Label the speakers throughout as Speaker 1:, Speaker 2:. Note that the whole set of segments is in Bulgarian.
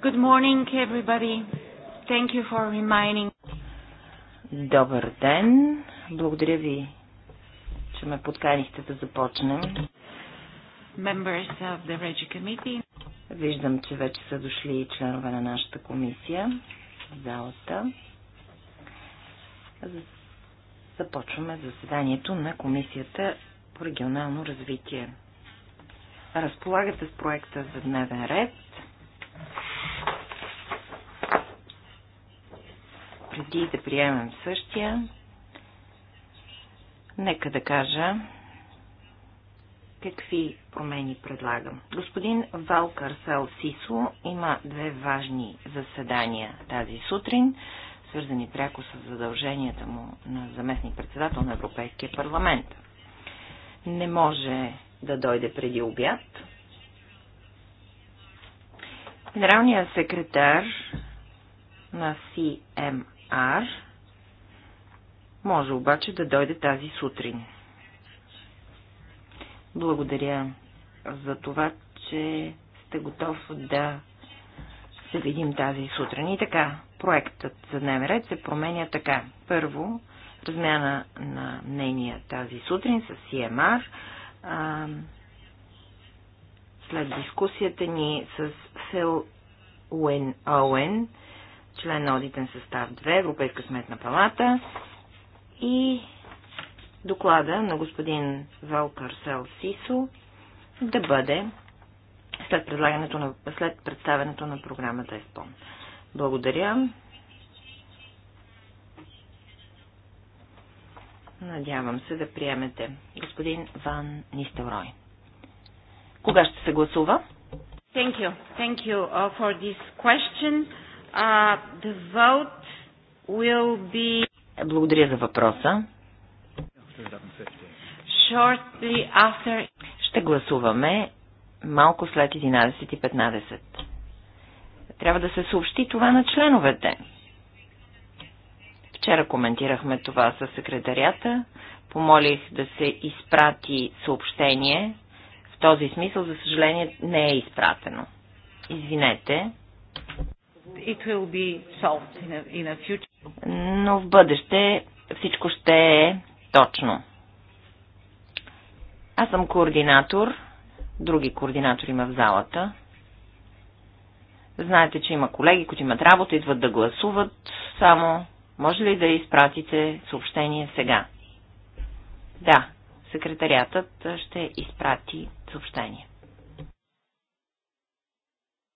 Speaker 1: Good morning, everybody. Thank you for reminding.
Speaker 2: Добър ден. Благодаря ви, че ме подканихте да започнем.
Speaker 1: Members of the Regi Committee.
Speaker 2: Виждам, че вече са дошли членове на нашата комисия в залата. Започваме заседанието на Комисията по регионално развитие разполагате с проекта за дневен ред. Преди да приемем същия, нека да кажа какви промени предлагам. Господин Валкарсел Сисо има две важни заседания тази сутрин, свързани пряко с задълженията му на заместник председател на Европейския парламент. Не може да дойде преди обяд. Генералният секретар на CMR може обаче да дойде тази сутрин. Благодаря за това, че сте готов да се видим тази сутрин. И така, проектът за дневен ред се променя така. Първо, размяна на мнения тази сутрин с CMR след дискусията ни с Фил Уен Оуен, член на Одитен състав 2, Европейска сметна палата и доклада на господин Велкар Сел Сисо
Speaker 1: да бъде
Speaker 2: след, на, след представенето на програмата ЕСПОН. Благодаря. Надявам се да приемете. Господин Ван Нистелрой. Кога ще се гласува?
Speaker 1: Thank you. Thank you uh, for this question. Uh, the vote will be...
Speaker 2: Благодаря за въпроса.
Speaker 1: Shortly after...
Speaker 2: Ще гласуваме малко след 11.15. Трябва да се съобщи това на членовете. Вчера коментирахме това със секретарията. Помолих да се изпрати съобщение. В този смисъл, за съжаление, не е изпратено. Извинете.
Speaker 1: It will be solved in a, in a future.
Speaker 2: Но в бъдеще всичко ще е точно. Аз съм координатор. Други координатори има в залата. Знаете, че има колеги, които имат работа, идват да гласуват само може ли да изпратите съобщение сега? Да, секретариатът ще изпрати съобщение.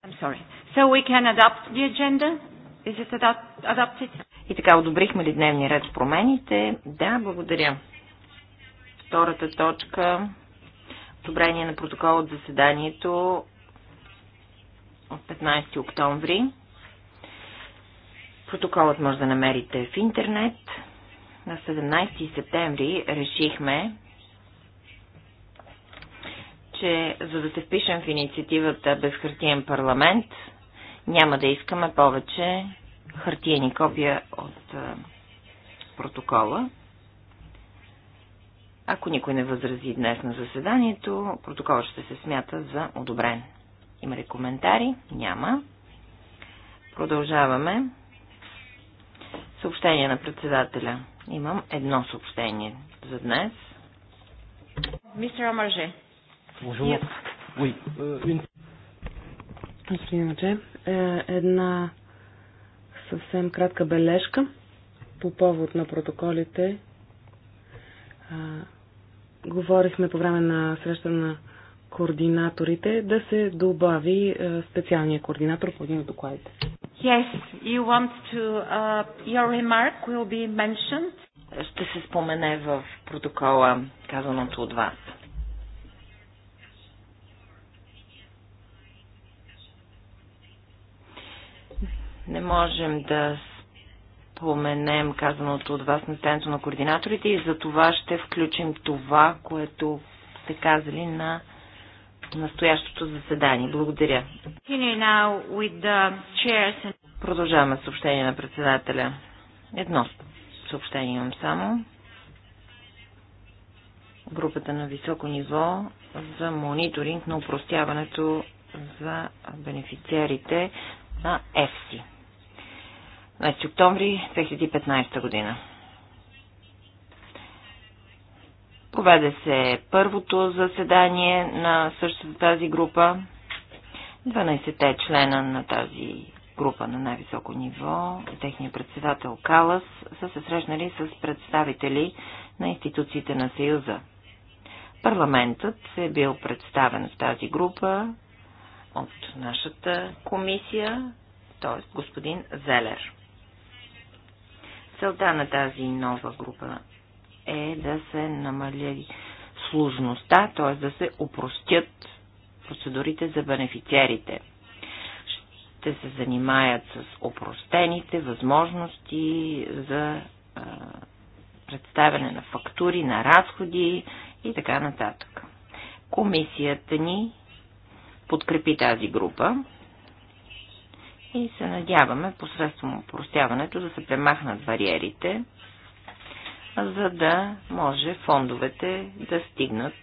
Speaker 2: I'm sorry.
Speaker 1: So we can adopt the agenda? Is it adopted?
Speaker 2: И така, одобрихме ли дневния ред с промените? Да, благодаря. Втората
Speaker 1: точка.
Speaker 2: Одобрение на протокол от заседанието от 15 октомври. Протоколът може да намерите в интернет. На 17 септември решихме, че за да се впишем в инициативата Безхартиен парламент, няма да искаме повече хартиени копия от протокола. Ако никой не възрази днес на заседанието, протоколът ще се смята за одобрен. Има ли коментари? Няма. Продължаваме. Съобщение на председателя. Имам едно съобщение за днес.
Speaker 1: Мистер Амарже.
Speaker 3: Euh,
Speaker 4: Господин Амарже, е, една съвсем кратка бележка по повод на протоколите. Е, говорихме по време на среща на координаторите да се добави е, специалния координатор по един от докладите.
Speaker 1: Yes, you want to, uh, your remark will be mentioned.
Speaker 2: Ще се спомене в протокола казаното от вас. Не можем да споменем казаното от вас на стенето на координаторите и за това ще включим това, което сте казали на настоящото заседание. Благодаря. Продължаваме съобщение на председателя. Едно съобщение имам само. Групата на високо ниво за мониторинг на упростяването за бенефициарите на ЕФСИ. 20 значи, октомври 2015 година. Проведе се първото заседание на същата тази група. 12-те члена на тази група на най-високо ниво и техния председател Калас са се срещнали с представители на институциите на Съюза. Парламентът е бил представен в тази група от нашата комисия, т.е. господин Зелер. Целта на тази нова група е да се намали сложността, т.е. да се упростят процедурите за бенефициерите. Ще се занимаят с опростените възможности за а, представяне на фактури, на разходи и така нататък. Комисията ни подкрепи тази група и се надяваме посредством упростяването да се премахнат бариерите за да може фондовете да стигнат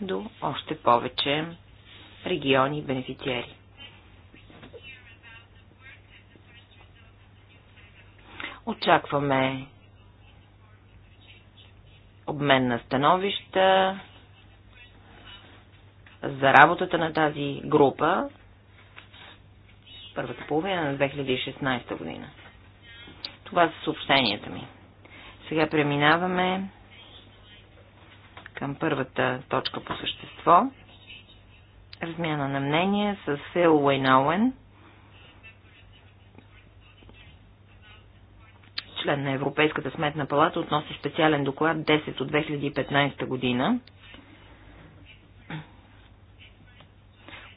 Speaker 2: до още повече региони и бенефициери. Очакваме обмен на становища за работата на тази група първата половина на 2016 година. Това са съобщенията ми. Сега преминаваме към първата точка по същество. Размяна на мнение с Фил Уейнауен, член на Европейската сметна палата относно специален доклад 10 от 2015 година.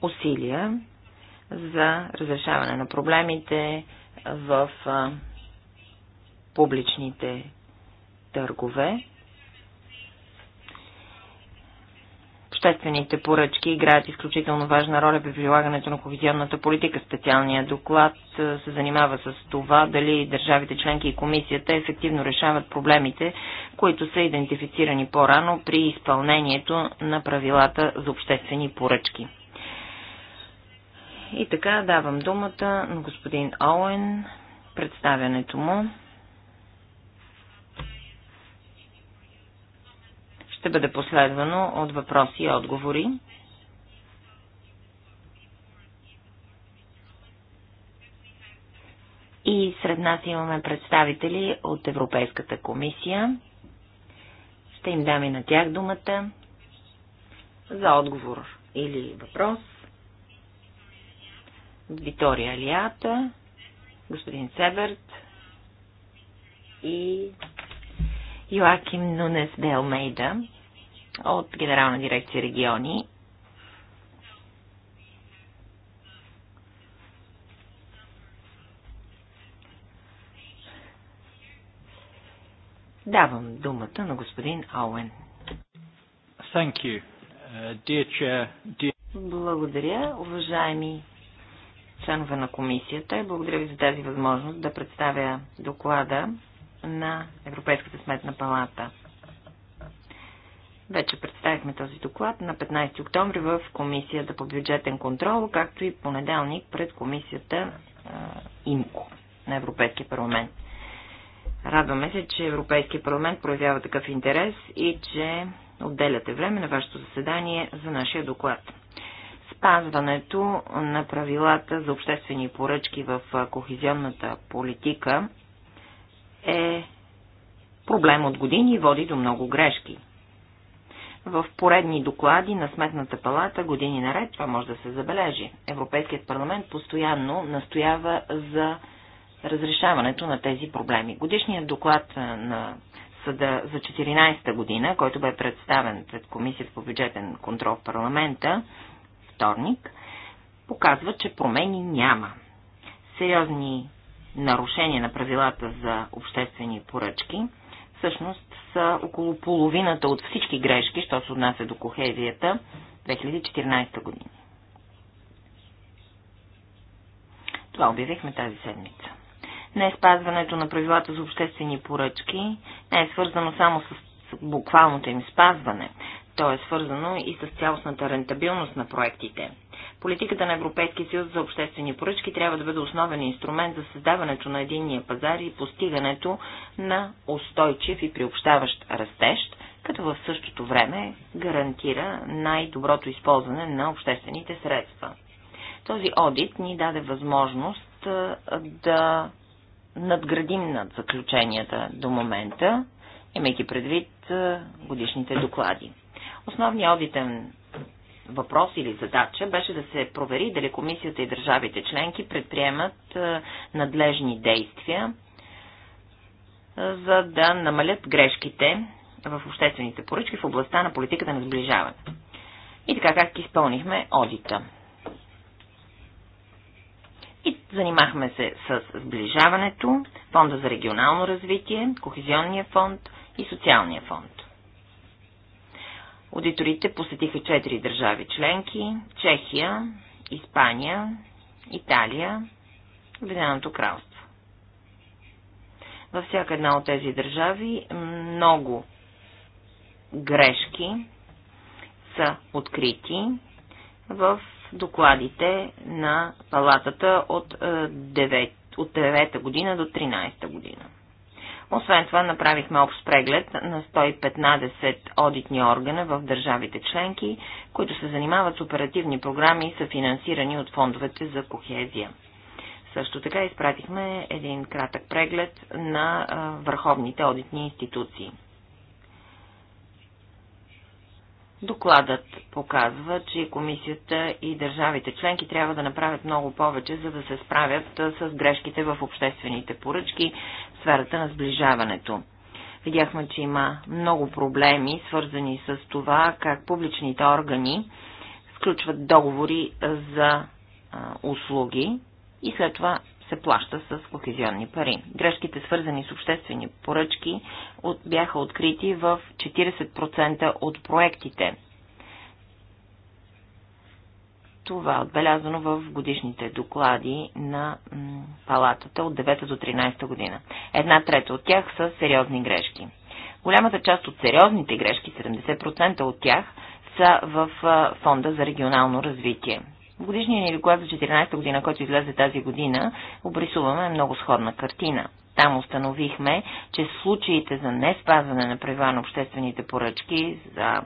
Speaker 2: Усилия за разрешаване на проблемите в публичните търгове. Обществените поръчки играят изключително важна роля при прилагането на кохезионната политика. Специалният доклад се занимава с това дали държавите членки и комисията ефективно решават проблемите, които са идентифицирани по-рано при изпълнението на правилата за обществени поръчки. И така давам думата на господин Оуен, представянето му. ще бъде последвано от въпроси и отговори. И сред нас имаме представители от Европейската комисия. Ще им дам и на тях думата за отговор или въпрос. Витория Алията, господин Себерт и Йоаким Нунес Делмейда от Генерална дирекция региони. Давам думата на господин Оуен. Thank you. Uh, dear chair, dear... Благодаря, уважаеми членове на комисията и благодаря ви за тази възможност да представя доклада на Европейската сметна палата. Вече представихме този доклад на 15 октомври в Комисията по бюджетен контрол, както и понеделник пред Комисията ИМКО на Европейския парламент. Радваме се, че Европейския парламент проявява такъв интерес и че отделяте време на вашето заседание за нашия доклад. Спазването на правилата за обществени поръчки в кохезионната политика е проблем от години и води до много грешки в поредни доклади на Сметната палата години наред, това може да се забележи. Европейският парламент постоянно настоява за разрешаването на тези проблеми. Годишният доклад на съда за 14-та година, който бе представен пред Комисията по бюджетен контрол в парламента, вторник, показва, че промени няма. Сериозни нарушения на правилата за обществени поръчки – всъщност са около половината от всички грешки, що се отнася до кохезията 2014 година. Това обявихме тази седмица. Не е спазването на правилата за обществени поръчки не е свързано само с буквалното им спазване. То е свързано и с цялостната рентабилност на проектите. Политиката на Европейския съюз за обществени поръчки трябва да бъде основен инструмент за създаването на единния пазар и постигането на устойчив и приобщаващ растеж, като в същото време гарантира най-доброто използване на обществените средства. Този одит ни даде възможност да надградим над заключенията до момента, имайки предвид годишните доклади. Основният одитен въпрос или задача беше да се провери дали комисията и държавите членки предприемат е, надлежни действия, е, за да намалят грешките в обществените поръчки в областта на политиката на сближаване. И така как изпълнихме одита. И занимахме се с сближаването, фонда за регионално развитие, кохезионния фонд и социалния фонд. Аудиторите посетиха четири държави членки – Чехия, Испания, Италия, Обединеното кралство. Във всяка една от тези държави много грешки са открити в докладите на палатата от 9, е, от 9 година до 13 та година. Освен това направихме общ преглед на 115 одитни органа в държавите членки, които се занимават с оперативни програми и са финансирани от фондовете за кохезия. Също така изпратихме един кратък преглед на върховните одитни институции. Докладът показва, че комисията и държавите членки трябва да направят много повече, за да се справят с грешките в обществените поръчки в сферата на сближаването. Видяхме, че има много проблеми, свързани с това как публичните органи сключват договори за услуги и след това се плаща с кохезионни пари. Грешките, свързани с обществени поръчки, от, бяха открити в 40% от проектите. Това е отбелязано в годишните доклади на палатата от 9 до 13 година. Една трета от тях са сериозни грешки. Голямата част от сериозните грешки, 70% от тях, са в фонда за регионално развитие годишния ни доклад за 2014 година, който излезе тази година, обрисуваме много сходна картина. Там установихме, че случаите за не спазване на правила на обществените поръчки за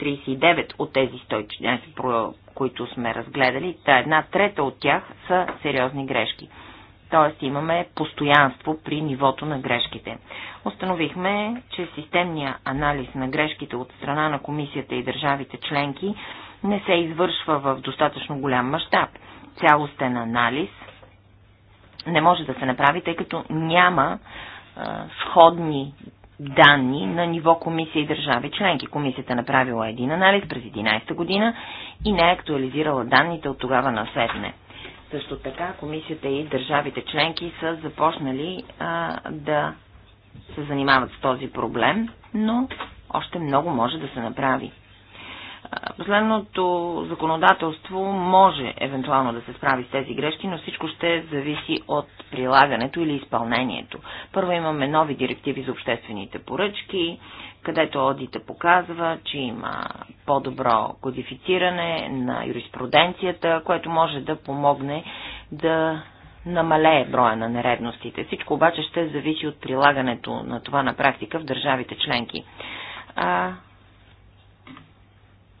Speaker 2: 39 от тези 114, които сме разгледали, та една трета от тях са сериозни грешки. Тоест имаме постоянство при нивото на грешките. Установихме, че системния анализ на грешките от страна на комисията и държавите членки не се извършва в достатъчно голям мащаб. Цялостен анализ не може да се направи, тъй като няма а, сходни данни на ниво комисия и държави членки. Комисията направила един анализ през 11 година и не е актуализирала данните от тогава на седне. Също така комисията и държавите членки са започнали а, да се занимават с този проблем, но още много може да се направи. Последното законодателство може евентуално да се справи с тези грешки, но всичко ще зависи от прилагането или изпълнението. Първо имаме нови директиви за обществените поръчки, където одита показва, че има по-добро кодифициране на юриспруденцията, което може да помогне да намалее броя на нередностите. Всичко обаче ще зависи от прилагането на това на практика в държавите членки.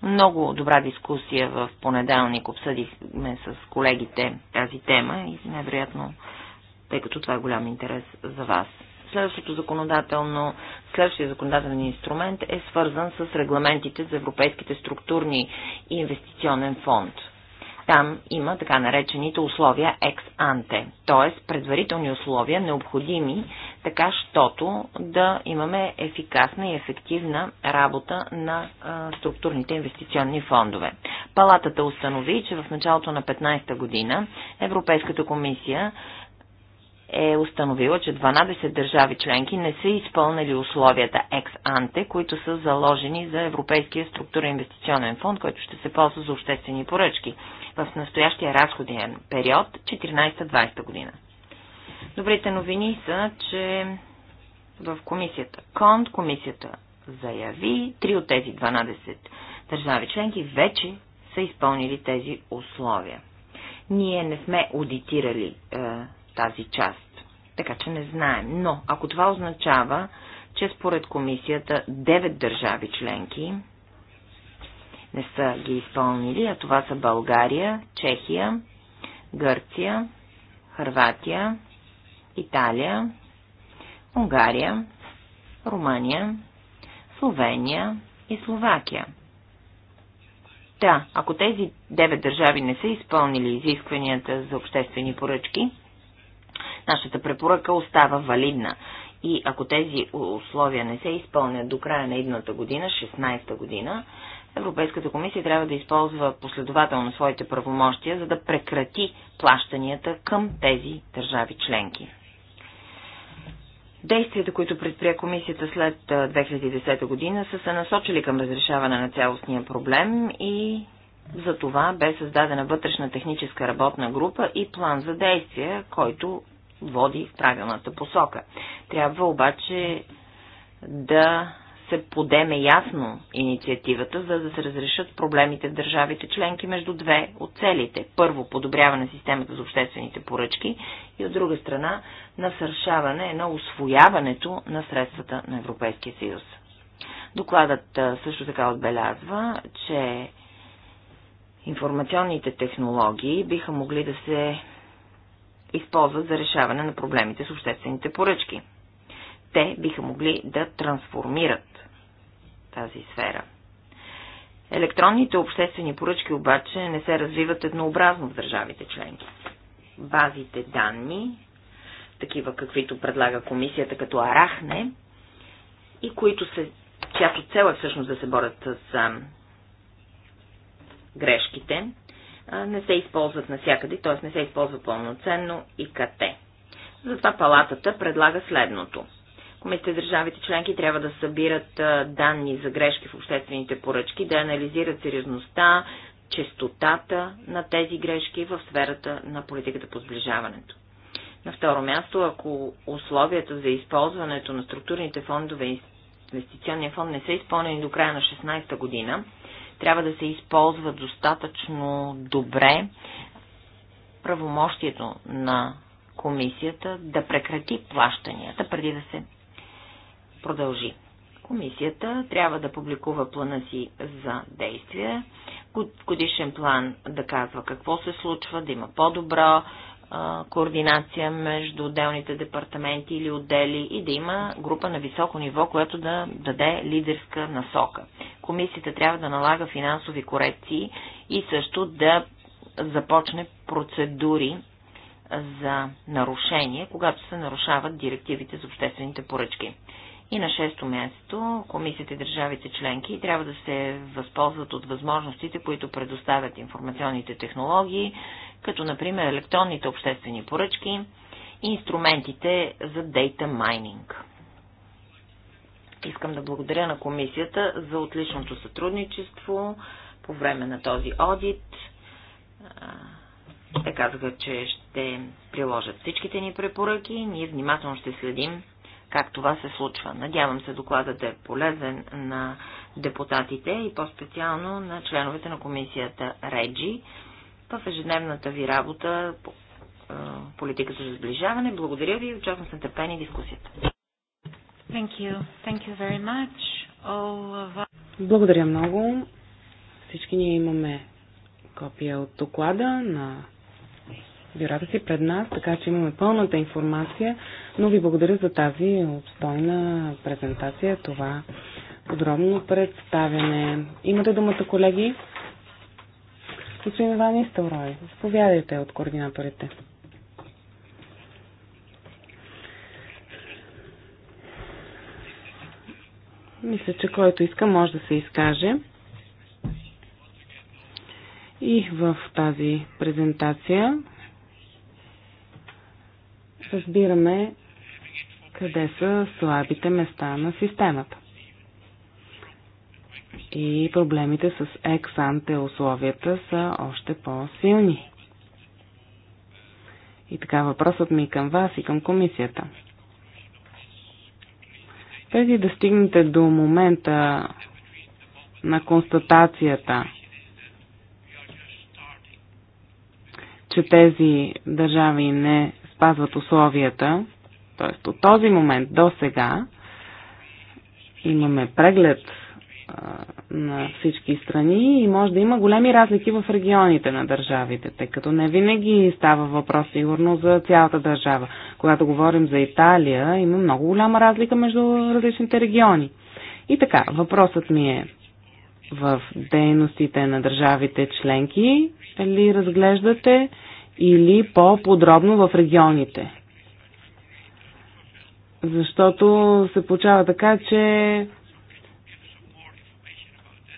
Speaker 2: Много добра дискусия в понеделник обсъдихме с колегите тази тема и невероятно, тъй като това е голям интерес за вас. Следващото законодателно, следващия законодателен инструмент е свързан с регламентите за европейските структурни и инвестиционен фонд – там има така наречените условия ex-ante, т.е. предварителни условия, необходими, така щото да имаме ефикасна и ефективна работа на а, структурните инвестиционни фондове. Палатата установи, че в началото на 15-та година Европейската комисия е установила, че 12 държави членки не са изпълнили условията ex-ante, които са заложени за Европейския структурен инвестиционен фонд, който ще се ползва за обществени поръчки в настоящия разходен период 14-20 година. Добрите новини са, че в комисията КОНД, комисията заяви, три от тези 12 държави членки вече са изпълнили тези условия. Ние не сме аудитирали е, тази част, така че не знаем. Но ако това означава, че според комисията 9 държави членки не са ги изпълнили, а това са България, Чехия, Гърция, Хърватия, Италия, Унгария, Румъния, Словения и Словакия. Да, ако тези девет държави не са изпълнили изискванията за обществени поръчки, нашата препоръка остава валидна. И ако тези условия не се изпълнят до края на едната година, 16-та година, Европейската комисия трябва да използва последователно своите правомощия, за да прекрати плащанията към тези държави членки. Действията, които предприе комисията след 2010 година, са се насочили към разрешаване на цялостния проблем и за това бе създадена вътрешна техническа работна група и план за действие, който води в правилната посока. Трябва обаче да се подеме ясно инициативата, за да се разрешат проблемите в държавите членки между две от целите. Първо, подобряване на системата за обществените поръчки и от друга страна, насършаване на освояването на средствата на Европейския съюз. Докладът също така отбелязва, че информационните технологии биха могли да се използват за решаване на проблемите с обществените поръчки. Те биха могли да трансформират тази сфера. Електронните обществени поръчки обаче не се развиват еднообразно в държавите членки. Базите данни, такива каквито предлага комисията като Арахне, и които се, чиято цел е всъщност да се борят с а, грешките, а, не се използват навсякъде, т.е. не се използва пълноценно и КТ. Затова палатата предлага следното – Комисията държавите членки трябва да събират данни за грешки в обществените поръчки, да анализират сериозността, честотата на тези грешки в сферата на политиката по сближаването. На второ място, ако условията за използването на структурните фондове и инвестиционния фонд не са изпълнени до края на 16-та година, трябва да се използва достатъчно добре правомощието на комисията да прекрати плащанията преди да се продължи. Комисията трябва да публикува плана си за действие, годишен план да казва какво се случва, да има по-добра координация между отделните департаменти или отдели и да има група на високо ниво, която да даде лидерска насока. Комисията трябва да налага финансови корекции и също да започне процедури за нарушение, когато се нарушават директивите за обществените поръчки. И на шесто място, комисията и държавите членки трябва да се възползват от възможностите, които предоставят информационните технологии, като например електронните обществени поръчки и инструментите за дейта майнинг. Искам да благодаря на комисията за отличното сътрудничество по време на този одит. Те казаха, че ще приложат всичките ни препоръки. Ние внимателно ще следим как това се случва. Надявам се докладът е полезен на депутатите и по-специално на членовете на комисията Реджи в ежедневната ви работа по политиката за сближаване. Благодаря ви и очаквам с нетърпение дискусията.
Speaker 1: Thank you. Thank you very much. All of...
Speaker 4: Благодаря много. Всички ние имаме копия от доклада на бюрата си пред нас, така че имаме пълната информация, но ви благодаря за тази обстойна презентация, това подробно представяне. Имате думата, колеги. Господин Иван Истелрой, заповядайте от координаторите. Мисля, че който иска може да се изкаже. И в тази презентация разбираме къде са слабите места на системата и проблемите с ексанте условията са още по-силни. И така въпросът ми към вас и към комисията. Преди да стигнете до момента на констатацията, че тези държави не спазват условията, т.е. от този момент до сега имаме преглед на всички страни и може да има големи разлики в регионите на държавите, тъй като не винаги става въпрос сигурно за цялата държава. Когато говорим за Италия, има много голяма разлика между различните региони. И така, въпросът ми е в дейностите на държавите членки ли разглеждате или по-подробно в регионите. Защото се получава така, че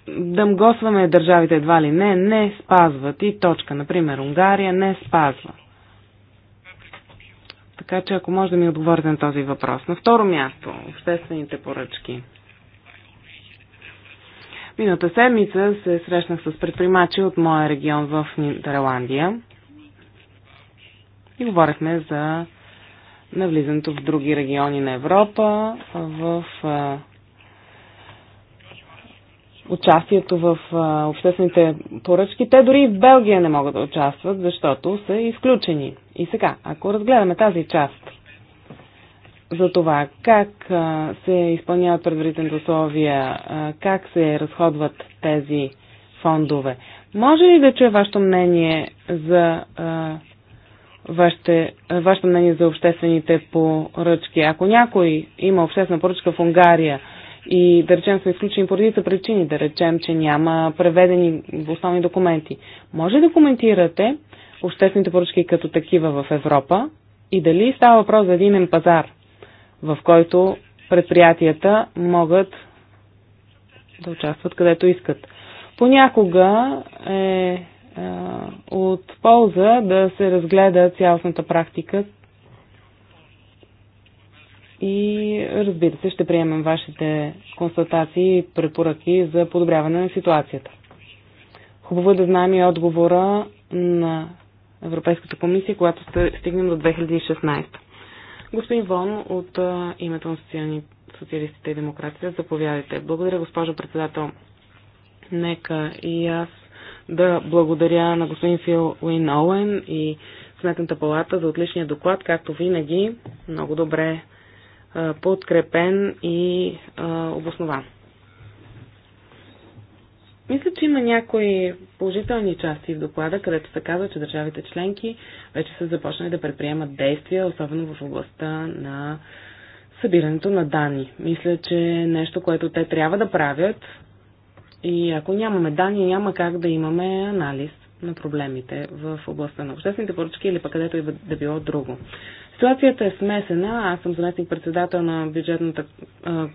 Speaker 4: дъмгосваме държавите едва ли не, не спазват и точка. Например, Унгария не спазва. Така че ако може да ми отговорите на този въпрос. На второ място, обществените поръчки. Миналата седмица се срещнах с предприемачи от моя регион в Нидерландия и говорихме за навлизането в други региони на Европа, в а, участието в а, обществените поръчки. Те дори и в Белгия не могат да участват, защото са изключени. И сега, ако разгледаме тази част за това как а, се изпълняват предварителните условия, а, как се разходват тези фондове, може ли да чуя вашето мнение за а, вашите, вашето мнение за обществените поръчки. Ако някой има обществена поръчка в Унгария и да речем сме изключени поради причини, да речем, че няма преведени основни документи, може да коментирате обществените поръчки като такива в Европа и дали става въпрос за един пазар, в който предприятията могат да участват където искат. Понякога е от полза да се разгледа цялостната практика и разбира се, ще приемем вашите констатации и препоръки за подобряване на ситуацията. Хубаво е да знаем и отговора на Европейската комисия, когато стигнем до 2016. Господин Вон от името на социалистите и демократите, заповядайте. Благодаря, госпожо председател. Нека и аз да благодаря на господин Фил Уин Оуен и Сметната палата за отличния доклад, както винаги, много добре подкрепен и обоснован. Мисля, че има някои положителни части в доклада, където се казва, че държавите членки вече са започнали да предприемат действия, особено в областта на събирането на данни. Мисля, че е нещо, което те трябва да правят, и ако нямаме данни, няма как да имаме анализ на проблемите в областта на обществените поръчки или пък където и да било друго. Ситуацията е смесена. Аз съм заместник председател на бюджетната,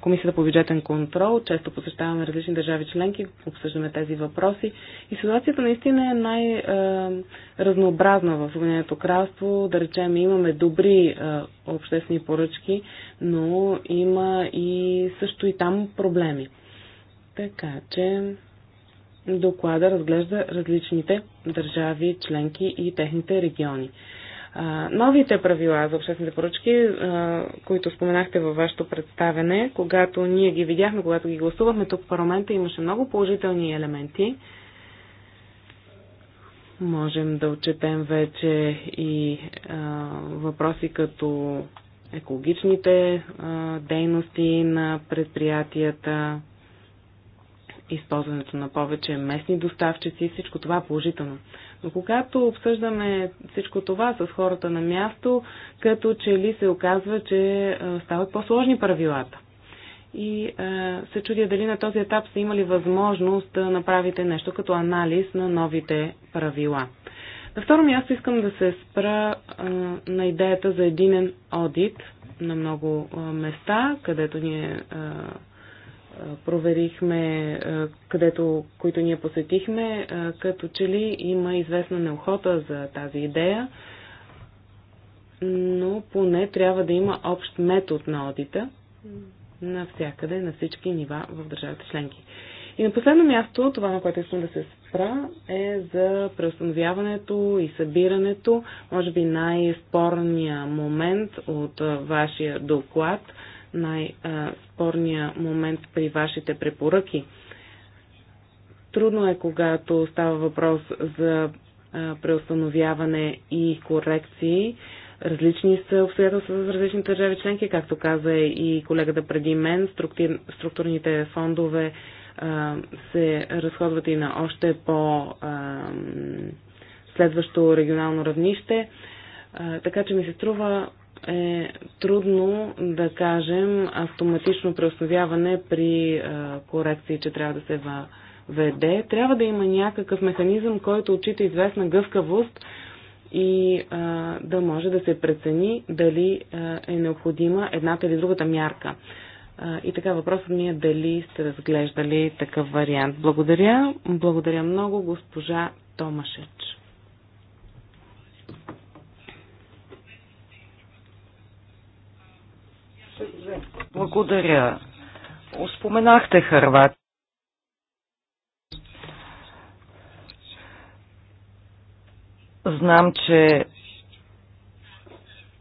Speaker 4: комисията по бюджетен контрол. Често посещаваме различни държави членки, обсъждаме тези въпроси. И ситуацията наистина е най-разнообразна в Обединеното кралство. Да речем, имаме добри обществени поръчки, но има и също и там проблеми. Така че доклада разглежда различните държави, членки и техните региони. А, новите правила за обществените поръчки, а, които споменахте във вашето представене, когато ние ги видяхме, когато ги гласувахме тук в парламента, имаше много положителни елементи. Можем да отчетем вече и а, въпроси като екологичните а, дейности на предприятията, използването на повече местни доставчици, всичко това е положително. Но когато обсъждаме всичко това с хората на място, като че ли се оказва, че стават по-сложни правилата. И е, се чудя дали на този етап са имали възможност да направите нещо като анализ на новите правила. На второ място искам да се спра е, на идеята за единен одит на много е, места, където ние е, проверихме, където, които ние посетихме, като че ли има известна неохота за тази идея, но поне трябва да има общ метод на одита навсякъде, на всички нива в държавите членки. И на последно място, това на което искам да се спра, е за преустановяването и събирането, може би най-спорния момент от вашия доклад – най-спорния момент при вашите препоръки. Трудно е, когато става въпрос за преустановяване и корекции. Различни са обстоятелства за различни държави членки, както каза и колегата преди мен. Структурните фондове се разходват и на още по следващо регионално равнище. така че ми се струва е трудно да кажем автоматично преосновяване при е, корекции, че трябва да се въведе. Трябва да има някакъв механизъм, който отчита известна гъвкавост и е, да може да се прецени дали е, е необходима едната или другата мярка. Е, и така въпросът ми е дали сте разглеждали такъв вариант. Благодаря. Благодаря много, госпожа Томашеч.
Speaker 3: Благодаря. Споменахте Харват. Знам, че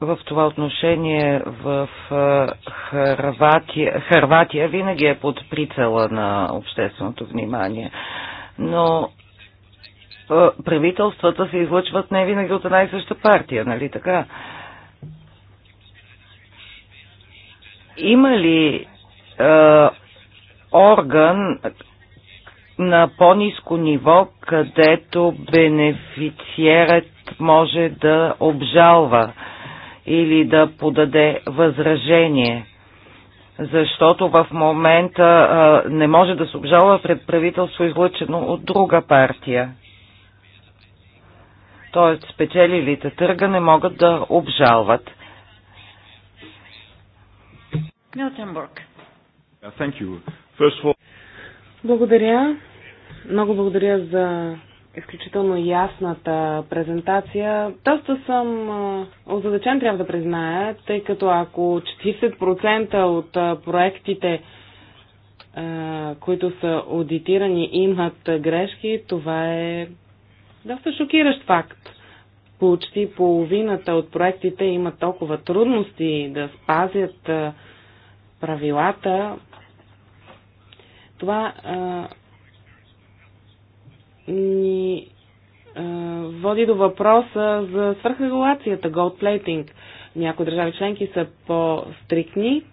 Speaker 3: в това отношение в Харватия, Харватия винаги е под прицела на общественото внимание. Но правителствата се излъчват не винаги от една и съща партия, нали така? Има ли е, орган на по-низко ниво, където бенефициерът може да обжалва или да подаде възражение? защото в момента а, не може да се обжалва пред правителство излъчено от друга партия. Тоест, спечелилите търга не могат да обжалват.
Speaker 4: Милтенбург. Благодаря. Много благодаря за изключително ясната презентация. Доста съм озадачен, трябва да призная, тъй като ако 40% от проектите, които са аудитирани, имат грешки, това е доста шокиращ факт. Почти половината от проектите имат толкова трудности да спазят правилата, това а, ни а, води до въпроса за свърхрегулацията, gold Някои държави членки са по-стрикни,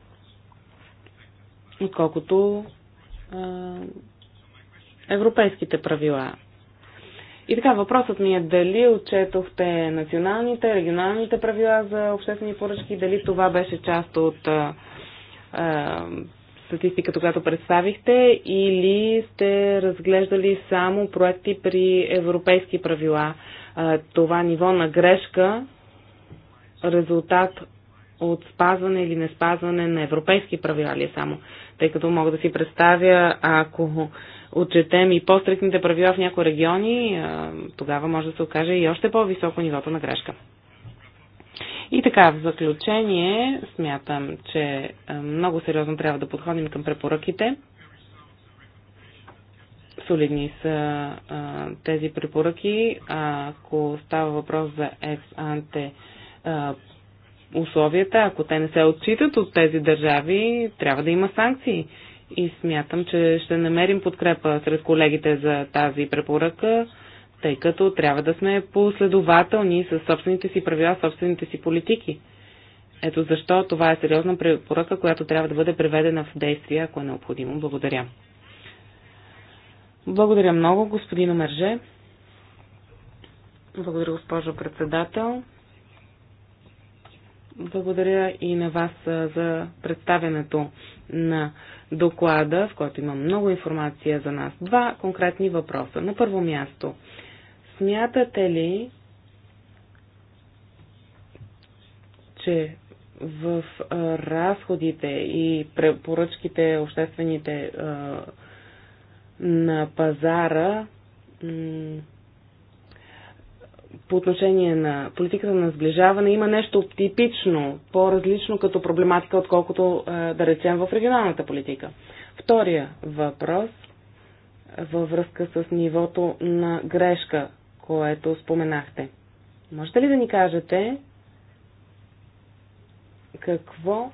Speaker 4: отколкото а, европейските правила. И така, въпросът ми е дали отчетохте националните, регионалните правила за обществени поръчки, дали това беше част от а, статистиката, която представихте, или сте разглеждали само проекти при европейски правила? Това ниво на грешка, резултат от спазване или не спазване на европейски правила ли е само? Тъй като мога да си представя, ако отчетем и по-стрикните правила в някои региони, тогава може да се окаже и още по-високо нивото на грешка. И така, в заключение, смятам, че е, много сериозно трябва да подходим към препоръките. Солидни са а, е, тези препоръки. Ако става въпрос за екс-анте е, условията, ако те не се отчитат от тези държави, трябва да има санкции. И смятам, че ще намерим подкрепа сред колегите за тази препоръка тъй като трябва да сме последователни с собствените си правила, собствените си политики. Ето защо това е сериозна препоръка, която трябва да бъде преведена в действие, ако е необходимо. Благодаря. Благодаря много, господин Омерже. Благодаря, госпожо председател. Благодаря и на вас за представянето на доклада, в който има много информация за нас. Два конкретни въпроса. На първо място, Смятате ли, че в а, разходите и препоръчките, обществените а, на пазара по отношение на политиката на сближаване има нещо типично, по-различно като проблематика, отколкото да речем в регионалната политика. Втория въпрос във връзка с нивото на грешка което споменахте. Можете ли да ни кажете какво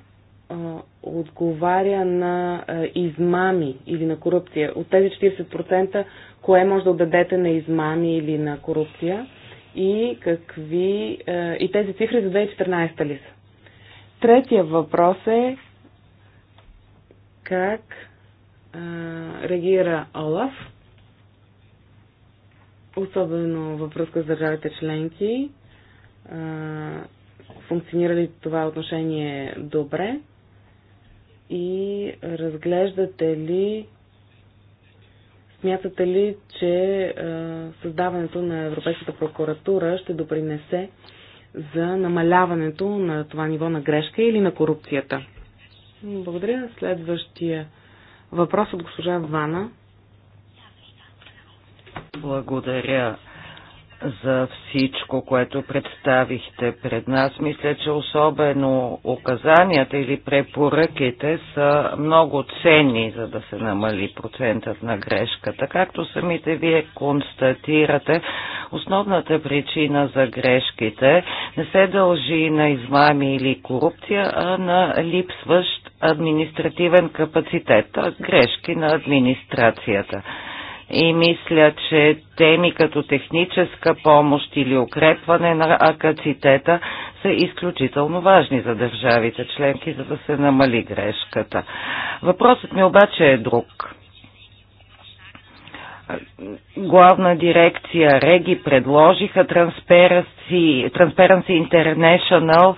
Speaker 4: а, отговаря на а, измами или на корупция? От тези 40%, кое може да отдадете на измами или на корупция? И какви. А, и тези цифри за 2014 ли са? Третия въпрос е как а, реагира Олаф особено във връзка с държавите членки. Функционира ли това отношение добре? И разглеждате ли, смятате ли, че създаването на Европейската прокуратура ще допринесе за намаляването на това ниво на грешка или на корупцията? Благодаря. Следващия въпрос от госпожа Вана.
Speaker 3: Благодаря за всичко, което представихте пред нас. Мисля, че особено указанията или препоръките са много ценни, за да се намали процентът на грешката. Както самите вие констатирате, основната причина за грешките не се дължи на измами или корупция, а на липсващ административен капацитет, т.е. грешки на администрацията и мисля, че теми като техническа помощ или укрепване на акацитета са изключително важни за държавите членки, за да се намали грешката. Въпросът ми обаче е друг. Главна дирекция Реги предложиха Transparency, International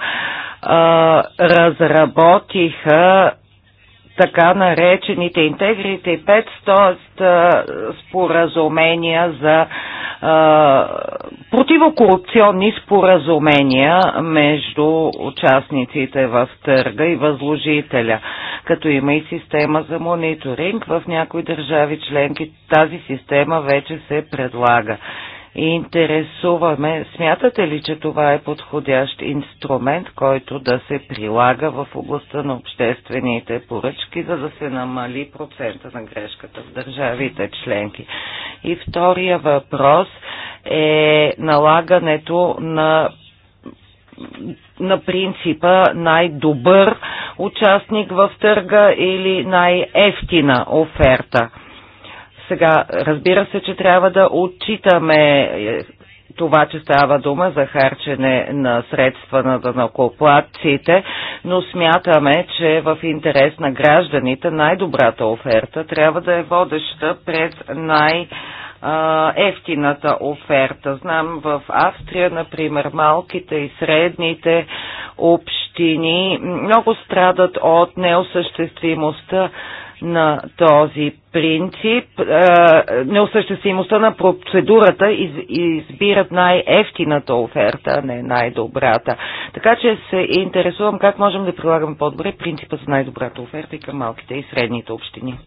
Speaker 3: разработиха така наречените интегрите 500 споразумения за противокорупционни споразумения между участниците в търга и възложителя, като има и система за мониторинг. В някои държави членки тази система вече се предлага интересуваме, смятате ли, че това е подходящ инструмент, който да се прилага в областта на обществените поръчки, за да се намали процента на грешката в държавите членки? И втория въпрос е налагането на на принципа най-добър участник в търга или най-ефтина оферта. Сега, разбира се, че трябва да отчитаме е, това, че става дума за харчене на средства на данакоплатците, но смятаме, че е в интерес на гражданите най-добрата оферта трябва да е водеща пред най- ефтината оферта. Знам в Австрия, например, малките и средните общини много страдат от неосъществимостта на този принцип. Е, неосъществимостта на процедурата избират най-ефтината оферта, а не най-добрата. Така че се интересувам как можем да прилагаме по-добре принципа за най-добрата оферта и към малките и средните общини.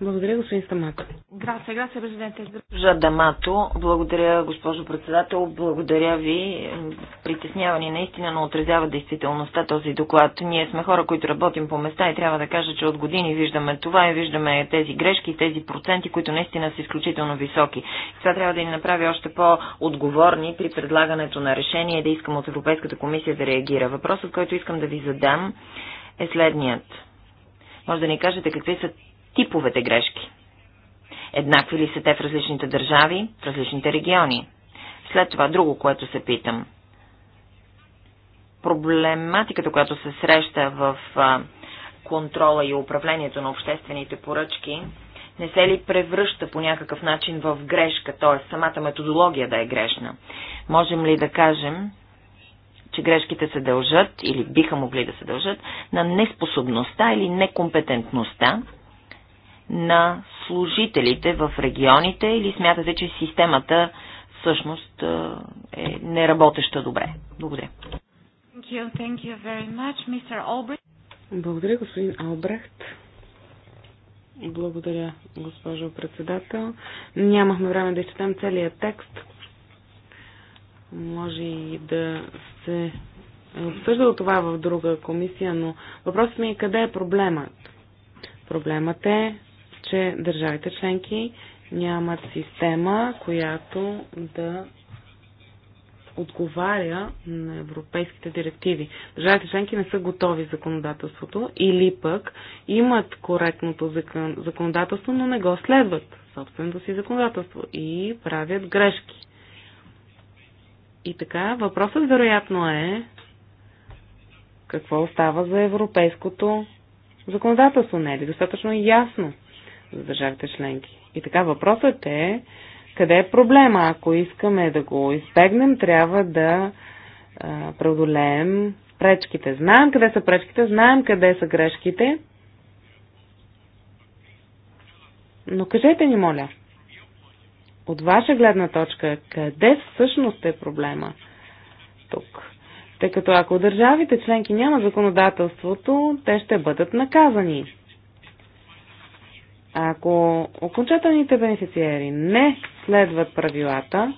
Speaker 3: Благодаря, господин Стамато.
Speaker 1: Грация, грация, президенте. Жа
Speaker 2: Дамато, благодаря, госпожо председател, благодаря ви. Притеснява ни наистина, но отразява действителността този доклад. Ние сме хора, които работим по места и трябва да кажа, че от години виждаме това и виждаме тези грешки, тези проценти, които наистина са изключително високи. Това трябва да ни направи още по-отговорни при предлагането на решение и да искам от Европейската комисия да реагира. Въпросът, който искам да ви задам е следният. Може да ни кажете какви са типовете грешки. Еднакви ли са те в различните държави, в различните региони? След това друго, което се питам. Проблематиката, която се среща в контрола и управлението на обществените поръчки, не се ли превръща по някакъв начин в грешка, т.е. самата методология да е грешна? Можем ли да кажем, че грешките се дължат или биха могли да се дължат на неспособността или некомпетентността на служителите в регионите или смятате, че системата всъщност е неработеща добре?
Speaker 4: Благодаря.
Speaker 1: Thank you, thank you very much, Mr. Albrecht.
Speaker 4: Благодаря, господин Албрехт. Благодаря, госпожо председател. Нямахме време да изчетем целият текст. Може и да се е обсъждало това в друга комисия, но въпросът ми е къде е проблемът. Проблемът е че държавите членки нямат система, която да отговаря на европейските директиви. Държавите членки не са готови законодателството или пък имат коректното законодателство, но не го следват собственото си законодателство и правят грешки. И така, въпросът вероятно е какво остава за европейското законодателство. Не е ли достатъчно ясно? за държавите членки. И така въпросът е къде е проблема. Ако искаме да го избегнем, трябва да а, преодолеем пречките. Знаем къде са пречките, знаем къде са грешките. Но кажете ни, моля, от ваша гледна точка, къде всъщност е проблема тук? Тъй като ако държавите членки няма законодателството, те ще бъдат наказани. Ако окончателните бенефициери не следват правилата,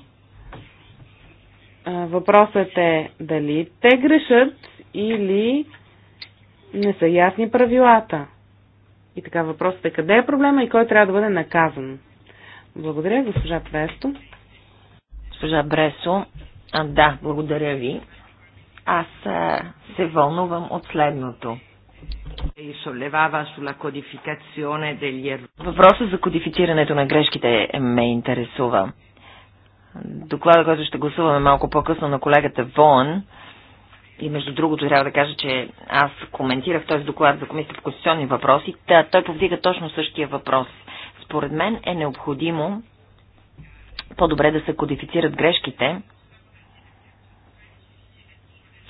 Speaker 4: въпросът е дали те грешат или не са ясни правилата. И така въпросът е къде е проблема и кой трябва да бъде наказан. Благодаря, госпожа Престо.
Speaker 2: Госпожа Бресо,
Speaker 4: а, да, благодаря
Speaker 2: ви. Аз а, се вълнувам от следното. Въпросът за кодифицирането на грешките ме интересува. Доклада, който ще гласуваме малко по-късно на колегата Вон, и между другото трябва да кажа, че аз коментирах този доклад за Комисията по конституционни въпроси, та, той повдига точно същия въпрос. Според мен е необходимо по-добре да се кодифицират грешките,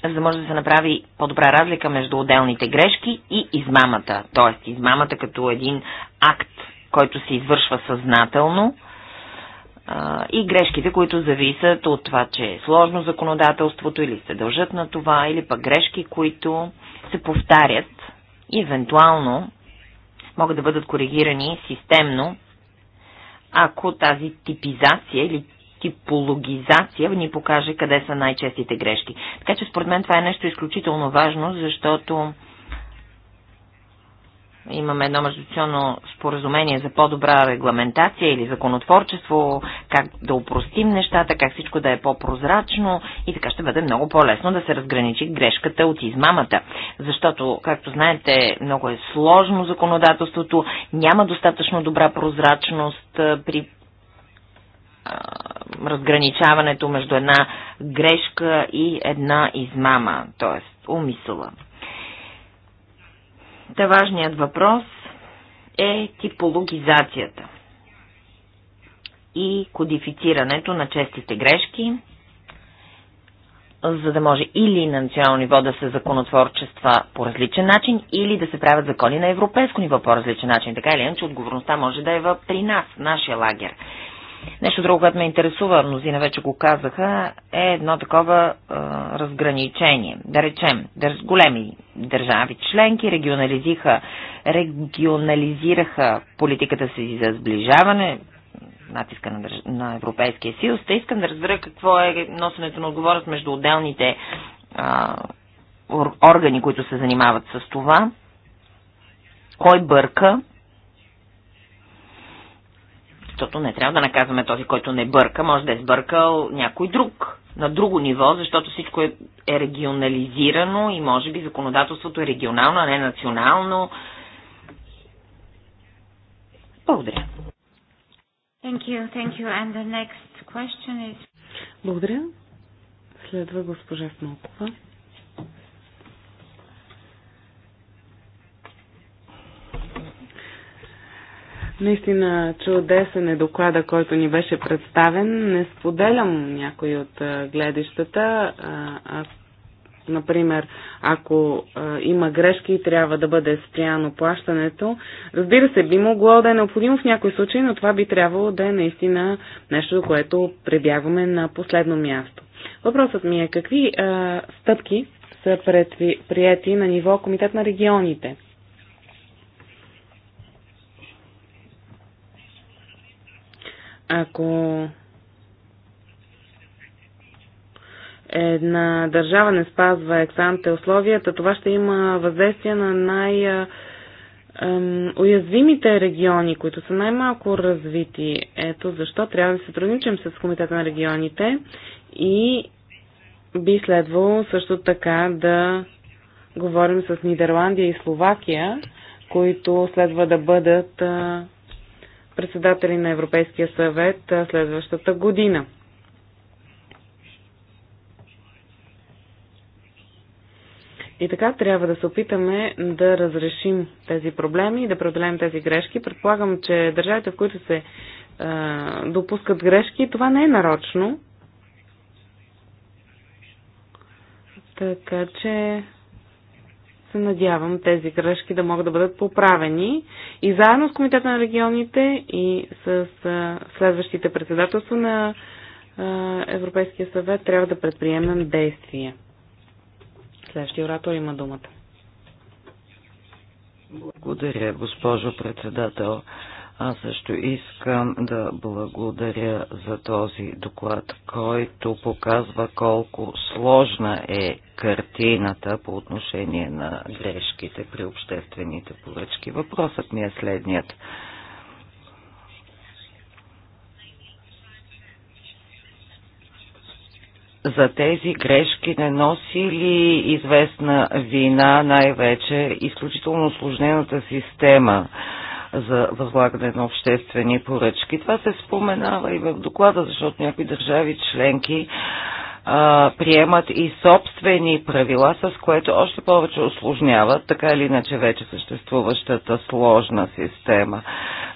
Speaker 2: за да може да се направи по-добра разлика между отделните грешки и измамата. Тоест, измамата като един акт, който се извършва съзнателно, и грешките, които зависят от това, че е сложно законодателството или се дължат на това, или пък грешки, които се повтарят и евентуално могат да бъдат коригирани системно, ако тази типизация или типологизация ни покаже къде са най-честите грешки. Така че според мен това е нещо изключително важно, защото имаме едно междуционно споразумение за по-добра регламентация или законотворчество, как да упростим нещата, как всичко да е по-прозрачно и така ще бъде много по-лесно да се разграничи грешката от измамата. Защото, както знаете, много е сложно законодателството, няма достатъчно добра прозрачност при разграничаването между една грешка и една измама, т.е. умисъла. Та важният въпрос е типологизацията и кодифицирането на честите грешки, за да може или на национално ниво да се законотворчества по различен начин, или да се правят закони на европейско ниво по различен начин. Така или иначе, отговорността може да е при нас, нашия лагер. Нещо друго, което ме интересува, мнозина вече го казаха, е едно такова а, разграничение. Да речем, държ, големи държави членки регионализиха, регионализираха политиката си за сближаване, натиска на, държ... на Европейския съюз. Те искам да разбера какво е носенето на отговорност между отделните а, органи, които се занимават с това. Кой бърка? Защото не трябва да наказваме този, който не бърка, може да е сбъркал някой друг на друго ниво, защото всичко е, е регионализирано и може би законодателството е регионално, а не национално.
Speaker 4: Благодаря.
Speaker 5: Thank
Speaker 1: you, thank you. And the next question is...
Speaker 4: Благодаря. Следва госпожа Смолкова. Наистина чудесен е доклада, който ни беше представен. Не споделям някои от гледищата. Аз например, ако а, има грешки и трябва да бъде спряно плащането. Разбира се, би могло да е необходимо в някой случай, но това би трябвало да е наистина нещо, до което прибягваме на последно място. Въпросът ми е какви а, стъпки са предприяти на ниво Комитет на регионите? Ако една държава не спазва ексанте условията, това ще има въздействие на най- уязвимите региони, които са най-малко развити. Ето защо трябва да се трудничим с Комитета на регионите и би следвало също така да говорим с Нидерландия и Словакия, които следва да бъдат председатели на Европейския съвет следващата година. И така трябва да се опитаме да разрешим тези проблеми и да преодолеем тези грешки. Предполагам, че държавите, в които се е, допускат грешки, това не е нарочно. Така че се надявам тези грешки да могат да бъдат поправени и заедно с Комитета на регионите и с следващите председателства на Европейския съвет трябва да предприемем действия. Следващия оратор има думата.
Speaker 3: Благодаря, госпожо председател. Аз също искам да благодаря за този доклад, който показва колко сложна е картината по отношение на грешките при обществените поръчки. Въпросът ми е следният. за тези грешки не носи ли известна вина най-вече изключително осложнената система за възлагане на обществени поръчки. Това се споменава и в доклада, защото някои държави членки а, приемат и собствени правила, с което още повече осложняват, така или иначе вече съществуващата сложна система.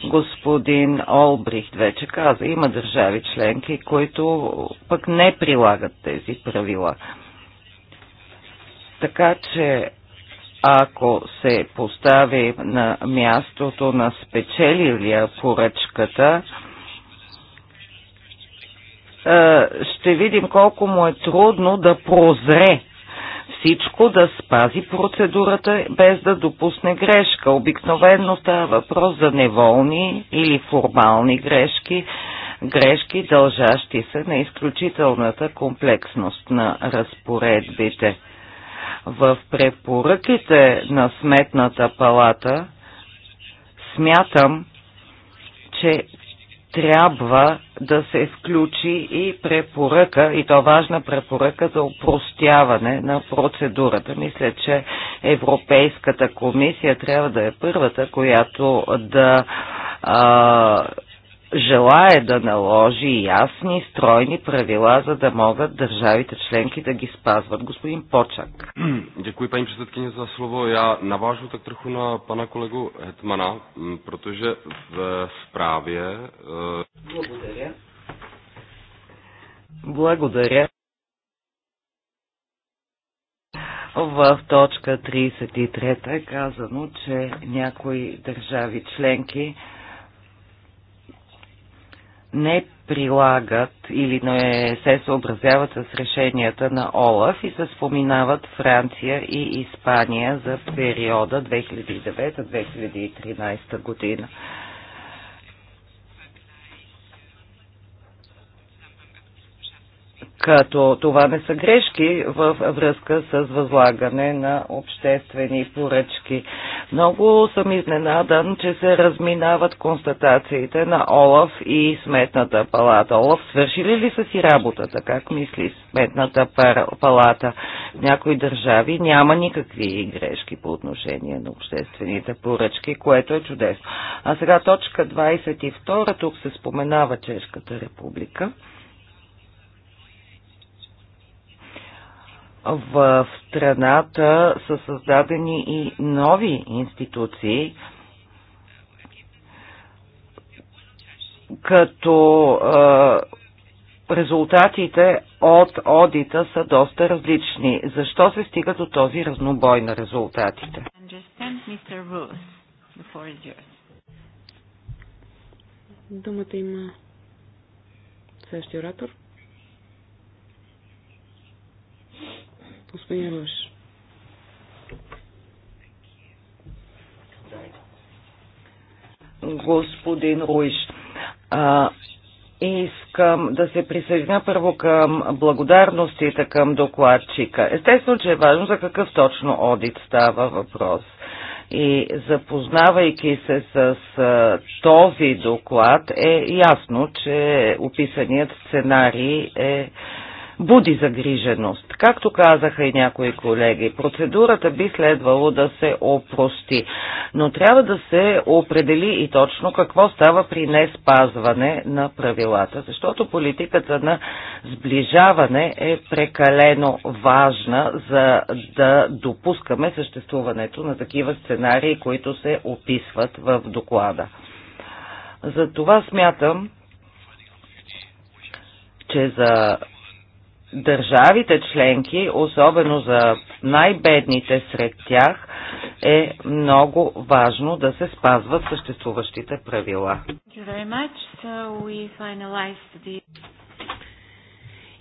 Speaker 3: Господин Олбрихт вече каза, има държави членки, които пък не прилагат тези правила. Така че ако се постави на мястото на спечелилия поръчката, е, ще видим колко му е трудно да прозре всичко, да спази процедурата без да допусне грешка. Обикновено става въпрос за неволни или формални грешки, грешки дължащи се на изключителната комплексност на разпоредбите. В препоръките на Сметната палата смятам, че трябва да се включи и препоръка, и то важна препоръка за упростяване на процедурата. Мисля, че Европейската комисия трябва да е първата, която да а, Желая да наложи ясни, стройни правила, за да могат държавите членки да ги спазват. Господин Почак.
Speaker 5: Дякую, пани předsedkyně, за слово. Я наважу так trochu на пана колегу Hetmana, протоже в zprávě... Е,
Speaker 3: Благодаря. Благодаря. В точка 33 е казано, че някои държави членки не прилагат или не се съобразяват с решенията на ОЛАФ и се споминават Франция и Испания за периода 2009-2013 година. като това не са грешки в връзка с възлагане на обществени поръчки. Много съм изненадан, че се разминават констатациите на Олаф и Сметната палата. Олаф свършили ли са си работата? Как мисли Сметната палата? В някои държави няма никакви грешки по отношение на обществените поръчки, което е чудесно. А сега точка 22, тук се споменава Чешката република. в страната са създадени и нови институции, като резултатите от одита са доста различни. Защо се стига до този разнобой на резултатите?
Speaker 4: Думата има следващия оратор. Господин Руш.
Speaker 3: Господин Руиш, а, искам да се присъединя първо към благодарностите към докладчика. Естествено, че е важно за какъв точно одит става въпрос. И запознавайки се с а, този доклад, е ясно, че описаният сценарий е а, буди загриженост. Както казаха и някои колеги, процедурата би следвало да се опрости, но трябва да се определи и точно какво става при не спазване на правилата, защото политиката на сближаване е прекалено важна, за да допускаме съществуването на такива сценарии, които се описват в доклада. За това смятам, че за държавите членки, особено за най-бедните сред тях, е много важно да се спазват съществуващите правила.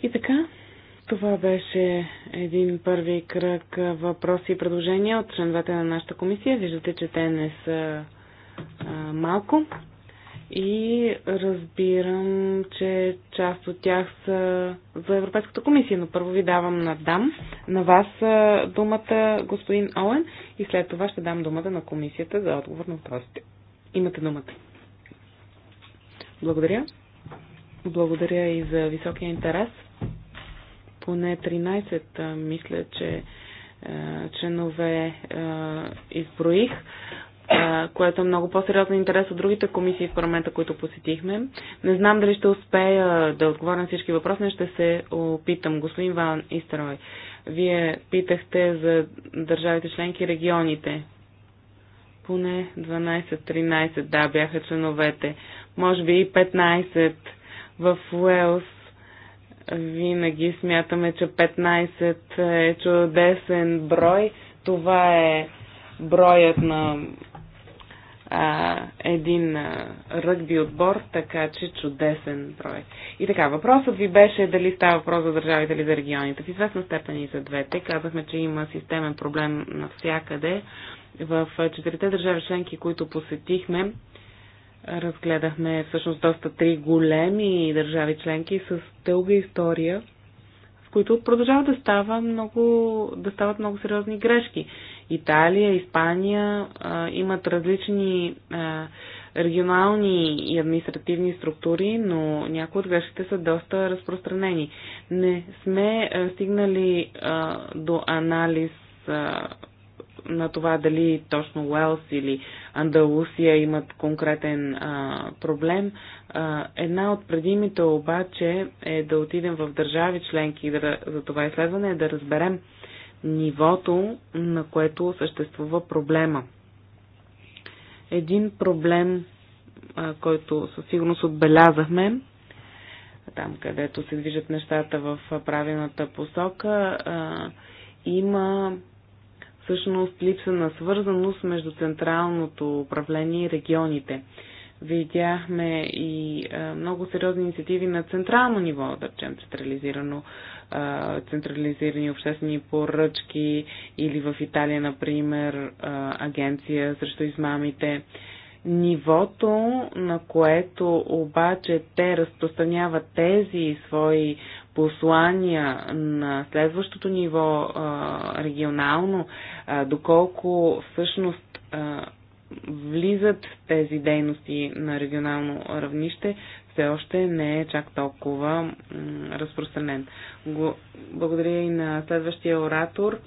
Speaker 4: И така, това беше един първи кръг въпроси и предложения от членовете на нашата комисия. Виждате, че те не са а, малко. И разбирам, че част от тях са за Европейската комисия, но първо ви давам на дам, на вас думата господин Олен, и след това ще дам думата на комисията за отговор на въпросите. Имате думата. Благодаря. Благодаря и за високия интерес. Поне 13 мисля, че членове изброих което е много по-сериозен интерес от другите комисии в парламента, които посетихме. Не знам дали ще успея да отговоря на всички въпроси, но ще се опитам. Господин Ван Истерой, вие питахте за държавите членки и регионите. Поне 12-13, да, бяха членовете. Може би и 15 в Уелс. Винаги смятаме, че 15 е чудесен брой. Това е броят на а, един а, ръгби отбор, така че чудесен брой. И така, въпросът ви беше дали става въпрос за държавите или за регионите. В известна степен и за двете. Казахме, че има системен проблем навсякъде. В четирите държави членки, които посетихме, разгледахме всъщност доста три големи държави членки с дълга история, в които продължават да, става много, да стават много сериозни грешки. Италия, Испания а, имат различни а, регионални и административни структури, но някои от грешките са доста разпространени. Не сме а, стигнали а, до анализ а, на това дали точно Уелс или Андалусия имат конкретен а, проблем. А, една от предимите обаче е да отидем в държави членки да, за това изследване, е да разберем нивото, на което съществува проблема. Един проблем, който със сигурност отбелязахме, там където се движат нещата в правилната посока, има всъщност липса на свързаност между централното управление и регионите. Видяхме и много сериозни инициативи на централно ниво, да речем централизирано, централизирани обществени поръчки или в Италия, например, агенция срещу измамите. Нивото, на което обаче те разпространяват тези свои послания на следващото ниво регионално, доколко всъщност влизат тези дейности на регионално равнище, все още не е чак толкова разпространен. Благодаря и на следващия оратор,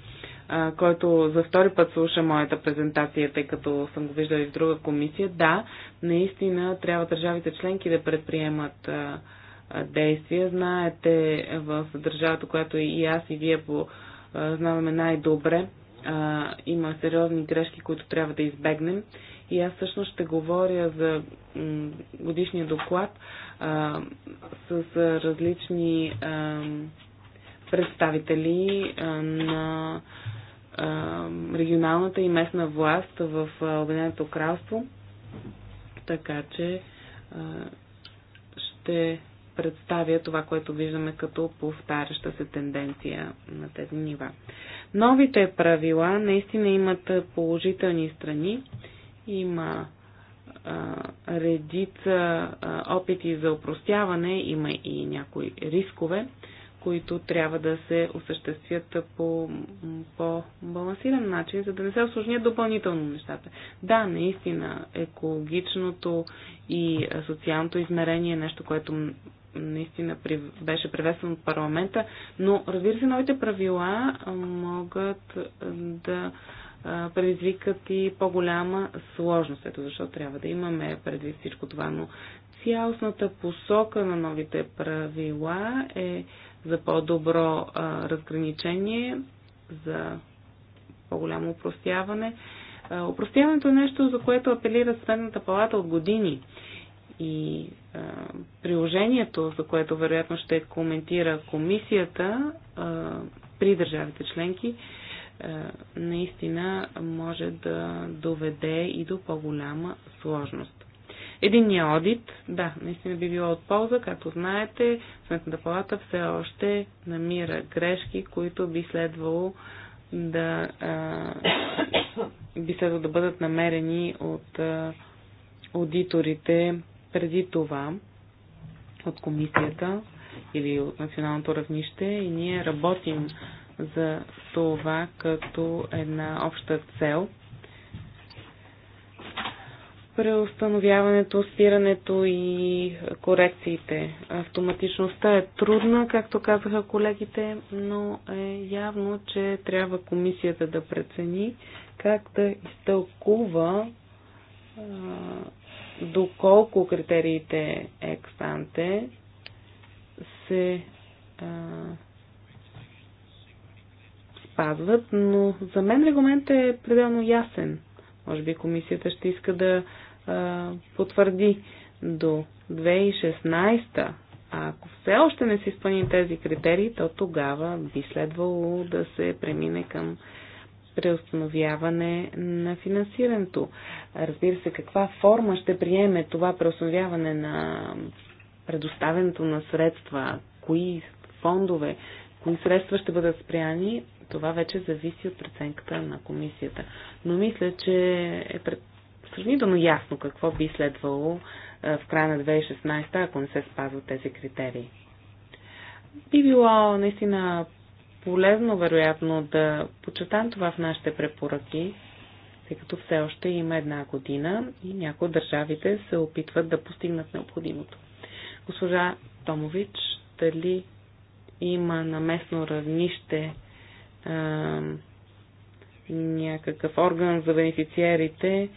Speaker 4: който за втори път слуша моята презентация, тъй като съм го виждала и в друга комисия. Да, наистина трябва държавите членки да предприемат действия. Знаете, в държавата, която и аз и вие познаваме най-добре, а, има сериозни грешки, които трябва да избегнем. И аз всъщност ще говоря за годишния доклад а, с различни а, представители а, на а, регионалната и местна власт в Обединеното кралство. Така че а, ще представя това, което виждаме като повтаряща се тенденция на тези нива. Новите правила наистина имат положителни страни. Има а, редица а, опити за упростяване, има и някои рискове, които трябва да се осъществят по по-балансиран начин, за да не се осложнят допълнително нещата. Да, наистина, екологичното и социалното измерение е нещо, което наистина беше приветстван от парламента, но разбира се, новите правила могат да предизвикат и по-голяма сложност. Ето защо трябва да имаме предвид всичко това, но цялостната посока на новите правила е за по-добро разграничение, за по-голямо упростяване. Упростяването е нещо, за което апелира Сметната палата от години. И е, приложението, за което вероятно ще коментира комисията е, при държавите членки, е, наистина може да доведе и до по-голяма сложност. Единният одит, да, наистина би било от полза. Както знаете, Сметната палата все още намира грешки, които би следвало да, би следвало да бъдат намерени от аудиторите преди това от комисията или от националното равнище и ние работим за това като една обща цел. Преустановяването, спирането и корекциите. Автоматичността е трудна, както казаха колегите, но е явно, че трябва комисията да прецени как да изтълкува доколко критериите екстанте се а, спазват, но за мен регламентът е пределно ясен. Може би комисията ще иска да а, потвърди до 2016, а ако все още не се изпълни тези критерии, то тогава би следвало да се премине към преустановяване на финансирането. Разбира се, каква форма ще приеме това преустановяване на предоставянето на средства, кои фондове, кои средства ще бъдат спряни, това вече зависи от преценката на комисията. Но мисля, че е пред... сравнително ясно какво би следвало в края на 2016, ако не се спазват тези критерии. Би било наистина полезно, вероятно, да почетам това в нашите препоръки, тъй като все още има една година и някои от държавите се опитват да постигнат необходимото. Госпожа Томович, дали има на местно равнище а, някакъв орган за бенефициерите?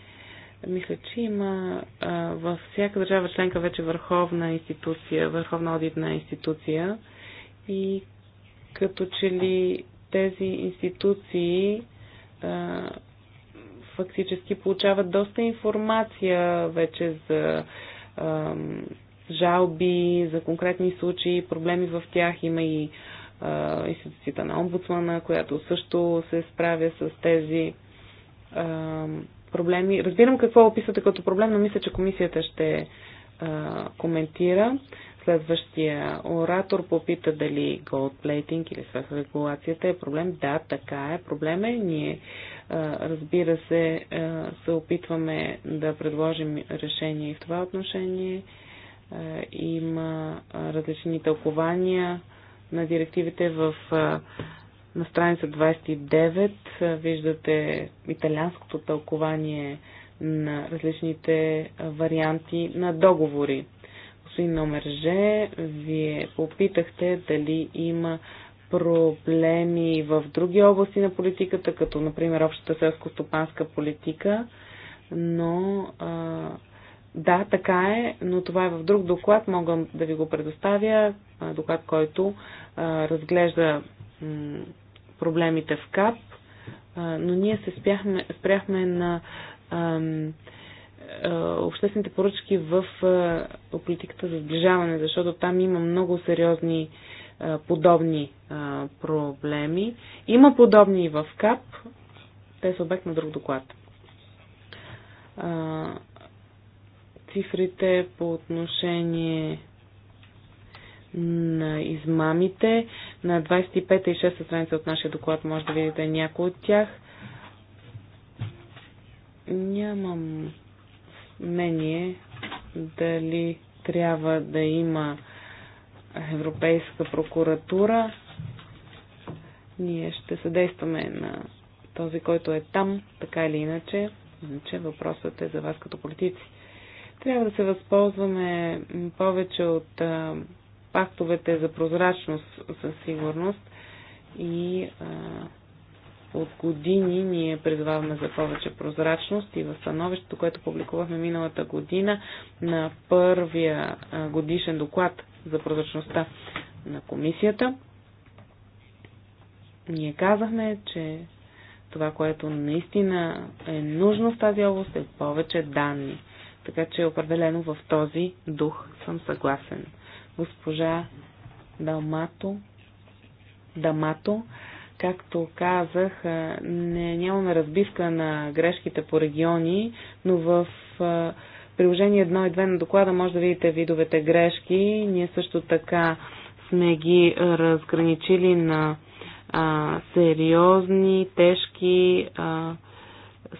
Speaker 4: Мисля, че има а, във всяка държава членка вече върховна институция, върховна одитна институция и като че ли тези институции а, фактически получават доста информация вече за а, жалби, за конкретни случаи, проблеми в тях. Има и а, институцията на омбудсмана, която също се справя с тези а, проблеми. Разбирам какво описвате като проблем, но мисля, че комисията ще а, коментира. Следващия оратор попита дали plating или свръхрегулацията е проблем. Да, така е. Проблем е. Ние, разбира се, се опитваме да предложим решение и в това отношение. Има различни тълкования на директивите в на страница 29 виждате италианското тълкование на различните варианти на договори. Господин номер Ж, вие попитахте дали има проблеми в други области на политиката, като например общата селско-стопанска политика, но а, да, така е, но това е в друг доклад, мога да ви го предоставя, доклад, който а, разглежда проблемите в КАП, а, но ние се спяхме, спряхме на а, е, обществените поръчки в е, политиката за сближаване, защото там има много сериозни е, подобни проблеми. Има подобни и в КАП. Те са обект на друг доклад. Цифрите по отношение на измамите. На 25 и 6 страница от нашия доклад може да видите някои от тях. Нямам мнение дали трябва да има Европейска прокуратура. Ние ще съдействаме на този, който е там, така или иначе. Иначе въпросът е за вас като политици. Трябва да се възползваме повече от а, пактовете за прозрачност със сигурност и а, от години ние призваваме за повече прозрачност и в становището, което публикувахме миналата година на първия годишен доклад за прозрачността на комисията, ние казахме, че това, което наистина е нужно в тази област е повече данни. Така че определено в този дух съм съгласен. Госпожа Далмато, Дамато Както казах, не, нямаме разбивка на грешките по региони, но в приложение 1 и 2 на доклада може да видите видовете грешки. Ние също така сме ги разграничили на а, сериозни, тежки, а,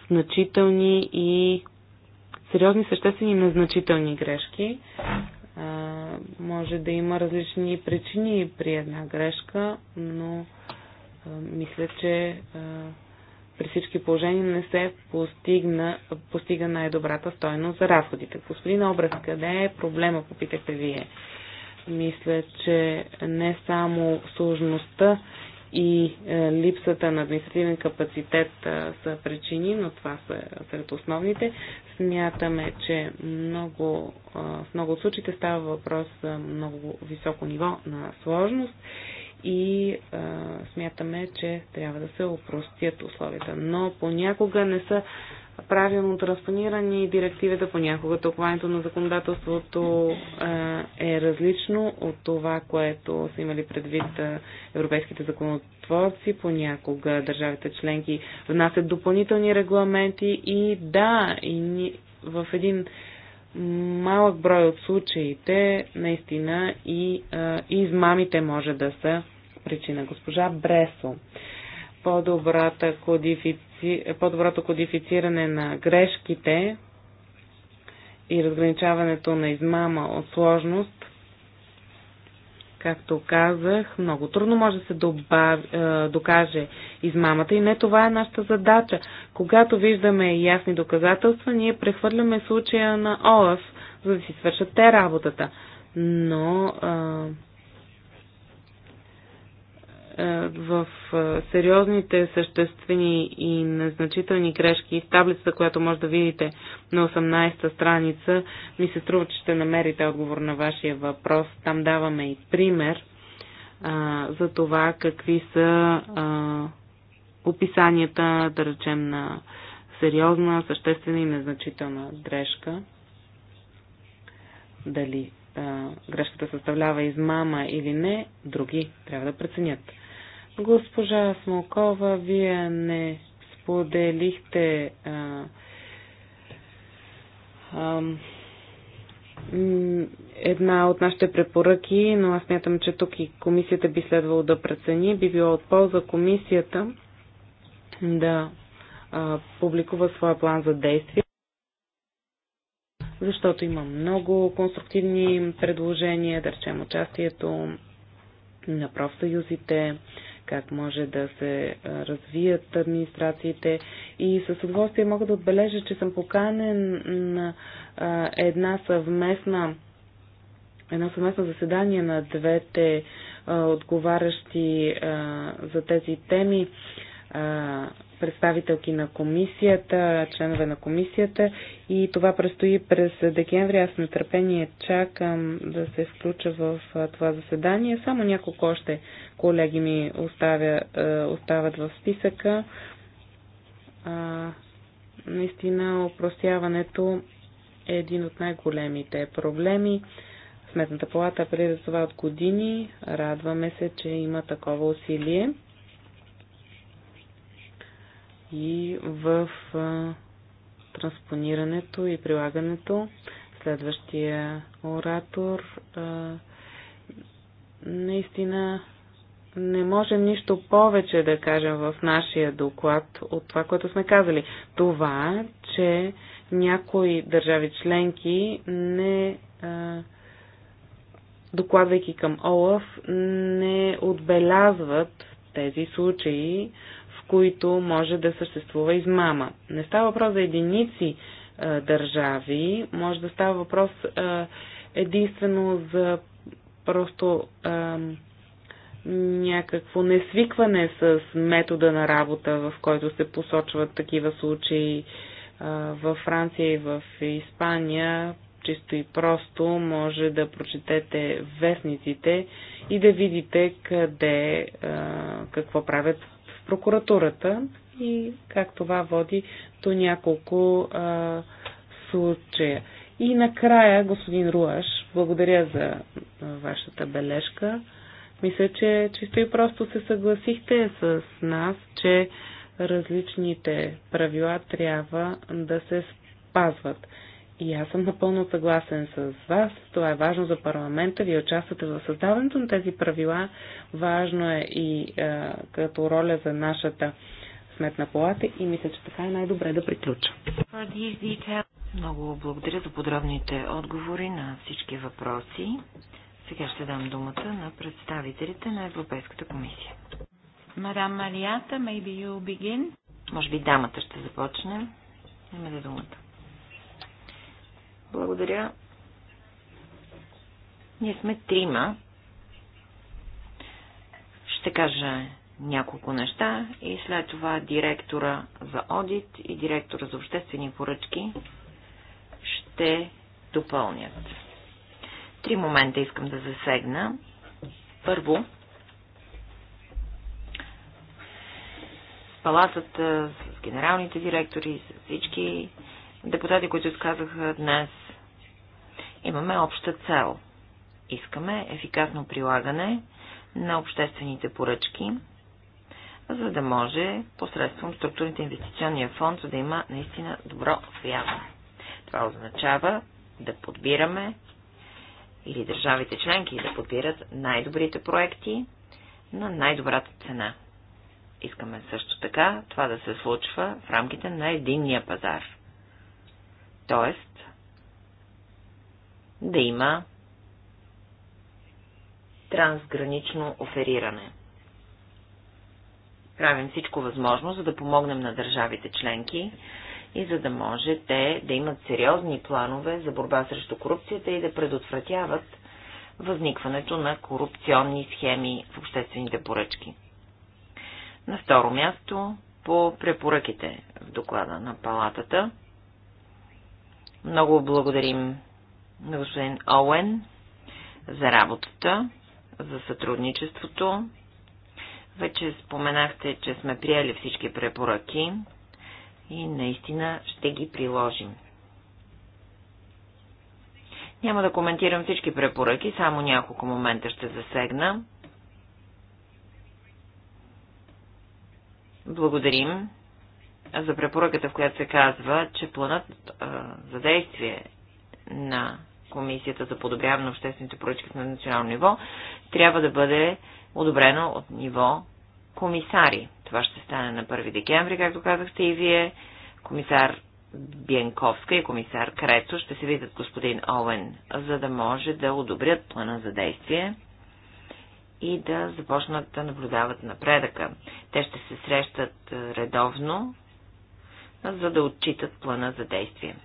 Speaker 4: значителни и сериозни, съществени и незначителни грешки. А, може да има различни причини при една грешка, но мисля, че при всички положения не се постигна, постига най-добрата стойност за разходите. Господин Образ, къде е проблема, попитахте вие. Мисля, че не само сложността и е, липсата на административен капацитет е, са причини, но това са сред основните. Смятаме, че много, е, в много от случаите става въпрос за много високо ниво на сложност и а, смятаме, че трябва да се опростят условията. Но понякога не са правилно транспонирани директивите, понякога тълкованието на законодателството а, е различно от това, което са имали предвид а, европейските законотворци. Понякога държавите членки внасят допълнителни регламенти и да, и ни, в един малък брой от случаите, наистина и, а, измамите може да са причина. Госпожа Бресо, по-добрата кодифици... по-доброто кодифициране на грешките и разграничаването на измама от сложност Както казах, много трудно може да се добав, е, докаже измамата и не това е нашата задача. Когато виждаме ясни доказателства, ние прехвърляме случая на ОЛАФ, за да си свършат те работата. Но е, е, в е, сериозните, съществени и незначителни грешки с таблицата, която може да видите на 18-та страница, ми се струва, че ще намерите отговор на вашия въпрос. Там даваме и пример а, е, за това какви са а, описанията, да речем, на сериозна, съществена и незначителна грешка. Дали а, грешката съставлява измама или не, други трябва да преценят. Госпожа Смолкова, вие не споделихте а, а, една от нашите препоръки, но аз мятам, че тук и комисията би следвало да прецени. Би било от полза комисията да а, публикува своя план за действие, защото има много конструктивни предложения, да речем участието на профсъюзите, как може да се развият администрациите и с удоволствие мога да отбележа, че съм поканен на една съвместна едно съвместно заседание на двете отговарящи за тези теми представителки на комисията, членове на комисията и това предстои през декември. Аз с нетърпение чакам да се включа в това заседание. Само няколко още колеги ми оставя, остават в списъка. А, наистина опросяването е един от най-големите проблеми. Сметната палата преди това от години. Радваме се, че има такова усилие и в а, транспонирането и прилагането. Следващия оратор а, наистина не може нищо повече да кажем в нашия доклад от това, което сме казали. Това, че някои държави членки не а, докладвайки към ОЛАФ, не отбелязват тези случаи, които може да съществува измама. Не става въпрос за единици а, е, държави, може да става въпрос а, е, единствено за просто а, е, някакво несвикване с метода на работа, в който се посочват такива случаи във Франция и в Испания. Чисто и просто може да прочетете вестниците и да видите къде, какво правят прокуратурата и как това води до няколко а, случая. И накрая, господин Руаш, благодаря за вашата бележка. Мисля, че чисто и просто се съгласихте с нас, че различните правила трябва да се спазват. И аз съм напълно съгласен с вас. Това е важно за парламента. Вие участвате в създаването на тези правила. Важно е и е, като роля за нашата сметна палата и мисля, че така е най-добре да приключа.
Speaker 2: Много благодаря за подробните отговори на всички въпроси. Сега ще дам думата на представителите на Европейската комисия.
Speaker 1: Мадам Марията, maybe you begin.
Speaker 2: Може би дамата ще започне. Имате думата. Благодаря. Ние сме трима. Ще кажа няколко неща и след това директора за одит и директора за обществени поръчки ще допълнят. Три момента искам да засегна. Първо, с палатата, с генералните директори, с всички депутати, които изказаха днес Имаме обща цел. Искаме ефикасно прилагане на обществените поръчки, за да може посредством структурните инвестиционния фонд да има наистина добро освояване. Това означава да подбираме или държавите членки да подбират най-добрите проекти на най-добрата цена. Искаме също така това да се случва в рамките на единния пазар. Тоест, да има трансгранично офериране. Правим всичко възможно, за да помогнем на държавите членки и за да може те да имат сериозни планове за борба срещу корупцията и да предотвратяват възникването на корупционни схеми в обществените поръчки. На второ място, по препоръките в доклада на палатата. Много благодарим на господин Оуен за работата, за сътрудничеството. Вече споменахте, че сме приели всички препоръки и наистина ще ги приложим. Няма да коментирам всички препоръки, само няколко момента ще засегна. Благодарим за препоръката, в която се казва, че планът а, за действие на Комисията за подобряване на обществените поръчки на национално ниво, трябва да бъде одобрено от ниво комисари. Това ще стане на 1 декември, както казахте и вие. Комисар Бенковска и комисар Крецо ще се видят господин Оуен, за да може да одобрят плана за действие и да започнат да наблюдават напредъка. Те ще се срещат редовно, за да отчитат плана за действие.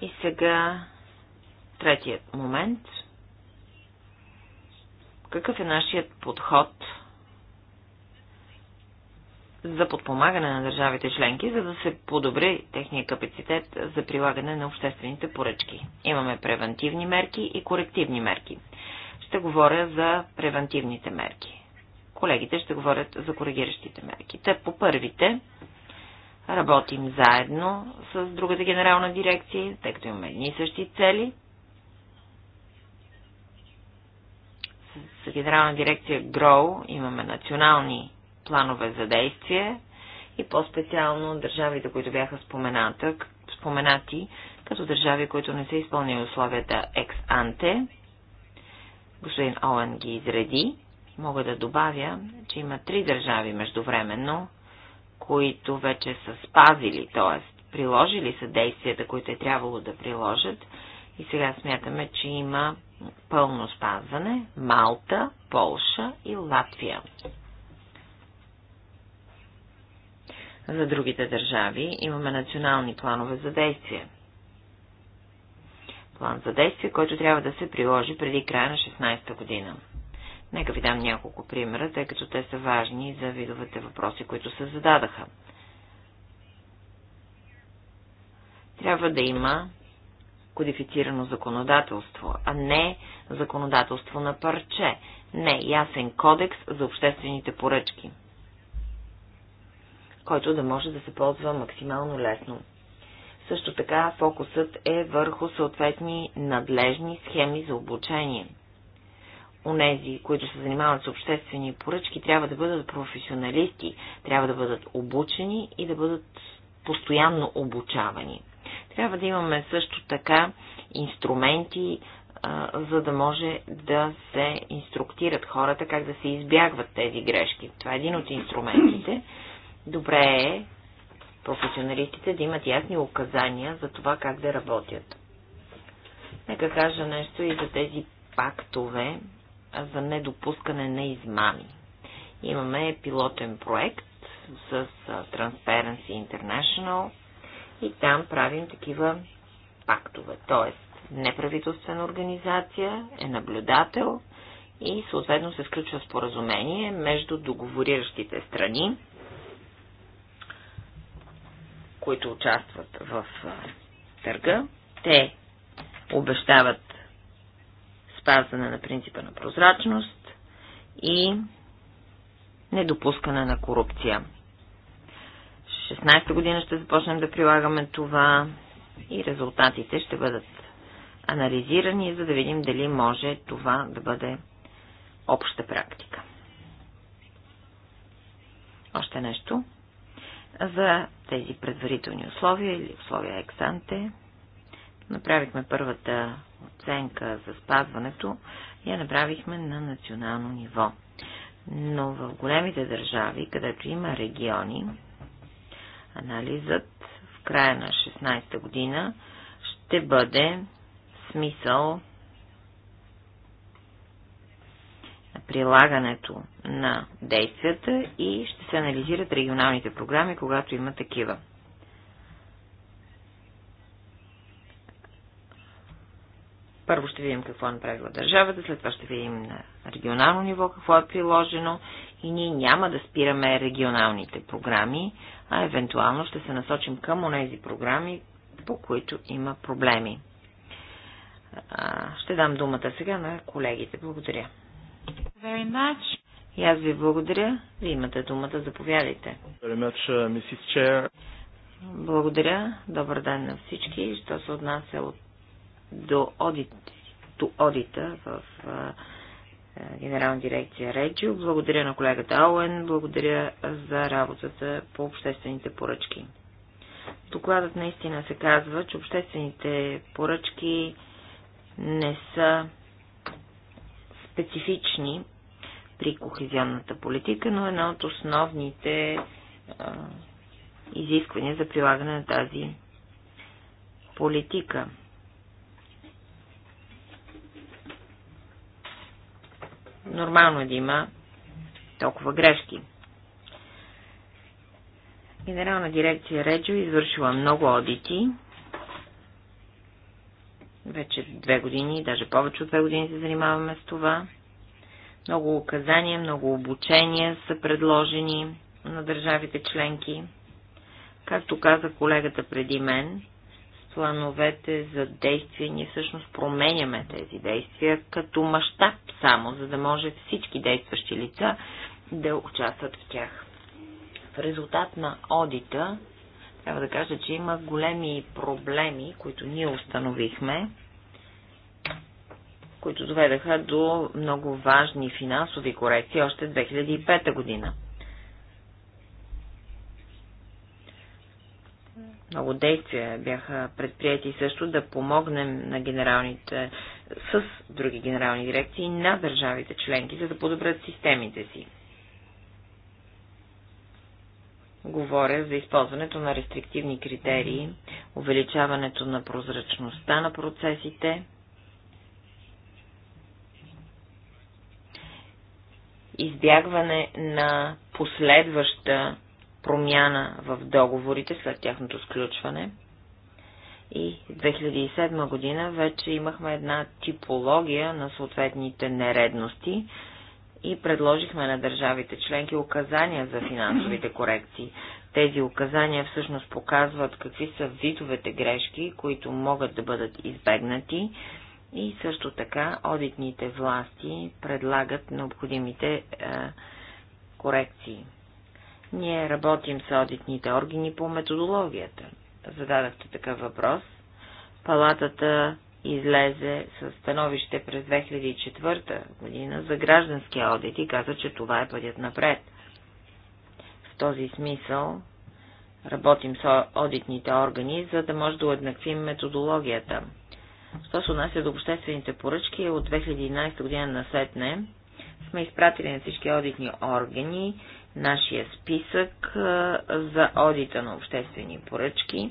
Speaker 2: И сега третият момент. Какъв е нашият подход за подпомагане на държавите членки, за да се подобри техния капацитет за прилагане на обществените поръчки? Имаме превентивни мерки и корективни мерки. Ще говоря за превентивните мерки. Колегите ще говорят за коригиращите мерки. Те по първите Работим заедно с другата генерална дирекция, тъй като имаме едни и същи цели. С генерална дирекция GROW имаме национални планове за действие и по-специално държавите, които бяха споменати, като държави, които не са изпълнили условията ex-ante. Господин Оуен ги изреди. Мога да добавя, че има три държави междувременно, които вече са спазили, т.е. приложили са действията, които е трябвало да приложат. И сега смятаме, че има пълно спазване Малта, Полша и Латвия. За другите държави имаме национални планове за действие. План за действие, който трябва да се приложи преди края на 16-та година. Нека ви дам няколко примера, тъй като те са важни за видовете въпроси, които се зададаха. Трябва да има кодифицирано законодателство, а не законодателство на парче, не ясен кодекс за обществените поръчки, който да може да се ползва максимално лесно. Също така фокусът е върху съответни надлежни схеми за обучение – онези, които се занимават с обществени поръчки, трябва да бъдат професионалисти, трябва да бъдат обучени и да бъдат постоянно обучавани. Трябва да имаме също така инструменти, за да може да се инструктират хората как да се избягват тези грешки. Това е един от инструментите. Добре е професионалистите да имат ясни указания за това как да работят. Нека кажа нещо и за тези пактове за недопускане на измами. Имаме пилотен проект с Transparency International и там правим такива пактове. Тоест, неправителствена организация е наблюдател и съответно се включва споразумение между договориращите страни, които участват в търга. Те обещават спазване на принципа на прозрачност и недопускане на корупция. 16-та година ще започнем да прилагаме това и резултатите ще бъдат анализирани, за да видим дали може това да бъде обща практика. Още нещо за тези предварителни условия или условия ексанте – Направихме първата оценка за спазването и я направихме на национално ниво. Но в големите държави, където има региони, анализът в края на 16-та година ще бъде смисъл на прилагането на действията и ще се анализират регионалните програми, когато има такива. Първо ще видим какво е направила държавата, след това ще видим на регионално ниво какво е приложено и ние няма да спираме регионалните програми, а евентуално ще се насочим към онези програми, по които има проблеми. Ще дам думата сега на колегите. Благодаря.
Speaker 1: Very much.
Speaker 2: И аз ви благодаря. Вие имате думата. Заповядайте. Very much, uh, Mrs. Chair. Благодаря. Добър ден на всички. Що се отнася от до, одит, до одита в а, Генерална дирекция Реджио. Благодаря на колегата Ауен, благодаря за работата по обществените поръчки. Докладът наистина се казва, че обществените поръчки не са специфични при кохезионната политика, но една от основните а, изисквания за прилагане на тази политика. Нормално е да има толкова грешки. Генерална дирекция Реджо е извършила много одити. Вече две години, даже повече от две години се занимаваме с това. Много указания, много обучения са предложени на държавите членки. Както каза колегата преди мен, плановете за действие, ние всъщност променяме тези действия като мащаб само, за да може всички действащи лица да участват в тях. В резултат на одита трябва да кажа, че има големи проблеми, които ние установихме, които доведаха до много важни финансови корекции още 2005 година. Много действия бяха предприяти също да помогнем на генералните, с други генерални дирекции на държавите членки, за да подобрят системите си. Говоря за използването на рестриктивни критерии, увеличаването на прозрачността на процесите, избягване на последваща промяна в договорите след тяхното сключване. И 2007 година вече имахме една типология на съответните нередности и предложихме на държавите членки указания за финансовите корекции. Тези указания всъщност показват какви са видовете грешки, които могат да бъдат избегнати и също така одитните власти предлагат необходимите е, корекции. Ние работим с одитните органи по методологията. Зададахте такъв въпрос. Палатата излезе с становище през 2004 година за граждански одит и каза, че това е пътят напред. В този смисъл работим с одитните органи, за да може да уеднаквим методологията. Що се отнася до обществените поръчки, от 2011 година на сетне сме изпратили на всички одитни органи нашия списък за одита на обществени поръчки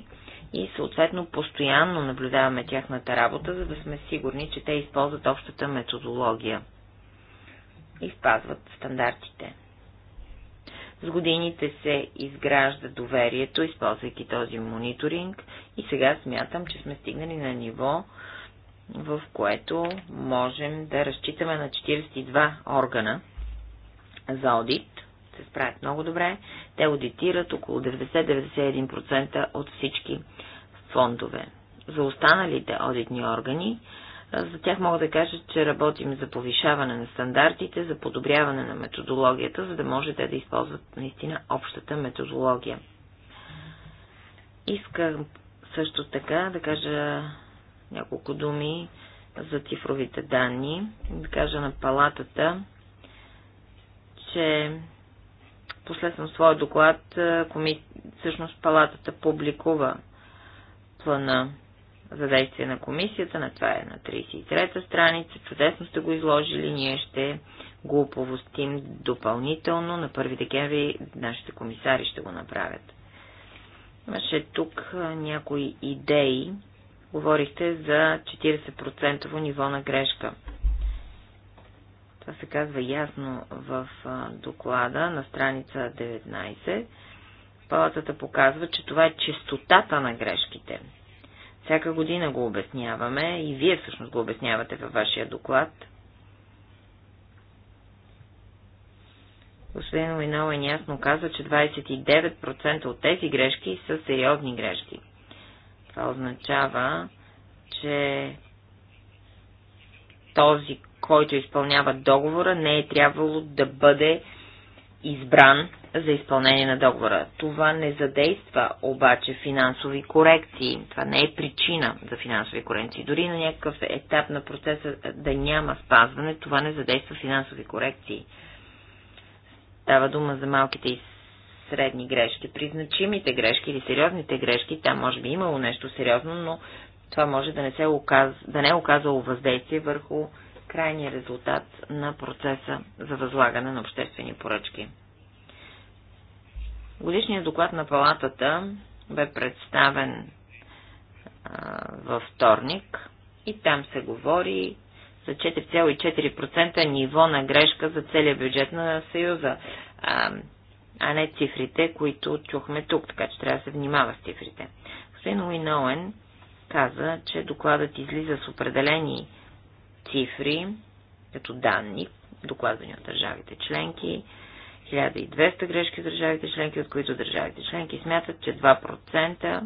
Speaker 2: и съответно постоянно наблюдаваме тяхната работа, за да сме сигурни, че те използват общата методология и спазват стандартите. С годините се изгражда доверието, използвайки този мониторинг и сега смятам, че сме стигнали на ниво, в което можем да разчитаме на 42 органа за одит, се справят много добре. Те аудитират около 90-91% от всички фондове. За останалите одитни органи, за тях мога да кажа, че работим за повишаване на стандартите, за подобряване на методологията, за да може те да използват наистина общата методология. Искам също така да кажа няколко думи за цифровите данни. Да кажа на палатата, че Последствам своя доклад, коми... всъщност палатата публикува плана за действие на комисията, на това е на 33-та страница, чудесно сте го изложили, ние ще го оповостим допълнително, на 1 декември нашите комисари ще го направят. Имаше тук някои идеи, говорихте за 40% ниво на грешка – това се казва ясно в доклада на страница 19. Палатата показва, че това е честотата на грешките. Всяка година го обясняваме и вие всъщност го обяснявате във вашия доклад. Господин Уиноуен ясно каза, че 29% от тези грешки са сериозни грешки. Това означава, че този, който изпълнява договора, не е трябвало да бъде избран за изпълнение на договора. Това не задейства обаче финансови корекции. Това не е причина за финансови корекции. Дори на някакъв етап на процеса да няма спазване, това не задейства финансови корекции. Става дума за малките и средни грешки. При значимите грешки или сериозните грешки, там може би имало нещо сериозно, но това може да не, се оказ... да не е оказало въздействие върху крайния резултат на процеса за възлагане на обществени поръчки. Годишният доклад на палатата бе представен а, във вторник и там се говори за 4,4% ниво на грешка за целия бюджет на Съюза, а, а не цифрите, които чухме тук, така че трябва да се внимава с цифрите. Господин Уиноен каза, че докладът излиза с определени цифри, като данни, докладвани от държавите членки, 1200 грешки от държавите членки, от които държавите членки смятат, че 2%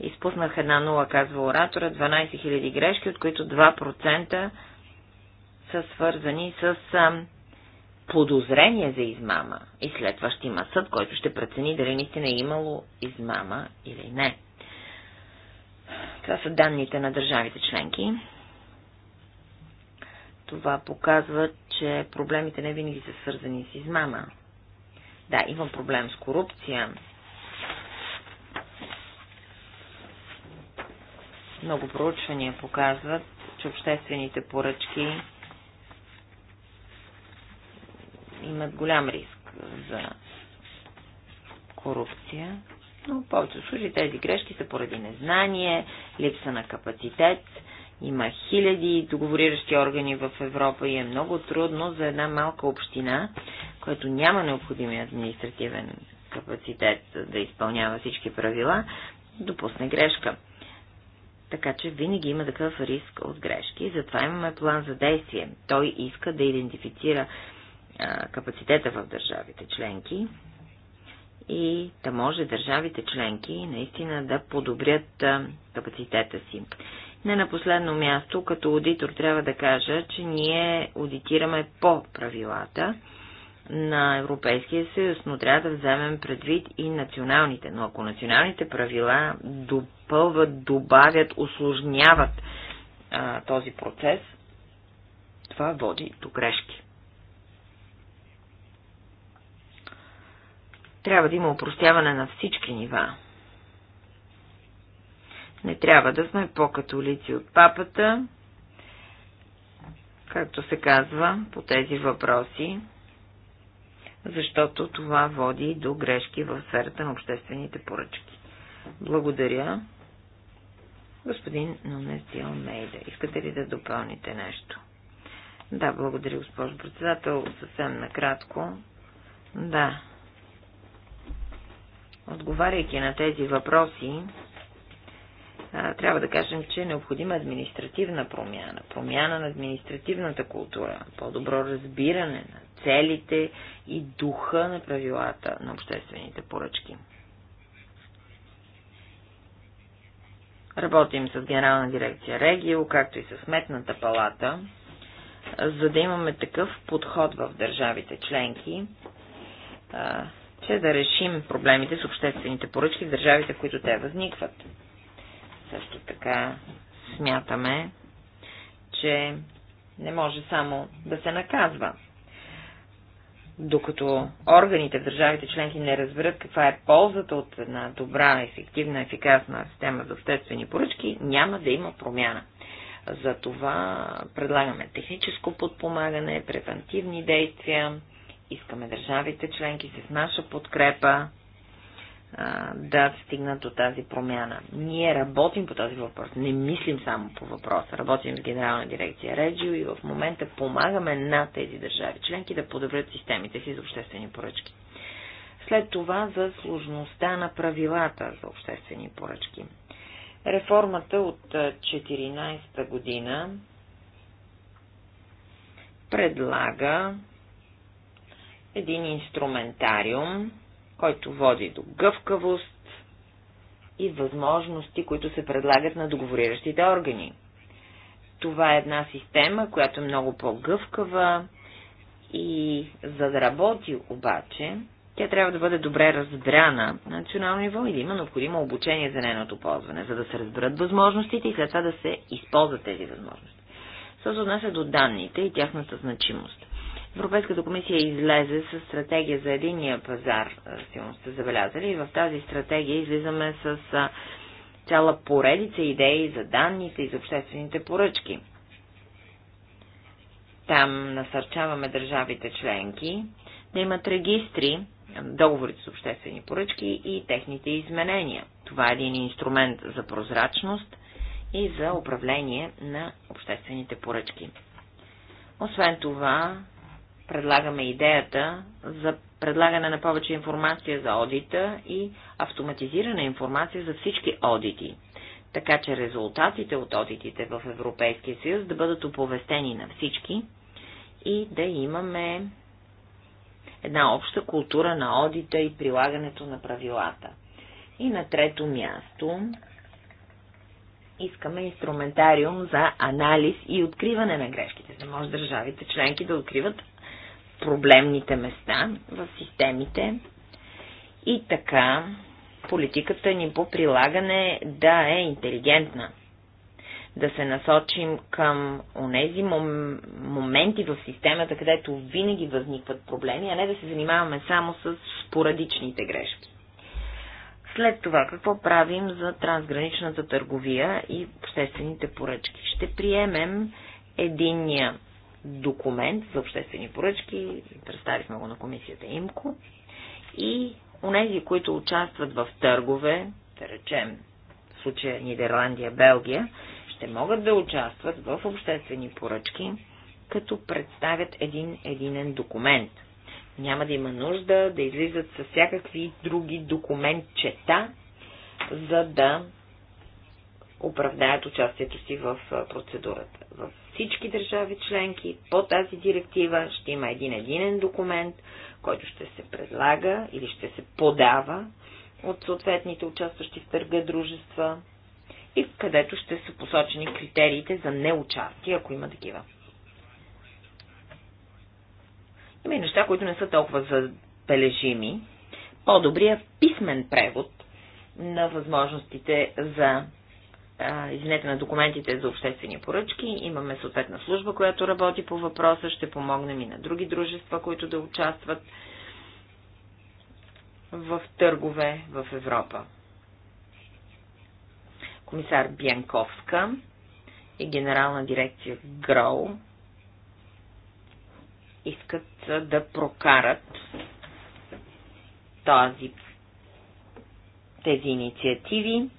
Speaker 2: изпуснах една нула, казва оратора, 12 000 грешки, от които 2% са свързани с подозрение за измама и след това ще има съд, който ще прецени дали наистина е имало измама или не. Това са данните на държавите членки. Това показва, че проблемите не винаги са свързани с измама. Да, има проблем с корупция. Много проучвания показват, че обществените поръчки имат голям риск за корупция, но повечето случаи тези грешки са поради незнание, липса на капацитет. Има хиляди договориращи органи в Европа и е много трудно за една малка община, която няма необходимия административен капацитет да изпълнява всички правила, допусне грешка. Така че винаги има такъв риск от грешки. Затова имаме план за действие. Той иска да идентифицира капацитета в държавите членки и да може държавите членки наистина да подобрят капацитета си. Не на последно място, като аудитор трябва да кажа, че ние аудитираме по правилата на Европейския съюз, но трябва да вземем предвид и националните. Но ако националните правила допълват, добавят, осложняват а, този процес, това води до грешки. Трябва да има упростяване на всички нива. Не трябва да сме по-католици от папата, както се казва по тези въпроси, защото това води до грешки в сферата на обществените поръчки. Благодаря. Господин Нунес Мейда, искате ли да допълните нещо? Да, благодаря, госпожо председател. Съвсем накратко. Да, Отговаряйки на тези въпроси, трябва да кажем, че е необходима административна промяна, промяна на административната култура, по-добро разбиране на целите и духа на правилата на обществените поръчки. Работим с Генерална дирекция Регио, както и с Сметната палата, за да имаме такъв подход в държавите членки, че да решим проблемите с обществените поръчки в държавите, в които те възникват. Също така смятаме, че не може само да се наказва. Докато органите в държавите членки не разберат каква е ползата от една добра, ефективна, ефикасна система за обществени поръчки, няма да има промяна. Затова предлагаме техническо подпомагане, превентивни действия, Искаме държавите членки с наша подкрепа да стигнат до тази промяна. Ние работим по този въпрос. Не мислим само по въпроса. Работим с Генерална дирекция Реджио и в момента помагаме на тези държави членки да подобрят системите си за обществени поръчки. След това за сложността на правилата за обществени поръчки. Реформата от 14 година предлага един инструментариум, който води до гъвкавост и възможности, които се предлагат на договориращите органи. Това е една система, която е много по-гъвкава и за да работи обаче, тя трябва да бъде добре разбрана на национално ниво и да има необходимо обучение за нейното ползване, за да се разберат възможностите и след това да се използват тези възможности. Що се отнася до данните и тяхната значимост. Европейската комисия излезе с стратегия за единния пазар, силно сте забелязали, и в тази стратегия излизаме с цяла поредица идеи за данните и за обществените поръчки. Там насърчаваме държавите членки да имат регистри, договорите с обществени поръчки и техните изменения. Това е един инструмент за прозрачност и за управление на обществените поръчки. Освен това, Предлагаме идеята за предлагане на повече информация за одита и автоматизирана информация за всички одити, така че резултатите от одитите в Европейския съюз да бъдат оповестени на всички и да имаме една обща култура на одита и прилагането на правилата. И на трето място искаме инструментариум за анализ и откриване на грешките, за да може държавите членки да откриват проблемните места в системите и така политиката ни по прилагане да е интелигентна. Да се насочим към онези мом... моменти в системата, където винаги възникват проблеми, а не да се занимаваме само с спорадичните грешки. След това, какво правим за трансграничната търговия и обществените поръчки? Ще приемем единния документ за обществени поръчки, представихме го на комисията ИМКО, и онези, които участват в търгове, да речем, в случая Нидерландия, Белгия, ще могат да участват в обществени поръчки, като представят един единен документ. Няма да има нужда да излизат с всякакви други документчета, за да оправдаят участието си в процедурата. В всички държави членки по тази директива ще има един единен документ, който ще се предлага или ще се подава от съответните участващи в търга дружества и където ще са посочени критериите за неучастие, ако има такива. Има и неща, които не са толкова забележими. По-добрия писмен превод на възможностите за извинете, на документите за обществени поръчки. Имаме съответна служба, която работи по въпроса. Ще помогнем и на други дружества, които да участват в търгове в Европа. Комисар Бянковска и генерална дирекция ГРОУ искат да прокарат този, тези инициативи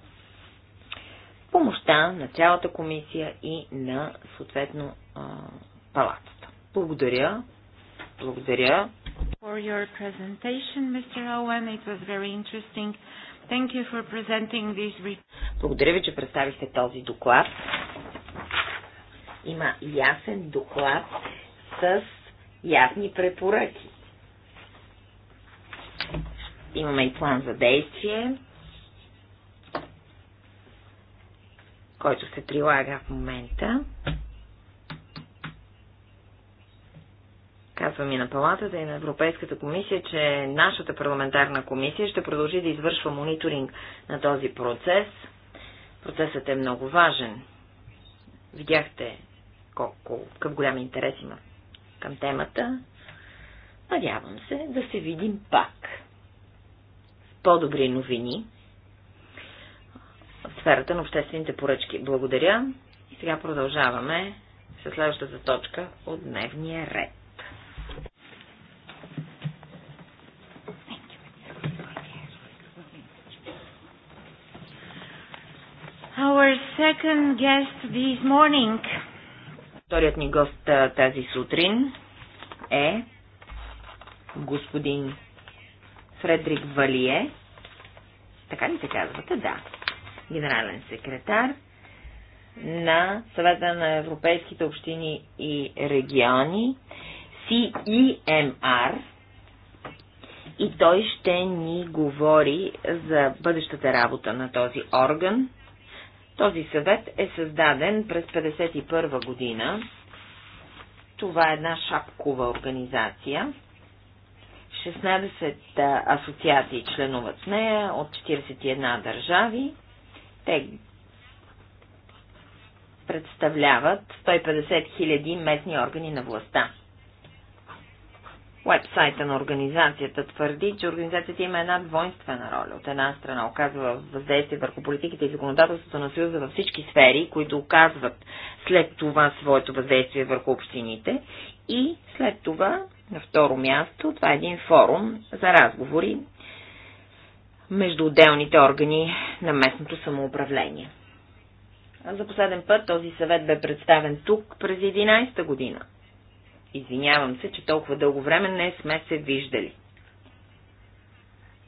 Speaker 2: помощта на цялата комисия и на съответно а, палатата. Благодаря. Благодаря.
Speaker 1: For your presentation, Mr. Owen, it was very interesting. Thank you for presenting this
Speaker 2: Благодаря ви, че представихте този доклад. Има ясен доклад с ясни препоръки. Имаме и план за действие който се прилага в момента. Казвам и на палатата и на Европейската комисия, че нашата парламентарна комисия ще продължи да извършва мониторинг на този процес. Процесът е много важен. Видяхте колко, какъв голям интерес има към темата. Надявам се да се видим пак. С по-добри новини сферата на обществените поръчки. Благодаря. И сега продължаваме с следващата точка от дневния ред.
Speaker 1: Our second guest this morning.
Speaker 2: Вторият ни гост тази сутрин е господин Фредрик Валие. Така ли се казвате? Да генерален секретар на съвета на европейските общини и региони, CEMR, и той ще ни говори за бъдещата работа на този орган. Този съвет е създаден през 1951 година. Това е една шапкова организация. 16 асоциации членуват с нея от 41 държави. Те представляват 150 000 местни органи на властта. Уебсайта на организацията твърди, че организацията има една двойствена роля. От една страна оказва въздействие върху политиките и законодателството на Съюза във всички сфери, които оказват след това своето въздействие върху общините. И след това, на второ място, това е един форум за разговори между отделните органи на местното самоуправление. За последен път този съвет бе представен тук през 11-та година. Извинявам се, че толкова дълго време не сме се виждали.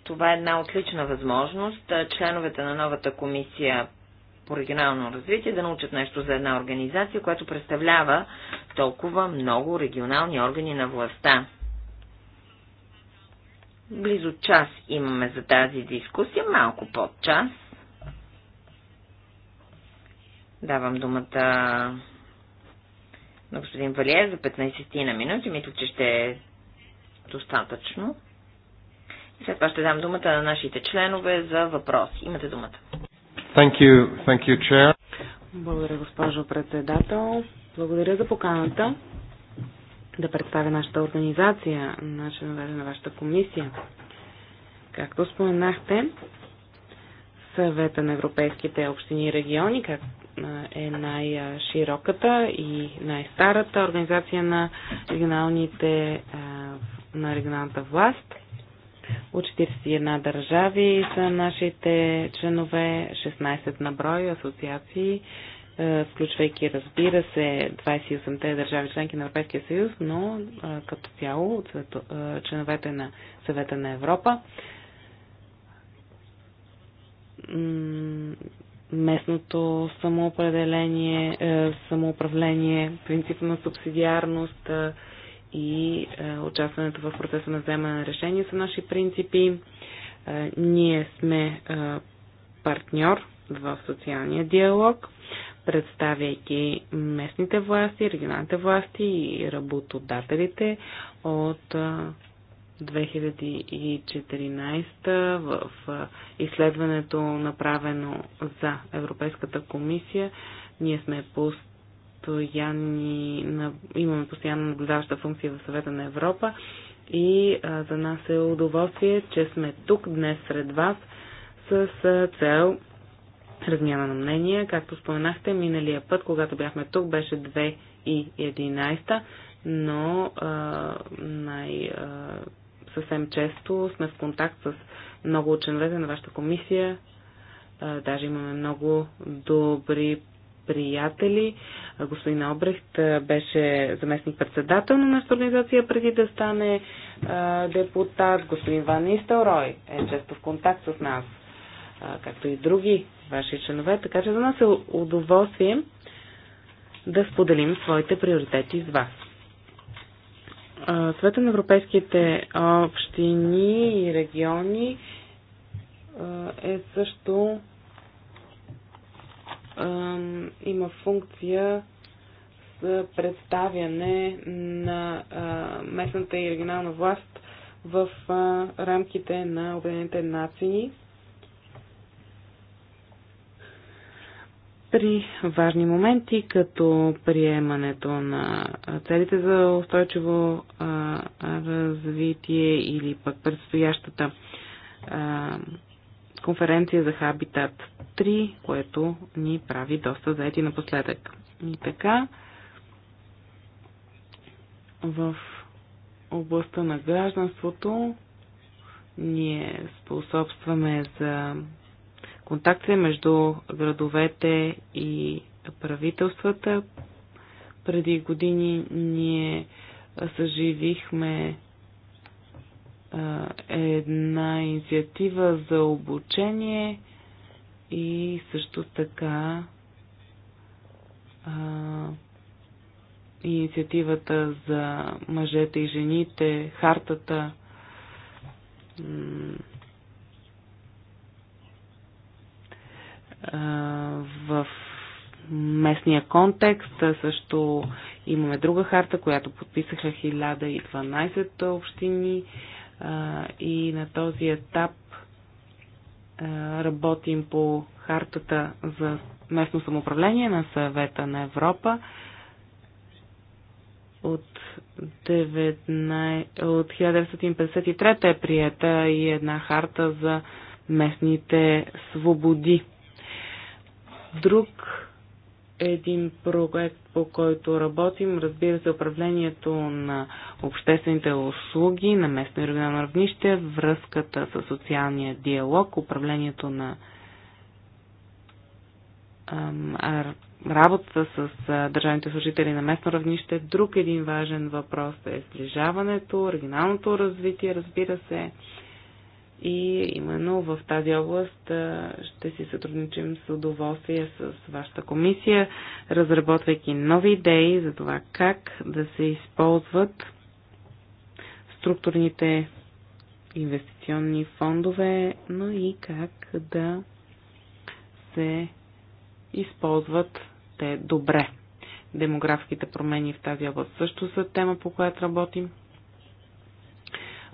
Speaker 2: Това е една отлична възможност членовете на новата комисия по регионално развитие да научат нещо за една организация, която представлява толкова много регионални органи на властта. Близо час имаме за тази дискусия, малко под час. Давам думата на господин Валиер за 15 ти на минути. Мисля, че ще е достатъчно. И след това ще дам думата на нашите членове за въпроси. Имате думата.
Speaker 5: Thank you. Thank you, chair.
Speaker 4: Благодаря, госпожо председател. Благодаря за поканата да представя нашата организация, на членовете на вашата комисия. Както споменахте, съвета на европейските общини и региони, как е най-широката и най-старата организация на регионалните, на регионалната власт. От 41 държави са нашите членове, 16 на брой асоциации е, включвайки, разбира се, 28-те държави членки на Европейския съюз, но е, като цяло е, членовете на съвета на Европа. Местното самоопределение, самоуправление, принципа на субсидиарност и участването в процеса на вземане на решения са наши принципи. Ние сме партньор в социалния диалог – представяйки местните власти, регионалните власти и работодателите от 2014 в изследването направено за Европейската комисия. Ние сме постоянни, имаме постоянно наблюдаваща функция в съвета на Европа и за нас е удоволствие, че сме тук днес сред вас с цел размяна на мнения. Както споменахте, миналия път, когато бяхме тук, беше 2.11, но а, най, а, съвсем често сме в контакт с много от членовете на вашата комисия. А, даже имаме много добри приятели. Господин Обрехт беше заместник-председател на нашата организация преди да стане а, депутат. Господин Ван Истелрой е често в контакт с нас, както и други ваши членове, така че за нас е удоволствие да споделим своите приоритети с вас. Света на европейските общини и региони е също има функция за представяне на местната и регионална власт в рамките на Обединените нации при важни моменти, като приемането на целите за устойчиво развитие или пък предстоящата конференция за Хабитат 3, което ни прави доста заети напоследък. И така, в областта на гражданството ние способстваме за контакти между градовете и правителствата. Преди години ние съживихме една инициатива за обучение и също така а, инициативата за мъжете и жените, хартата в местния контекст. Също имаме друга харта, която подписаха 1012 общини и на този етап работим по хартата за местно самоуправление на съвета на Европа от, 19, от 1953 е приета и една харта за местните свободи. Друг един проект, по който работим, разбира се, управлението на обществените услуги на местно и регионално равнище, връзката с социалния диалог, управлението на работата с държавните служители на местно равнище. Друг един важен въпрос е сближаването, оригиналното развитие, разбира се, и именно в тази област ще си сътрудничим с удоволствие с вашата комисия, разработвайки нови идеи за това как да се използват структурните инвестиционни фондове, но и как да се използват те добре. Демографските промени в тази област също са тема, по която работим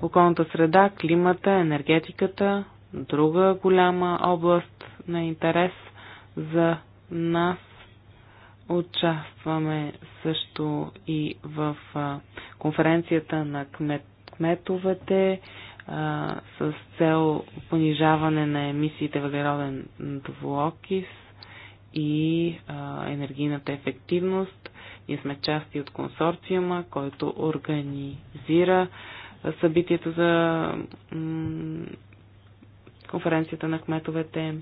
Speaker 4: околната среда, климата, енергетиката, друга голяма област на интерес за нас. Участваме също и в конференцията на кмет, кметовете а, с цел понижаване на емисиите въглероден двуокис и а, енергийната ефективност. Ние сме части от консорциума, който организира събитието за конференцията на кметовете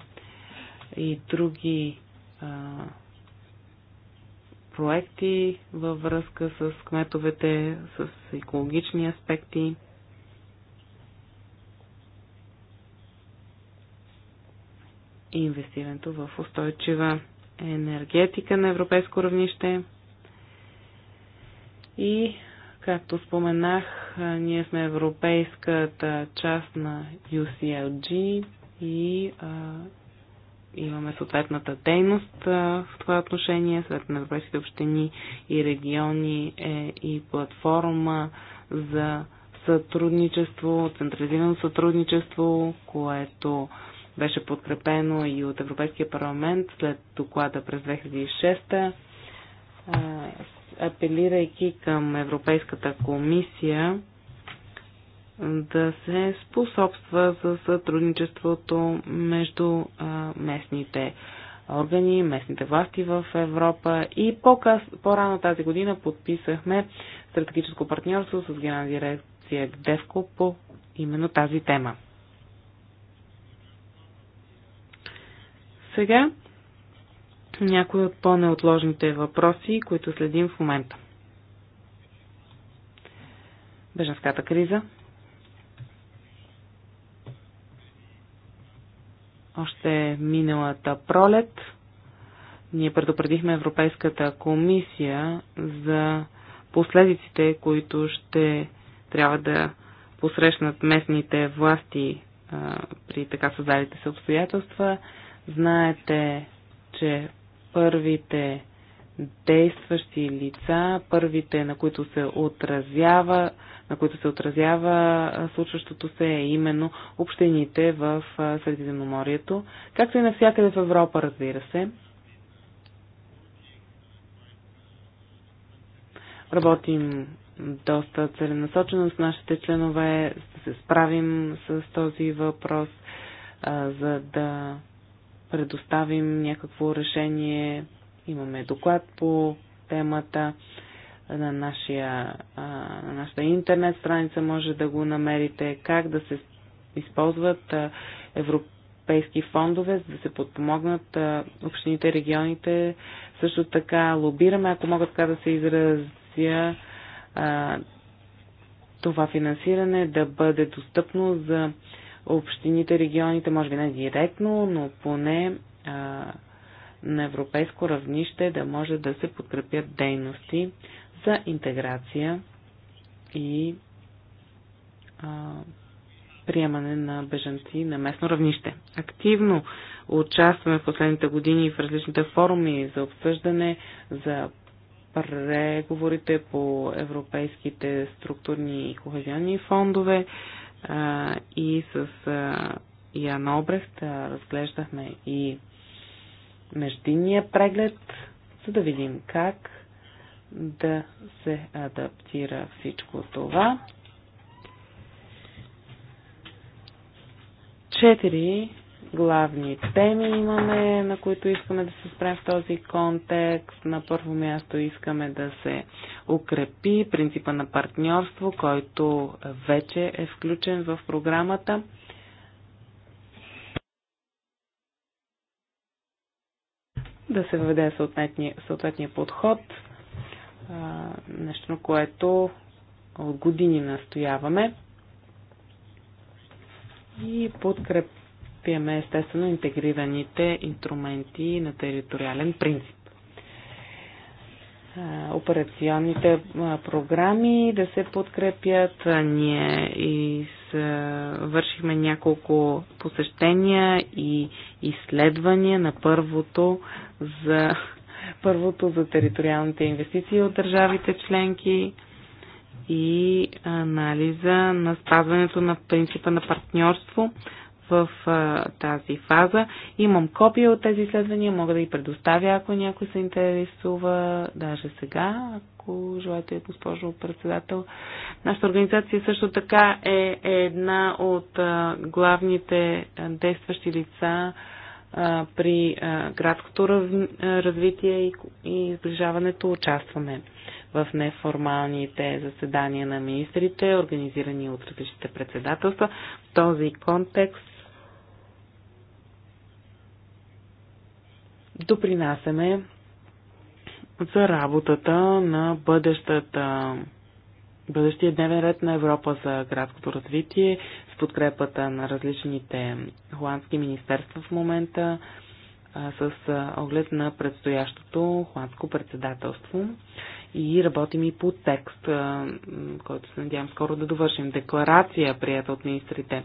Speaker 4: и други а, проекти във връзка с кметовете, с екологични аспекти. И инвестирането в устойчива енергетика на европейско равнище и Както споменах, ние сме европейската част на UCLG и а, имаме съответната дейност а, в това отношение. Съвет на европейските общини и региони е и платформа за сътрудничество, централизирано сътрудничество, което беше подкрепено и от Европейския парламент след доклада през 2006 апелирайки към Европейската комисия да се способства за сътрудничеството между местните органи, местните власти в Европа и по-рано по тази година подписахме стратегическо партньорство с Генерална дирекция ГДЕВКО по именно тази тема. Сега някои от по-неотложните въпроси, които следим в момента. Бежанската криза. Още миналата пролет ние предупредихме Европейската комисия за последиците, които ще трябва да посрещнат местните власти а, при така създалите се обстоятелства. Знаете, че първите действащи лица, първите, на които се отразява, на които се отразява случващото се е именно общините в Средиземноморието, както и навсякъде в Европа, разбира се. Работим доста целенасочено с нашите членове, да се справим с този въпрос, за да предоставим някакво решение. Имаме доклад по темата на, нашия, на нашата интернет страница може да го намерите, как да се използват европейски фондове, за да се подпомогнат общините, регионите. Също така лобираме, ако мога така да се изразя, това финансиране да бъде достъпно за общините, регионите, може би не директно, но поне а, на европейско равнище да може да се подкрепят дейности за интеграция и а, приемане на бежанци на местно равнище. Активно участваме в последните години в различните форуми за обсъждане, за преговорите по европейските структурни и кохезионни фондове а, и с а, Ян Обрехт разглеждахме и междинния преглед, за да видим как да се адаптира всичко това. Четири главни теми имаме, на които искаме да се спрем в този контекст. На първо място искаме да се укрепи принципа на партньорство, който вече е включен в програмата. Да се въведе съответния, съответния подход, нещо, което от години настояваме. И подкреп подкрепяме естествено интегрираните инструменти на териториален принцип. Операционните програми да се подкрепят. Ние и вършихме няколко посещения и изследвания на първото за, първото за териториалните инвестиции от държавите членки и анализа на спазването на принципа на партньорство в а, тази фаза. Имам копия от тези изследвания, мога да ги предоставя, ако някой се интересува, даже сега, ако желаете, госпожо председател. Нашата организация също така е, е една от а, главните действащи лица а, при а, градското раз, развитие и, и сближаването. Участваме в неформалните заседания на министрите, организирани от различните председателства. В този контекст допринасяме за работата на бъдещата, бъдещия дневен ред на Европа за градското развитие с подкрепата на различните холандски министерства в момента с оглед на предстоящото холандско председателство и работим и по текст, който се надявам скоро да довършим. Декларация, прията от министрите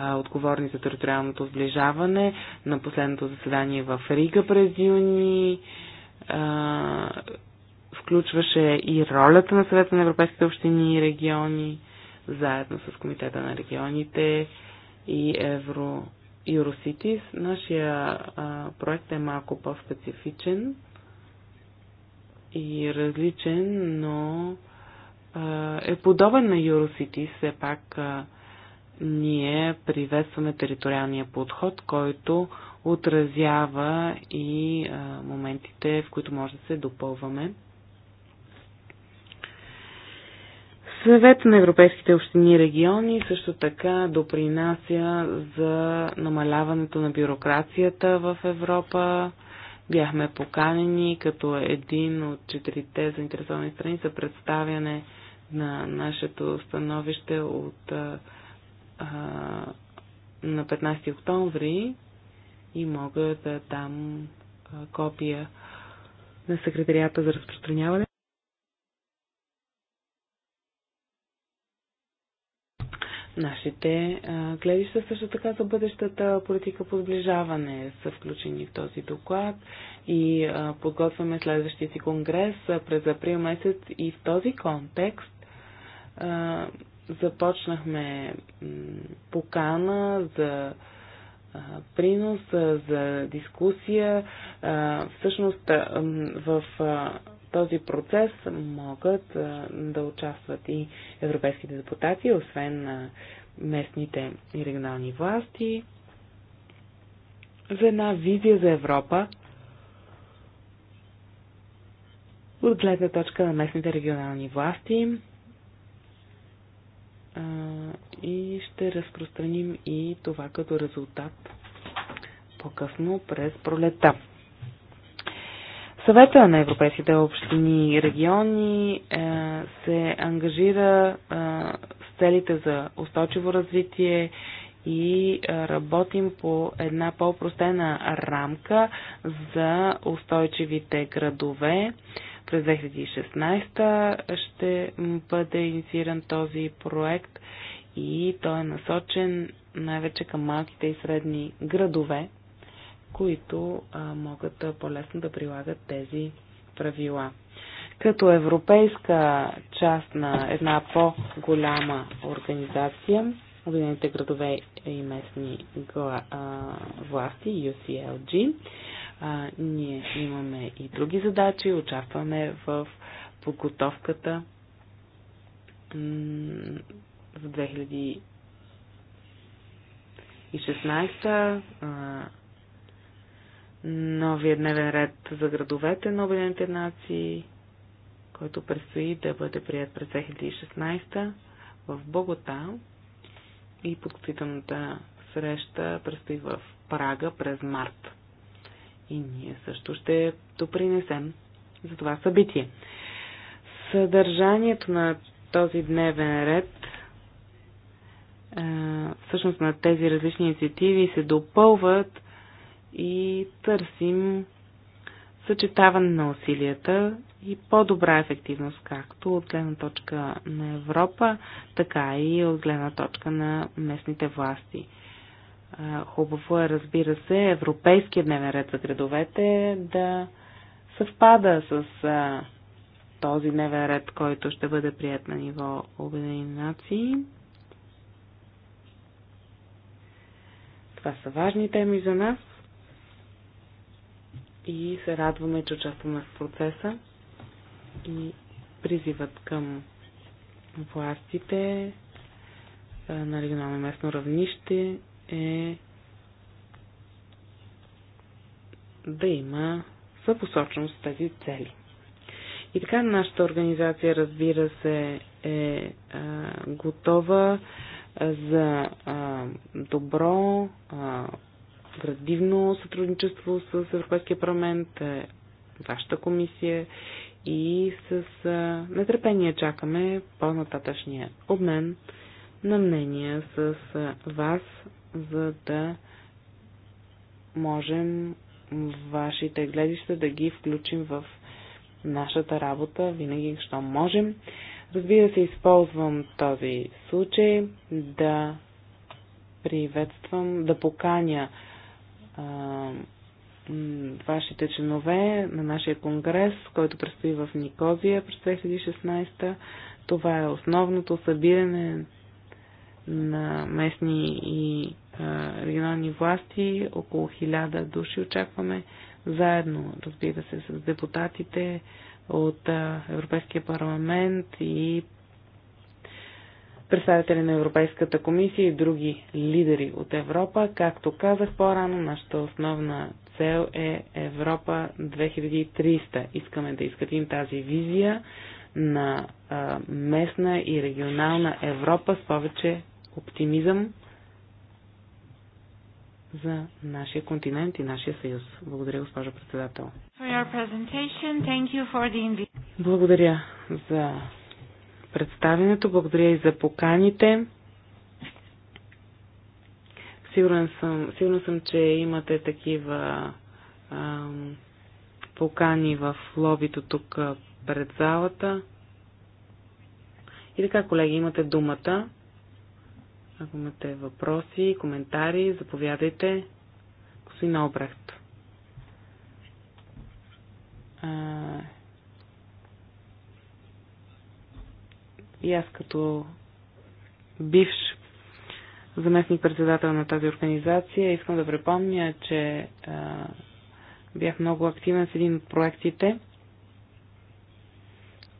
Speaker 4: отговорни за териториалното сближаване на последното заседание в Рига през юни. Включваше и ролята на съвета на европейските общини и региони, заедно с Комитета на регионите и Евро Eurocities. Нашия проект е малко по-специфичен и различен, но е подобен на Eurocities, все пак ние приветстваме териториалния подход, който отразява и а, моментите, в които може да се допълваме. Съвет на Европейските общини и региони също така допринася за намаляването на бюрокрацията в Европа. Бяхме поканени като един от четирите заинтересовани страни за представяне на нашето становище от а, на 15 октомври и мога да дам а, копия на секретарията за разпространяване. Нашите а, гледища също така за бъдещата политика по сближаване са включени в този доклад и а, подготвяме следващия си конгрес а, през април месец и в този контекст започнахме покана за принос, за дискусия. Всъщност в този процес могат да участват и европейските депутати, освен местните и регионални власти, за една визия за Европа от гледна точка на местните регионални власти, и ще разпространим и това като резултат по-късно през пролета. Съвета на европейските общини и региони е, се ангажира е, с целите за устойчиво развитие и е, работим по една по-простена рамка за устойчивите градове. През 2016 ще бъде иницииран този проект и той е насочен най-вече към малките и средни градове, които а, могат по-лесно да прилагат тези правила. Като европейска част на една по-голяма организация, Обединените градове и местни власти, UCLG, а, ние имаме и други задачи, участваме в подготовката за 2016 а, новия дневен ред за градовете на Обединените нации, който предстои да бъде прият през 2016 в Богота и подготвителната среща предстои в Прага през март и ние също ще допринесем за това събитие. Съдържанието на този дневен ред, всъщност на тези различни инициативи се допълват и търсим съчетаване на усилията и по-добра ефективност, както от гледна точка на Европа, така и от гледна точка на местните власти. Хубаво е, разбира се, европейския дневен ред за градовете да съвпада с а, този дневен ред, който ще бъде прият на ниво Обединени нации. Това са важни теми за нас и се радваме, че участваме в процеса и призиват към властите на регионално местно равнище е да има съпосочност тези цели. И така нашата организация, разбира се, е, е а, готова за а, добро, а, градивно сътрудничество с Европейския парламент, е, вашата комисия и с а, нетърпение чакаме по-нататъчния обмен на мнения с а, вас за да можем вашите гледища да ги включим в нашата работа, винаги, що можем. Разбира се, използвам този случай да приветствам, да поканя а, вашите членове на нашия конгрес, който предстои в Никозия през 2016. Това е основното събиране на местни и регионални власти, около 1000 души очакваме, заедно, разбира се, с депутатите от Европейския парламент и представители на Европейската комисия и други лидери от Европа. Както казах по-рано, нашата основна цел е Европа 2300. Искаме да изкатим тази визия на местна и регионална Европа с повече оптимизъм, за нашия континент и нашия съюз. Благодаря, госпожо председател.
Speaker 1: The...
Speaker 4: Благодаря за представенето, благодаря и за поканите. Сигурен съм, сигурен съм че имате такива ам, покани в лобито тук пред залата. И така, колеги, имате думата. Ако имате въпроси, коментари, заповядайте. Господин Обрехт. И аз като бивш заместник председател на тази организация искам да припомня, че а, бях много активен с един от проектите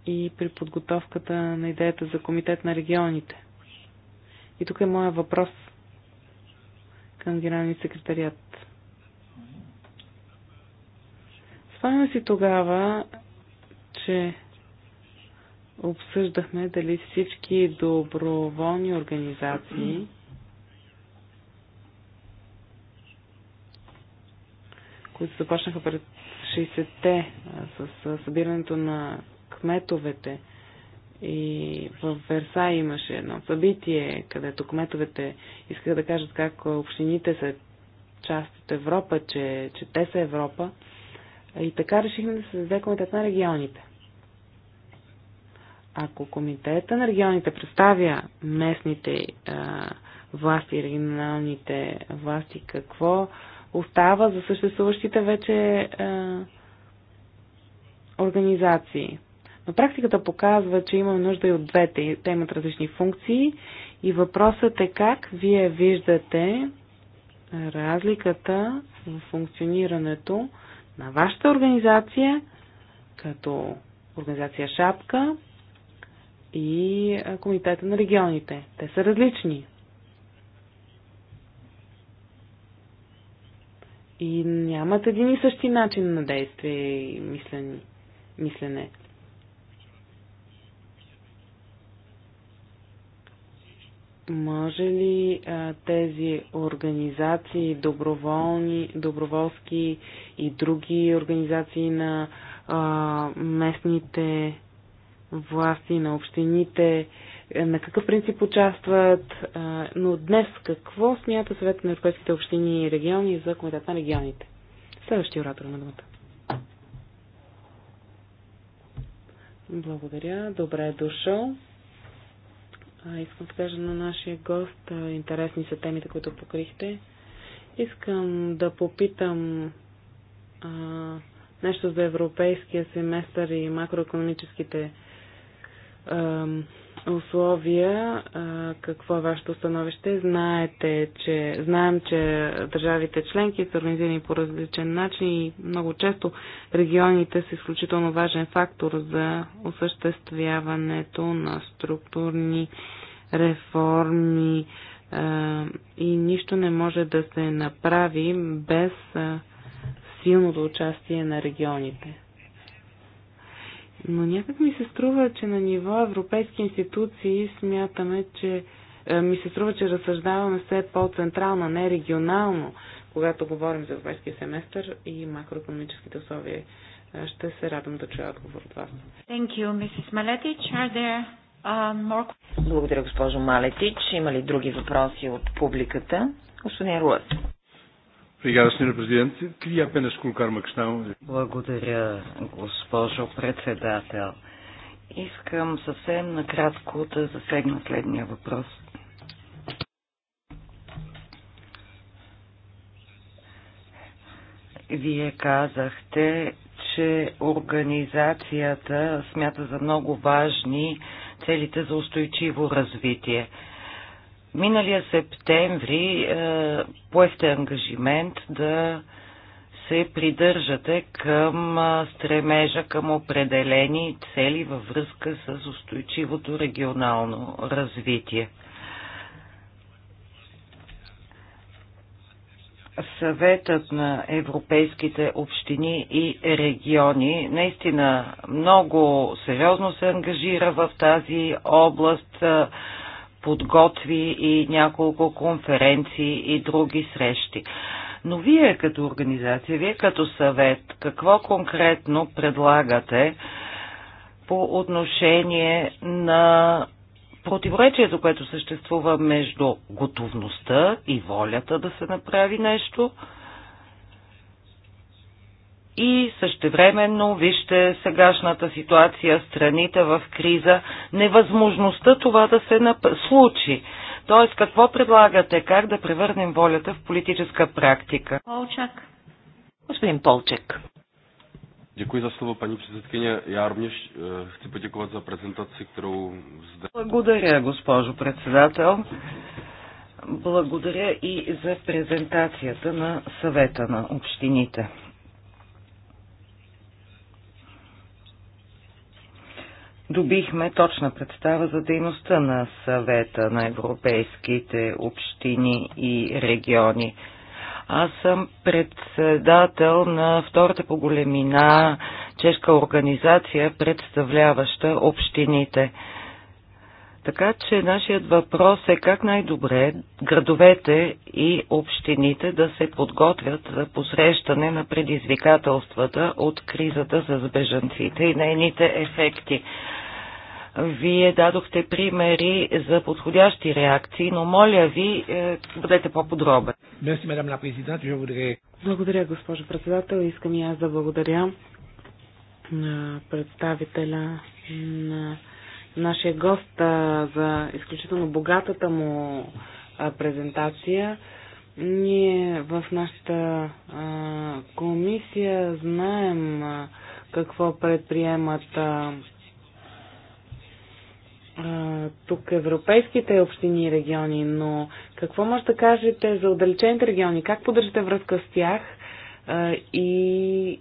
Speaker 4: и при подготовката на идеята за комитет на регионите. И тук е моя въпрос към генералния секретарият. Спомням си тогава, че обсъждахме дали всички доброволни организации които започнаха пред 60-те с събирането на кметовете, и в Версай имаше едно събитие, където кметовете искаха да кажат как общините са част от Европа, че, че те са Европа. И така решихме да се създаде комитет на регионите. Ако комитета на регионите представя местните а, власти и регионалните власти, какво остава за съществуващите вече а, организации? Но практиката показва, че имаме нужда и от двете. Те имат различни функции и въпросът е как вие виждате разликата в функционирането на вашата организация като организация Шапка и Комитета на регионите. Те са различни. И нямат един и същи начин на действие и мислене. Може ли а, тези организации, доброволни, доброволски и други организации на а, местните власти, на общините, е, на какъв принцип участват, а, но днес какво смята съвет на Европейските общини и региони за комитет на регионите? Следващия оратор на думата. Благодаря. Добре е дошъл. Искам да кажа на нашия гост, интересни са темите, които покрихте. Искам да попитам а, нещо за европейския семестър и макроекономическите условия, какво е вашето становище? Знаете, че знаем, че държавите членки са организирани по различен начин и много често регионите са изключително важен фактор за осъществяването на структурни реформи и нищо не може да се направи без силното участие на регионите. Но някак ми се струва, че на ниво европейски институции смятаме, че е, ми се струва, че разсъждаваме все по-централно, не регионално, когато говорим за европейския семестър и макроекономическите условия. Е, ще се радвам да чуя отговор от вас.
Speaker 1: Thank you, Mrs. Maletich. Are there, uh, more...
Speaker 2: Благодаря, госпожо Малетич. Има ли други въпроси от публиката? Господин Руас.
Speaker 3: Obrigado, Sr. Presidente. Queria apenas colocar uma questão. Благодаря, госпожо председател. Искам съвсем накратко да засегна следния въпрос. Вие казахте, че организацията смята за много важни целите за устойчиво развитие. Миналия септември е, поехте ангажимент да се придържате към е, стремежа към определени цели във връзка с устойчивото регионално развитие. Съветът на европейските общини и региони наистина много сериозно се ангажира в тази област е, подготви и няколко конференции и други срещи. Но вие като организация, вие като съвет, какво конкретно предлагате по отношение на противоречието, което съществува между готовността и волята да се направи нещо – и същевременно, вижте сегашната ситуация, страните в криза, невъзможността това да се нап... случи. Тоест, какво предлагате, как да превърнем волята в политическа
Speaker 5: практика?
Speaker 3: Полчак. Господин Полчак.
Speaker 5: Děkuji za slovo, paní předsedkyně. Já rovněž eh, chci poděkovat za prezentaci, kterou zde...
Speaker 3: Благодаря, госпожо председател. Благодаря и за презентацията на съвета на общините. добихме точна представа за дейността на съвета на европейските общини и региони. Аз съм председател на втората по големина чешка организация, представляваща общините. Така че нашият въпрос е как най-добре градовете и общините да се подготвят за посрещане на предизвикателствата от кризата с бежанците и нейните ефекти. Вие дадохте примери за подходящи реакции, но моля ви, е, бъдете по-подробен.
Speaker 4: Благодаря, госпожо председател. Искам и аз да благодаря на представителя на нашия гост а, за изключително богатата му а, презентация. Ние в нашата а, комисия знаем а, какво предприемат а, тук европейските общини и региони, но какво може да кажете за отдалечените региони? Как поддържате връзка с тях а, и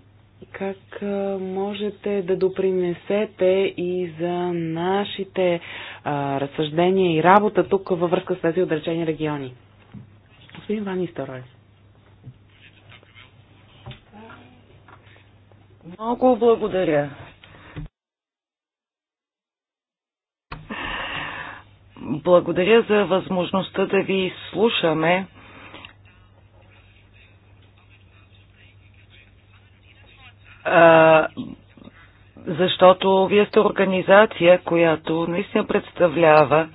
Speaker 4: как можете да допринесете и за нашите а, разсъждения и работа тук във връзка с тези отречени региони? Господин Вани Старой. Много благодаря.
Speaker 3: Благодаря за възможността да ви слушаме защото вие сте организация, която наистина представлява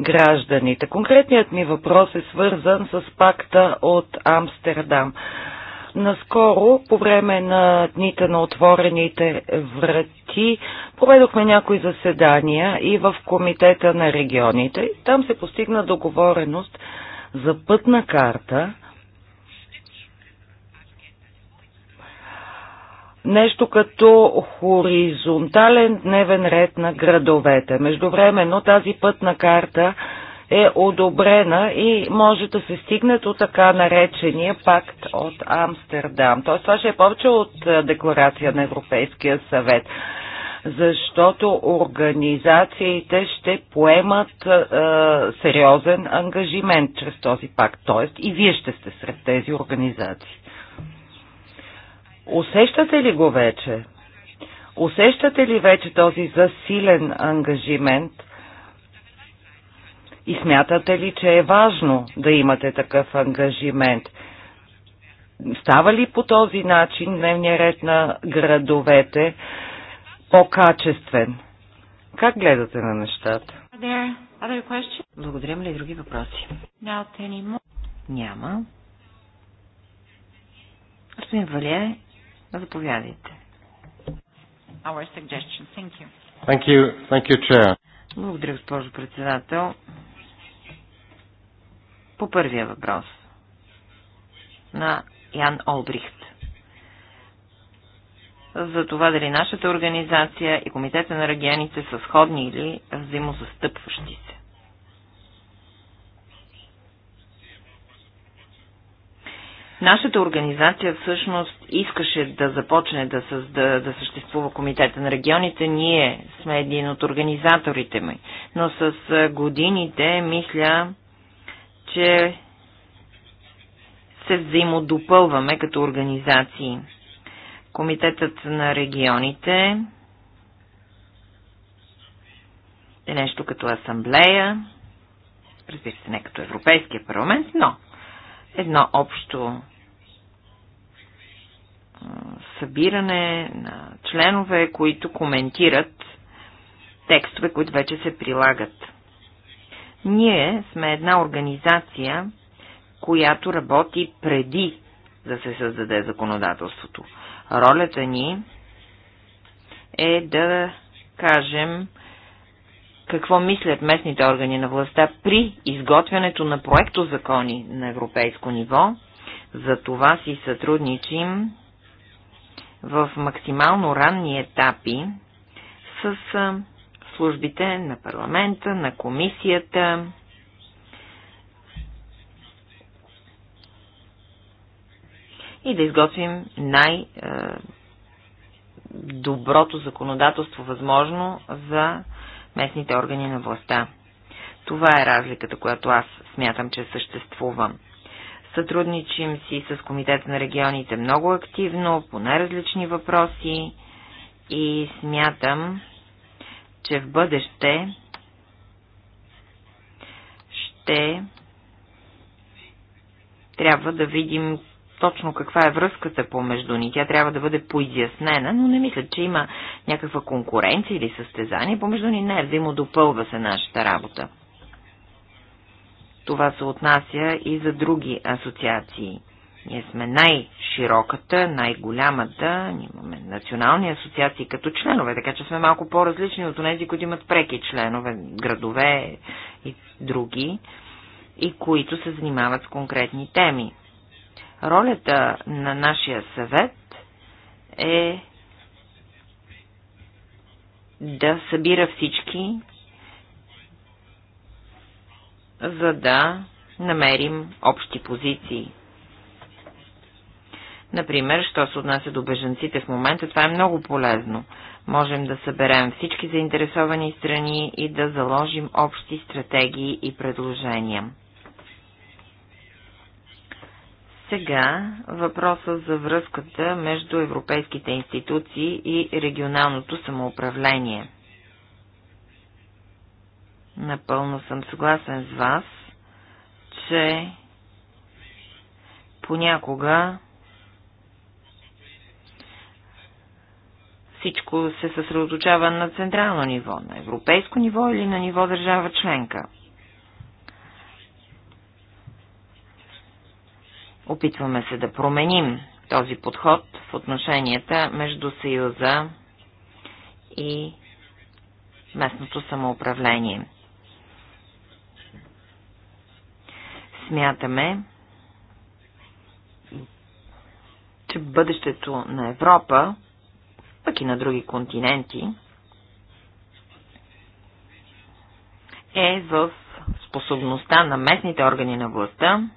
Speaker 3: гражданите. Конкретният ми въпрос е свързан с пакта от Амстердам. Наскоро, по време на дните на отворените врати, проведохме някои заседания и в Комитета на регионите. Там се постигна договореност за пътна карта, нещо като хоризонтален дневен ред на градовете. Междувременно тази пътна карта е одобрена и може да се стигне до така наречения пакт от Амстердам. Тоест това ще е повече от декларация на Европейския съвет защото организациите ще поемат е, сериозен ангажимент чрез този пакт. Тоест и вие ще сте сред тези организации. Усещате ли го вече? Усещате ли вече този засилен ангажимент? И смятате ли, че е важно да имате такъв ангажимент? Става ли по този начин дневния ред на градовете по-качествен? Как гледате на нещата? Благодарим ли други въпроси? Няма.
Speaker 2: Господин Вале, Заповядайте.
Speaker 1: Our suggestion. Thank you.
Speaker 5: Thank you. Thank you, Chair.
Speaker 3: Благодаря, госпожо председател.
Speaker 1: По първия въпрос
Speaker 2: на Ян Олбрихт. За това дали нашата организация и Комитета на регионите са сходни или взаимозастъпващи се. Нашата организация всъщност искаше да започне да, създа, да съществува Комитета на регионите. Ние сме един от организаторите ми. Но с годините мисля, че се взаимодопълваме като организации. Комитетът на регионите е нещо като асамблея, разбира се, не като Европейския парламент, но едно общо събиране на членове, които коментират текстове, които вече се прилагат. Ние сме една организация, която работи преди да се създаде законодателството. Ролята ни е да кажем какво мислят местните органи на властта при изготвянето на проектозакони на европейско ниво. За това си сътрудничим в максимално ранни етапи с службите на парламента, на комисията, и да изготвим най-доброто законодателство възможно за местните органи на властта. Това е разликата, която аз смятам, че съществува. Сътрудничим си с Комитета на регионите много активно по най-различни въпроси и смятам, че в бъдеще ще трябва да видим точно каква е връзката помежду ни. Тя трябва да бъде поизяснена, но не мисля, че има някаква конкуренция или състезание. Помежду ни не, взаимодопълва се нашата работа. Това се отнася и за други асоциации. Ние сме най-широката, най-голямата, имаме национални асоциации като членове, така че сме малко по-различни от тези, които имат преки членове, градове и други, и които се занимават с конкретни теми. Ролята на нашия съвет е да събира всички за да намерим общи позиции. Например, що се отнася до беженците в момента, това е много полезно. Можем да съберем всички заинтересовани страни и да заложим общи стратегии и предложения. Сега въпроса за връзката между европейските институции и регионалното самоуправление – Напълно съм съгласен с вас, че понякога всичко се съсредоточава на централно ниво, на европейско ниво или на ниво държава членка. Опитваме се да променим този подход в отношенията между Съюза и местното самоуправление. Смятаме, че бъдещето на Европа, пък и на други континенти, е в способността на местните органи на властта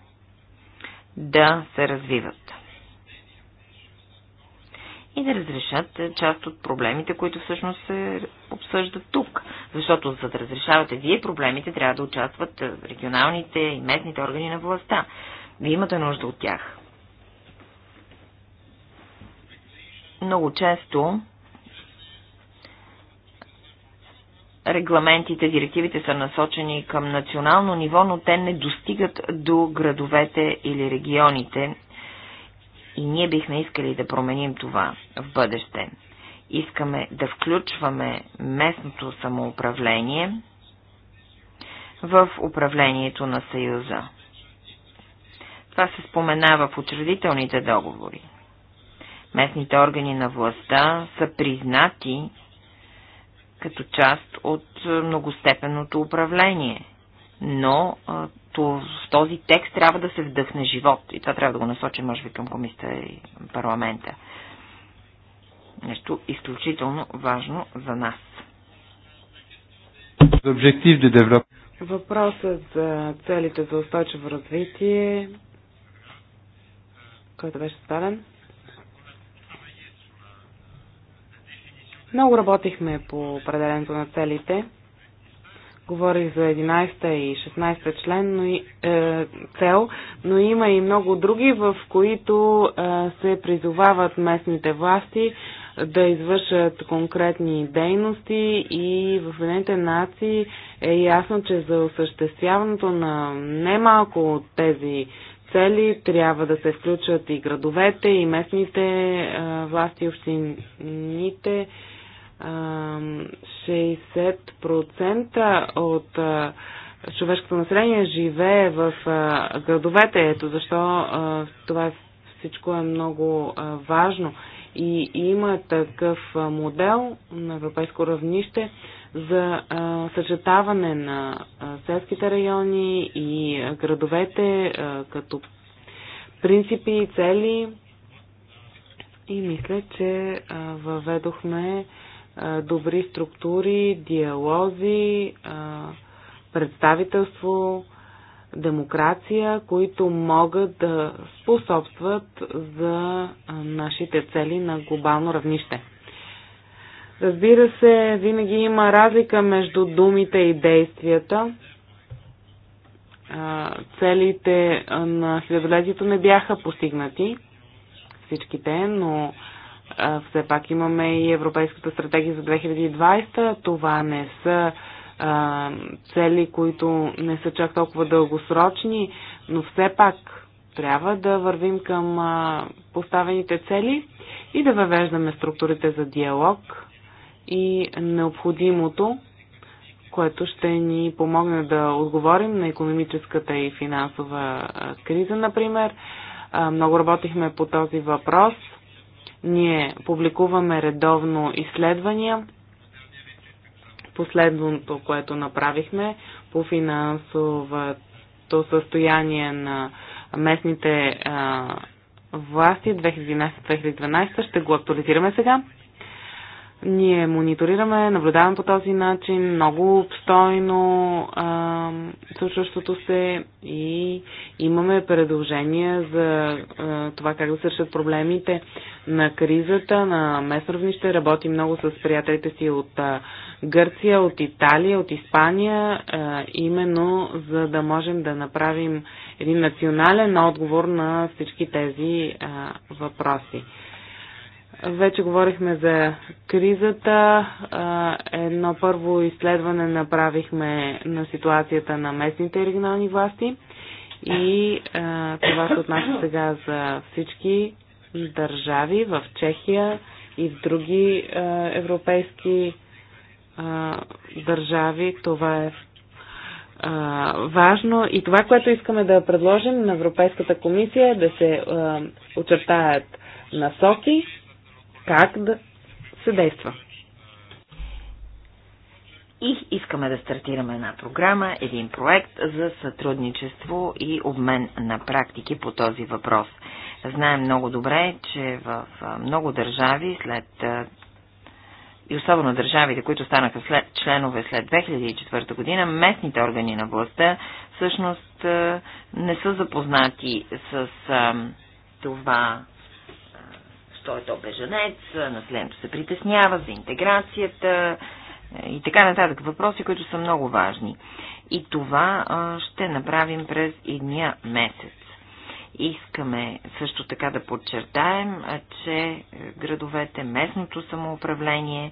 Speaker 2: да се развиват и да разрешат част от проблемите, които всъщност се обсъждат тук. Защото за да разрешавате вие проблемите, трябва да участват е, регионалните и местните органи на властта. Вие имате нужда от тях. Много често регламентите, директивите са насочени към национално ниво, но те не достигат до градовете или регионите и ние бихме искали да променим това в бъдеще. Искаме да включваме местното самоуправление в управлението на Съюза. Това се споменава в учредителните договори. Местните органи на властта са признати като част от многостепенното управление, но в този текст трябва да се вдъхне живот. И това трябва да го насочи, може би, към комисията и парламента. Нещо изключително
Speaker 4: важно за нас. Въпросът за целите за устойчиво развитие, който беше ставен? Много работихме по определенето на целите. Говорих за 11-та и 16-та член, но и, е, цел, но има и много други, в които е, се призовават местните власти да извършат конкретни дейности и в Съединените нации е ясно, че за осъществяването на немалко от тези цели трябва да се включат и градовете, и местните е, власти, и общините, 60% от човешкото население живее в градовете. Ето защо това е, всичко е много важно. И има такъв модел на европейско равнище за съчетаване на селските райони и градовете като принципи и цели. И мисля, че въведохме добри структури, диалози, представителство, демокрация, които могат да способстват за нашите цели на глобално равнище. Разбира се, винаги има разлика между думите и действията. Целите на хилядолетието не бяха постигнати всичките, но все пак имаме и Европейската стратегия за 2020. Това не са а, цели, които не са чак толкова дългосрочни, но все пак трябва да вървим към а, поставените цели и да въвеждаме структурите за диалог и необходимото, което ще ни помогне да отговорим на економическата и финансова криза, например. Много работихме по този въпрос ние публикуваме редовно изследвания. Последното, което направихме по финансовото състояние на местните а, власти 2011-2012, ще го актуализираме сега ние мониторираме, наблюдаваме по този начин много обстойно а, случващото се и имаме предложения за а, това как да се решат проблемите на кризата на местно равнище. Работим много с приятелите си от а, Гърция, от Италия, от Испания, а, именно за да можем да направим един национален отговор на всички тези а, въпроси. Вече говорихме за кризата. Едно първо изследване направихме на ситуацията на местните и регионални власти и това се отнася сега за всички държави в Чехия и в други европейски държави. Това е важно и това, което искаме да предложим на Европейската комисия е да се очертаят насоки как да се действа.
Speaker 2: И искаме да стартираме една програма, един проект за сътрудничество и обмен на практики по този въпрос. Знаем много добре, че в много държави след и особено държавите, които станаха след, членове след 2004 година, местните органи на властта всъщност не са запознати с това той е то беженец, населението се притеснява за интеграцията е, и така нататък. Въпроси, които са много важни. И това ще направим през едния месец. Искаме също така да подчертаем, че е, градовете, местното самоуправление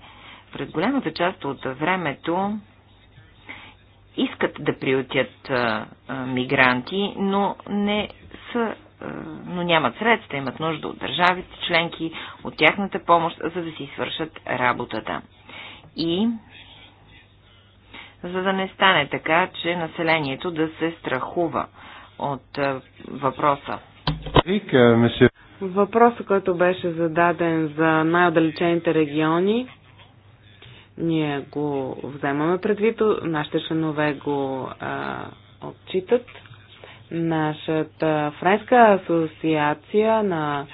Speaker 2: пред голямата част от времето искат да приютят мигранти, но не са но нямат средства, имат нужда от държавите членки, от тяхната помощ, за да си свършат работата. И за да не стане така, че населението да се страхува от въпроса.
Speaker 4: Въпросът, който беше зададен за най-отдалечените региони, ние го вземаме предвид, нашите членове го а, отчитат Нашата френска асоциация на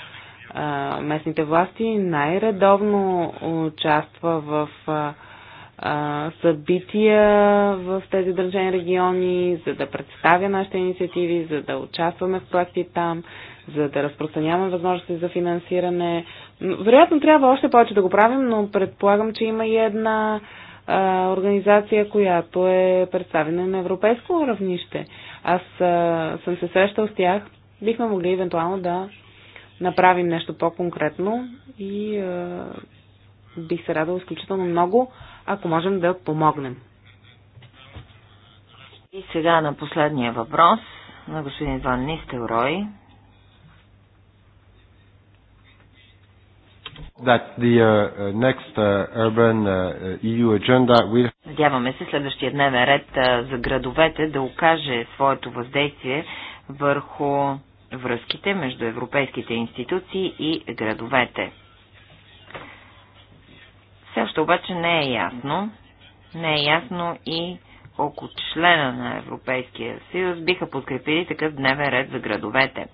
Speaker 4: а, местните власти най-редовно участва в а, а, събития в тези държавни региони, за да представя нашите инициативи, за да участваме в проекти там, за да разпространяваме възможности за финансиране. Вероятно трябва още повече да го правим, но предполагам, че има и една а, организация, която е представена на европейско равнище. Аз а, съм се срещал с тях. Бихме могли евентуално да направим нещо по-конкретно и а, бих се радвал изключително много, ако можем да помогнем. И
Speaker 2: сега на последния въпрос на господин Ван Нистелрой
Speaker 5: that the uh, uh, next uh, urban uh, uh EU agenda will...
Speaker 2: Надяваме се следващия дневен ред uh, за градовете да окаже своето въздействие върху връзките между европейските институции и градовете. Все още обаче не е ясно. Не е ясно и колко члена на Европейския съюз биха подкрепили такъв дневен ред за градовете.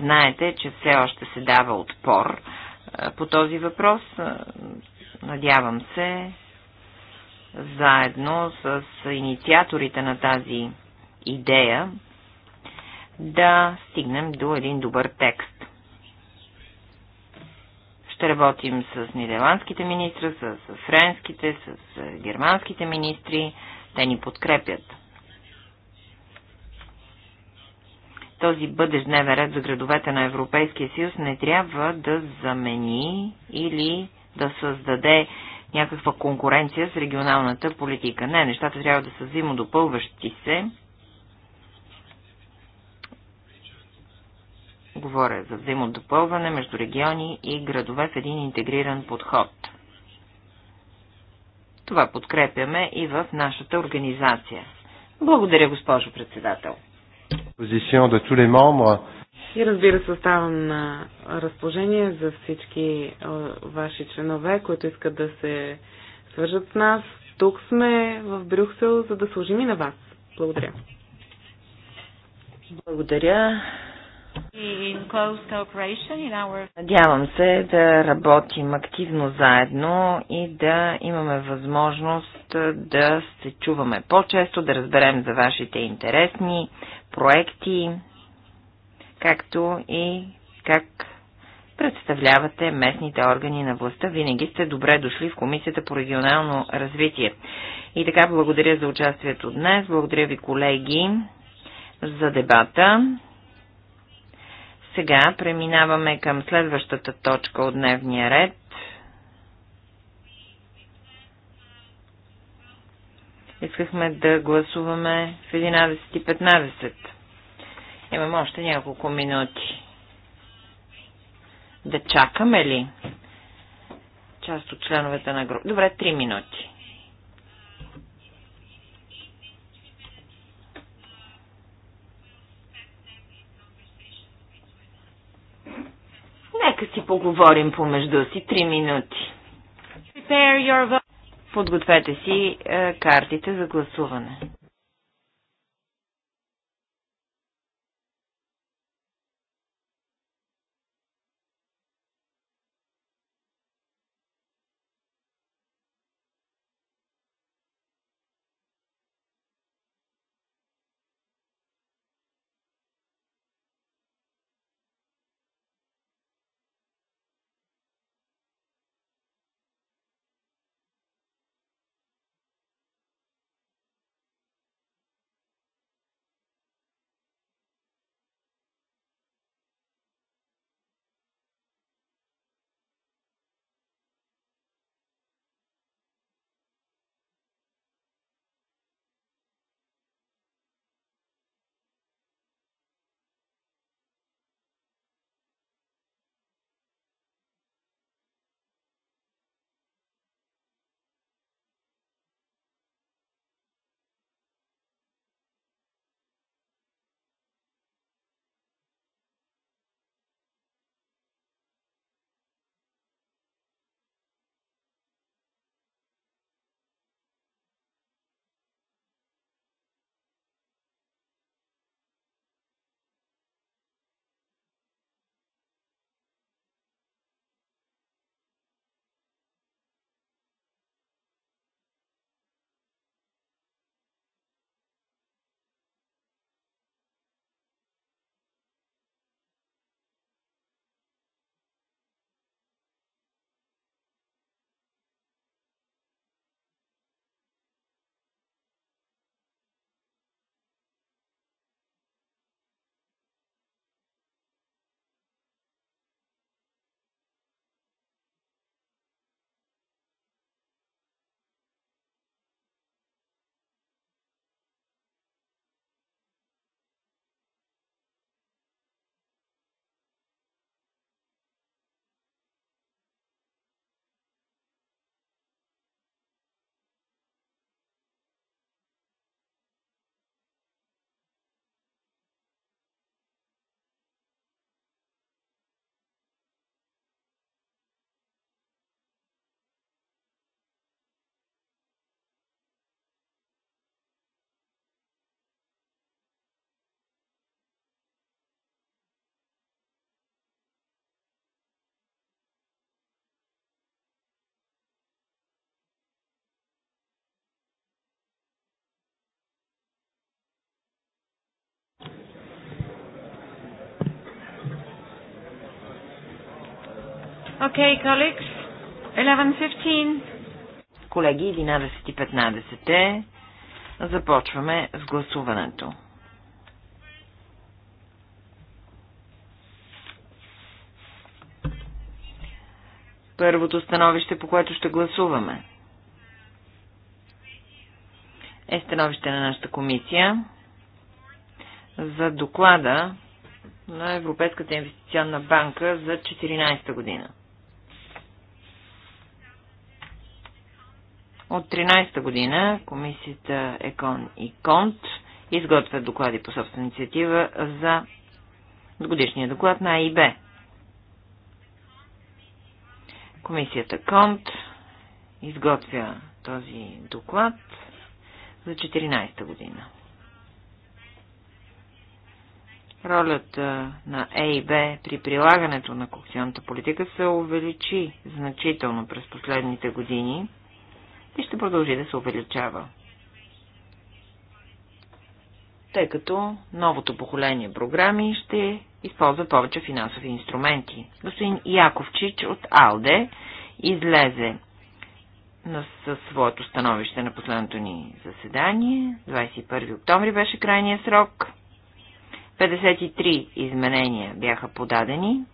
Speaker 2: Знаете, че все още се дава отпор по този въпрос. Надявам се, заедно с инициаторите на тази идея, да стигнем до един добър текст. Ще работим с нидерландските министри, с френските, с германските министри. Те ни подкрепят. този бъдещ дневен ред за градовете на Европейския съюз не трябва да замени или да създаде някаква конкуренция с регионалната политика. Не, нещата трябва да са взаимодопълващи се. Говоря за взаимодопълване между региони и градове в един интегриран подход. Това подкрепяме и в нашата организация. Благодаря, госпожо
Speaker 4: председател. И разбира се, оставам на разположение за всички ваши членове, които искат да се свържат с нас. Тук сме в Брюксел, за да служим и на вас. Благодаря. Благодаря.
Speaker 2: Надявам се да работим активно заедно и да имаме възможност да се чуваме по-често, да разберем за вашите интересни проекти, както и как представлявате местните органи на властта. Винаги сте добре дошли в Комисията по регионално развитие. И така, благодаря за участието днес. Благодаря ви, колеги, за дебата. Сега преминаваме към следващата точка от дневния ред. Искахме да гласуваме в 11.15. Имаме още няколко минути. Да чакаме ли? Част от членовете на група. Добре, 3 минути. Нека си поговорим помежду си три минути.
Speaker 3: Подгответе си е, картите за гласуване.
Speaker 5: Okay, colleagues.
Speaker 1: 11.15.
Speaker 2: Колеги, 11.15 е. Започваме с гласуването.
Speaker 3: Първото становище, по което ще гласуваме,
Speaker 2: е становище на нашата комисия за доклада на Европейската инвестиционна банка за 2014 година. От 13-та година комисията ЕКОН и КОНТ изготвят доклади по собствена инициатива за годишния доклад на АИБ. Комисията КОНТ изготвя този доклад за 14-та година. Ролята на ЕИБ при прилагането на кохезионната политика се увеличи значително през последните години – и ще продължи да се увеличава.
Speaker 3: Тъй като
Speaker 2: новото поколение програми ще използва повече финансови инструменти. Господин Яковчич от АЛДЕ излезе на, със своето становище на последното ни заседание. 21 октомври беше крайния срок. 53 изменения бяха подадени.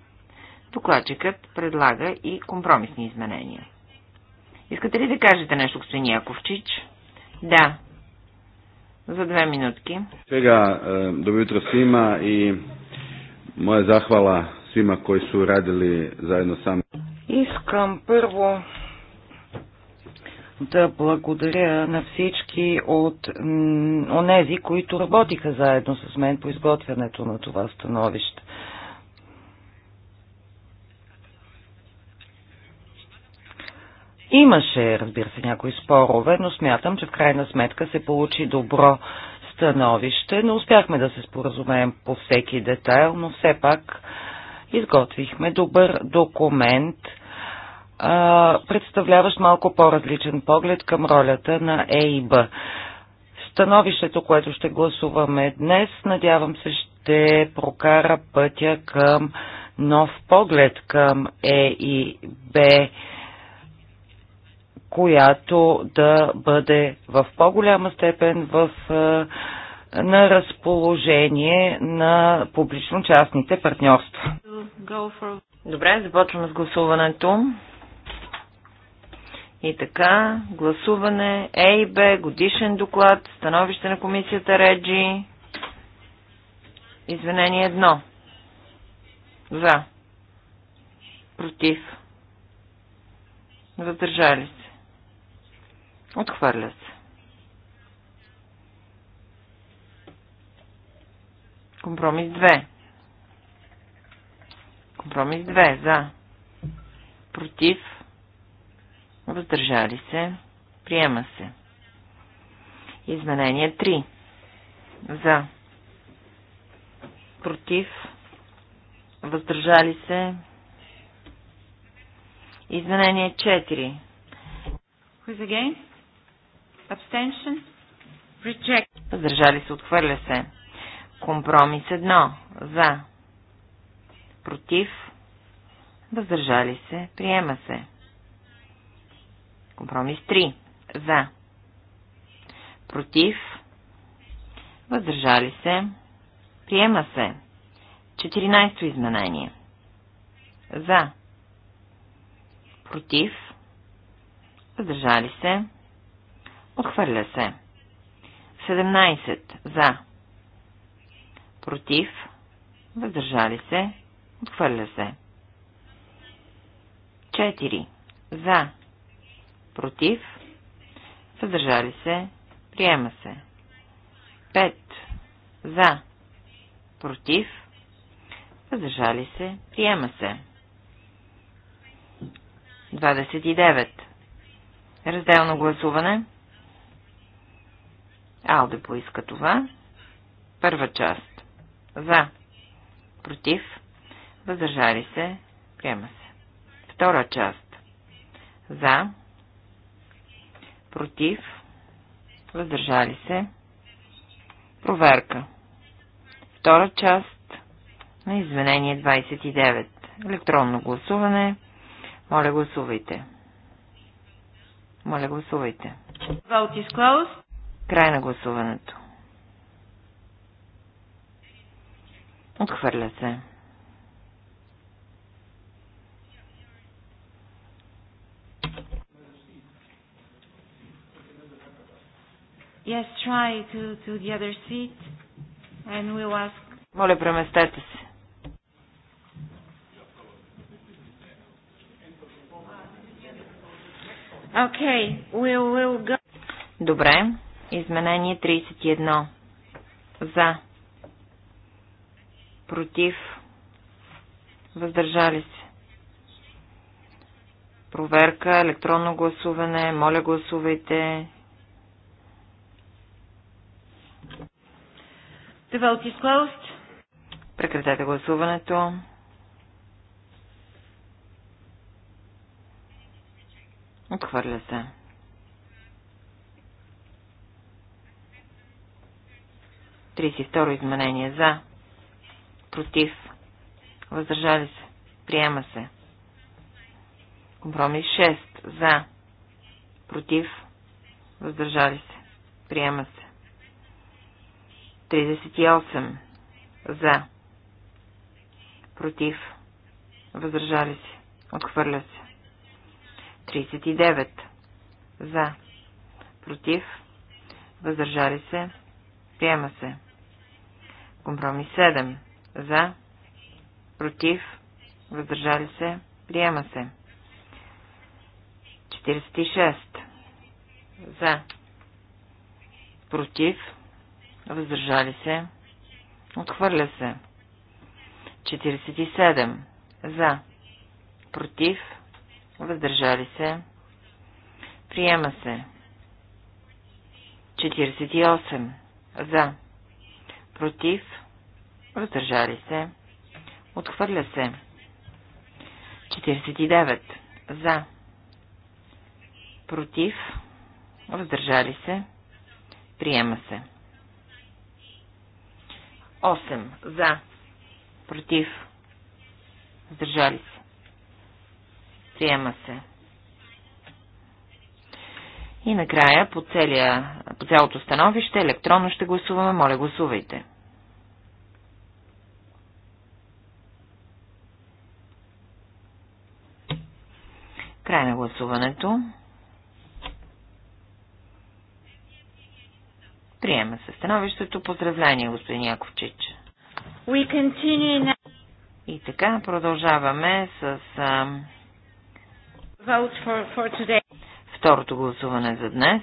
Speaker 2: Докладчикът предлага и компромисни изменения. Искате ли да кажете нещо, господин Яковчич? Да. За две минутки.
Speaker 4: Сега, е, добро утро има и моя захвала свима, кои
Speaker 1: са радили заедно сам.
Speaker 3: Искам първо да благодаря на всички от онези, които работиха заедно с мен по изготвянето на това становище. Имаше, разбира се, някои спорове, но смятам, че в крайна сметка се получи добро становище. Не успяхме да се споразумеем по всеки детайл, но все пак изготвихме добър документ, представляващ малко по-различен поглед към ролята на ЕИБ. Становището, което ще гласуваме днес, надявам се, ще прокара пътя към нов поглед към ЕИБ която да бъде в по-голяма степен в, е, на разположение на публично-частните партньорства. Добре, започваме с гласуването. И така,
Speaker 2: гласуване, ЕИБ, годишен доклад, становище на комисията Реджи, извинение едно. За.
Speaker 3: Против. Въздържали се. Отхвърля се. Компромис 2. Компромис
Speaker 2: 2. За. Против. Въздържали се. Приема се. Изменение 3. За. Против. Въздържали се. Изменение 4.
Speaker 1: Who's again? Abstention. Reject.
Speaker 2: Въздържали се, отхвърля се. Компромис 1. За. Против. Въздържали се, приема се. Компромис 3. За. Против. Въздържали се. Приема се. 14 изменение. За. Против. Въздържали се. Отхвърля се. 17. За. Против. Въздържали се. Отхвърля се. 4. За. Против. Въздържали се. Приема се. 5. За. Против. Въздържали се. Приема се. 29. Разделно гласуване. Алде поиска това. Първа част. За. Против. Въздържали се. Приема се. Втора част. За. Против. Въздържали се. Проверка. Втора част на извинение 29. Електронно гласуване. Моля гласувайте. Моля гласувайте.
Speaker 1: Валтис Клаус.
Speaker 2: Край на гласуването. Отхвърля се.
Speaker 1: Yes, try to, to the other seat and we'll ask.
Speaker 4: Моля, преместете се.
Speaker 1: Okay,
Speaker 2: we will go. Добре. Изменение 31. За. Против. Въздържали се. Проверка, електронно гласуване. Моля, гласувайте. The vote is closed. Прекратете гласуването. Отхвърля се. 32 изменение за. Против. Въздържали се. Приема се. Компромис 6 за. Против. Въздържали се. Приема се. 38 за. Против. Въздържали се. Отхвърля се. 39 за. Против. Въздържали се. Приема се. Компромис 7. За. Против. Въздържали се. Приема се. 46. За. Против. Въздържали се. Отхвърля се. 47. За. Против. Въздържали се. Приема се. 48. За против, въздържали се, отхвърля се. 49. За, против, въздържали се, приема се. 8. За, против, въздържали се, приема се. И накрая по, целия, по цялото становище електронно ще гласуваме. Моля, гласувайте. Край на гласуването. Приема се становището. Поздравление, господин Яковчич.
Speaker 1: We continue...
Speaker 2: И така продължаваме с а...
Speaker 1: Vote for, for today
Speaker 2: второто гласуване за днес.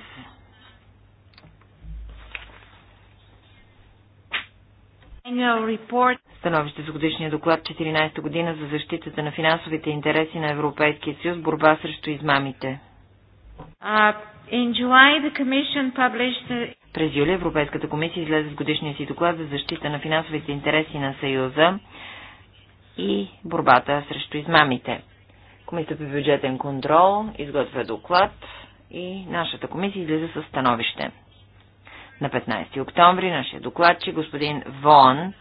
Speaker 2: Становище за годишния доклад 14 година за защитата на финансовите интереси на Европейския съюз, борба срещу измамите. Uh, През юли Европейската комисия излезе с годишния си доклад за защита на финансовите интереси на Съюза и борбата срещу измамите. Комисията по бюджетен контрол изготвя доклад и нашата комисия излиза със становище. На 15 октомври нашия докладчик господин Вон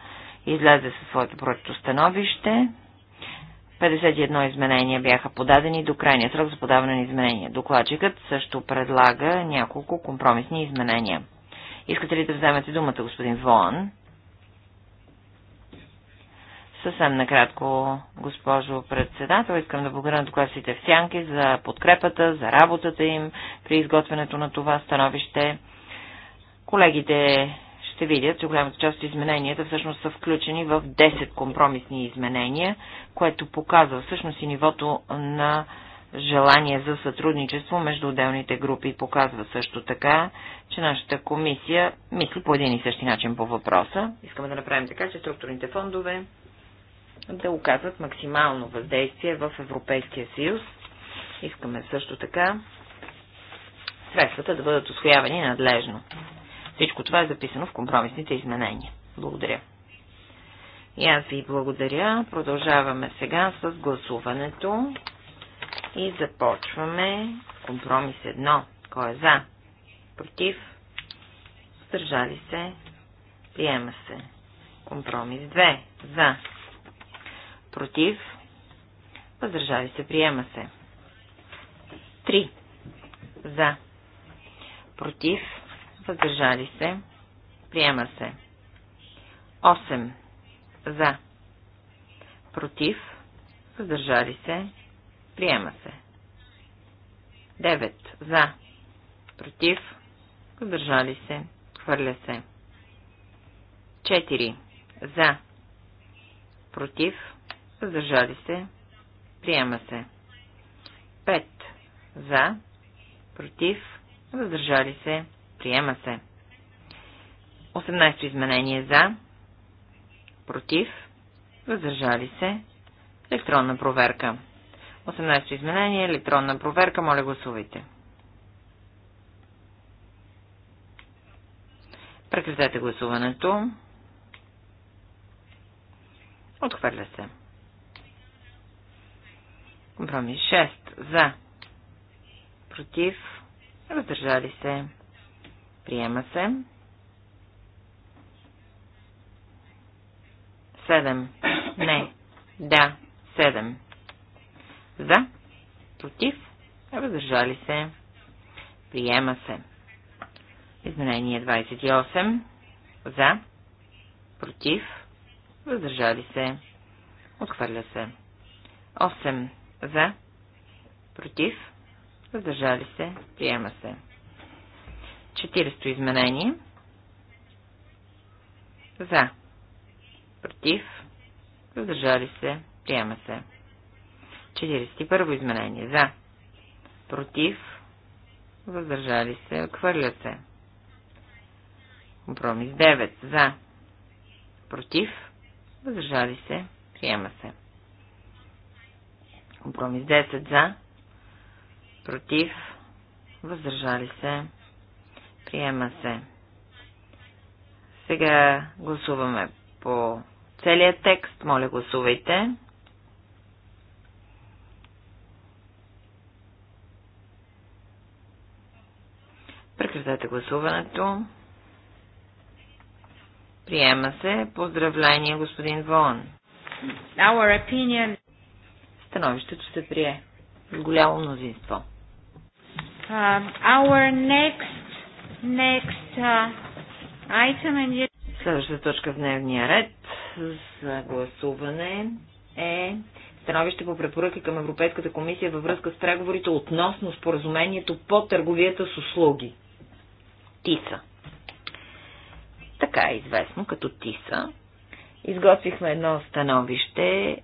Speaker 2: излезе със своето прочето становище. 51 изменения бяха подадени до крайния срок за подаване на изменения. Докладчикът също предлага няколко компромисни изменения. Искате ли да вземете думата, господин Вон? Съвсем накратко, госпожо председател, искам да благодаря на докладците в Сянки за подкрепата, за работата им при изготвянето на това становище. Колегите ще видят, че голямата част от измененията всъщност са включени в 10 компромисни изменения, което показва всъщност и нивото на желание за сътрудничество между отделните групи. Показва също така, че нашата комисия мисли по един и същи начин по въпроса. Искаме да направим така, че структурните фондове да оказват максимално въздействие в Европейския съюз. Искаме също така средствата да бъдат освоявани надлежно. Всичко това е записано в компромисните изменения. Благодаря. И аз ви благодаря. Продължаваме сега с гласуването и започваме компромис 1. Кой е за? Против? Сдържали се? Приема се. Компромис 2. За. Против. Въздържали се. Приема се. 3. За. Против. Въздържали се. Приема се. 8. За. Против. Въздържали се. Приема се. 9. За. Против. Въздържали се. Хвърля се. 4. За. Против. Въздържали се. Приема се. 5. За. Против. Въздържали се. Приема се. 18 изменение за. Против. Въздържали се. Електронна проверка. 18 изменение. Електронна проверка. Моля гласувайте. Прекратете гласуването. Отхвърля се. Компромис 6. За. Против. Въздържали се. Приема се. 7. Не. Да. 7. За. Против. Въздържали се. Приема се. Изменение 28. За. Против. Въздържали се. Отхвърля се. 8. За. Против. Въздържали се. Приема се. 40-то изменение. За. Против. Въздържали се. Приема се. 41-во изменение. За. Против. Въздържали се. Отхвърля се. Компромис 9. За. Против. Въздържали се. Приема се. Компромис 10 за, против, въздържали се, приема се. Сега гласуваме по целият текст. Моля, гласувайте. Прекратете гласуването. Приема се. Поздравление, господин Вон. Our opinion Становището се прие с голямо мнозинство.
Speaker 1: Um, uh,
Speaker 2: Следващата точка в дневния ред за гласуване
Speaker 1: е становище
Speaker 2: по препоръки към Европейската комисия във връзка с преговорите относно споразумението по търговията с услуги. ТИСА. Така е известно като ТИСА. Изготвихме едно становище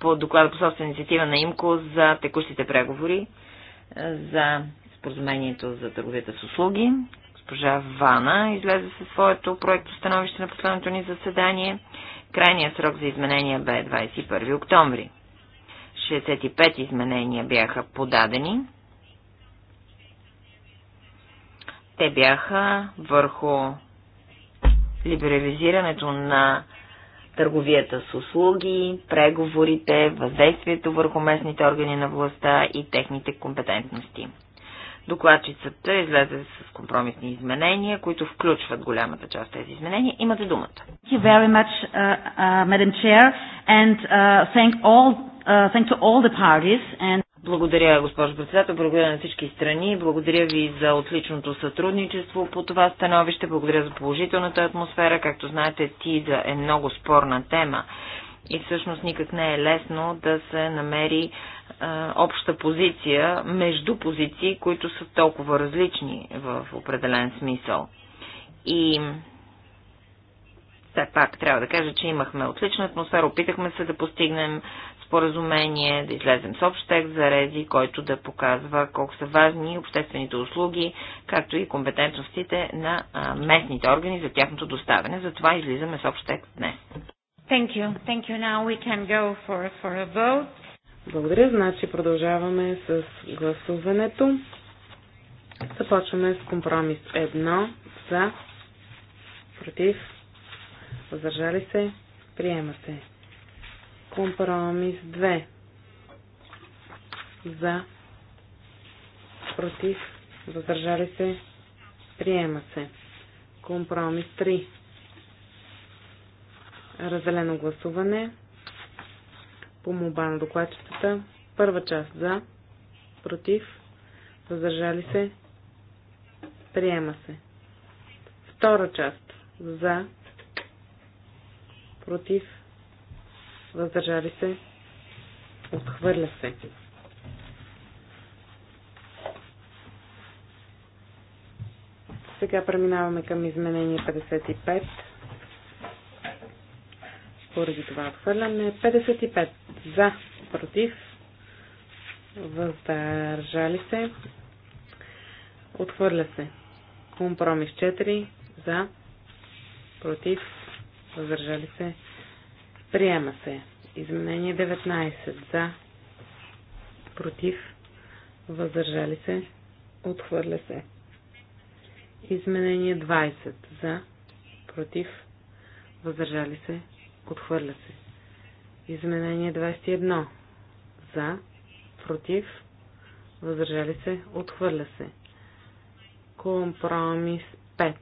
Speaker 2: по доклада по собствена инициатива на ИМКО за текущите преговори е, за споразумението за търговията с услуги. Госпожа Вана излезе със своето проекто становище на последното ни заседание. Крайният срок за изменения бе 21 октомври. 65 изменения бяха подадени. Те бяха върху либерализирането на търговията с услуги, преговорите, въздействието върху местните органи на властта и техните компетентности. Докладчицата излезе с компромисни изменения, които включват голямата част тези
Speaker 1: изменения. Имате думата. Благодаря, госпожо председател. Благодаря на всички
Speaker 2: страни. Благодаря ви за отличното сътрудничество по това становище. Благодаря за положителната атмосфера. Както знаете, ТИЗа е много спорна тема и всъщност никак не е лесно да се намери а, обща позиция между позиции, които са толкова различни в определен смисъл. И все пак трябва да кажа, че имахме отлична атмосфера, опитахме се да постигнем споразумение, да излезем с общ текст за рези, който да показва колко са важни обществените услуги, както и компетентностите на местните органи за тяхното
Speaker 4: доставяне. Затова излизаме с общ текст днес.
Speaker 1: Thank you. Thank you. Now we can go for, for a vote.
Speaker 4: Благодаря. Значи продължаваме с гласуването. Започваме с компромис 1 за, против, въздържали се, приема се. Компромис 2. За. Против. Въздържали се. Приема се. Компромис 3. Разделено гласуване. По моба на докладчетата. Първа част за. Против. Въздържали се. Приема се. Втора част. За. Против въздържали се, отхвърля се. Сега преминаваме към изменение 55. Поради това отхвърляме 55 за, против, въздържали се, отхвърля се. Компромис 4 за, против, въздържали се, Приема се. Изменение 19. За. Против. Въздържали се. Отхвърля се. Изменение 20. За. Против. Въздържали се. Отхвърля се. Изменение 21. За. Против. Въздържали се. Отхвърля се. Компромис 5.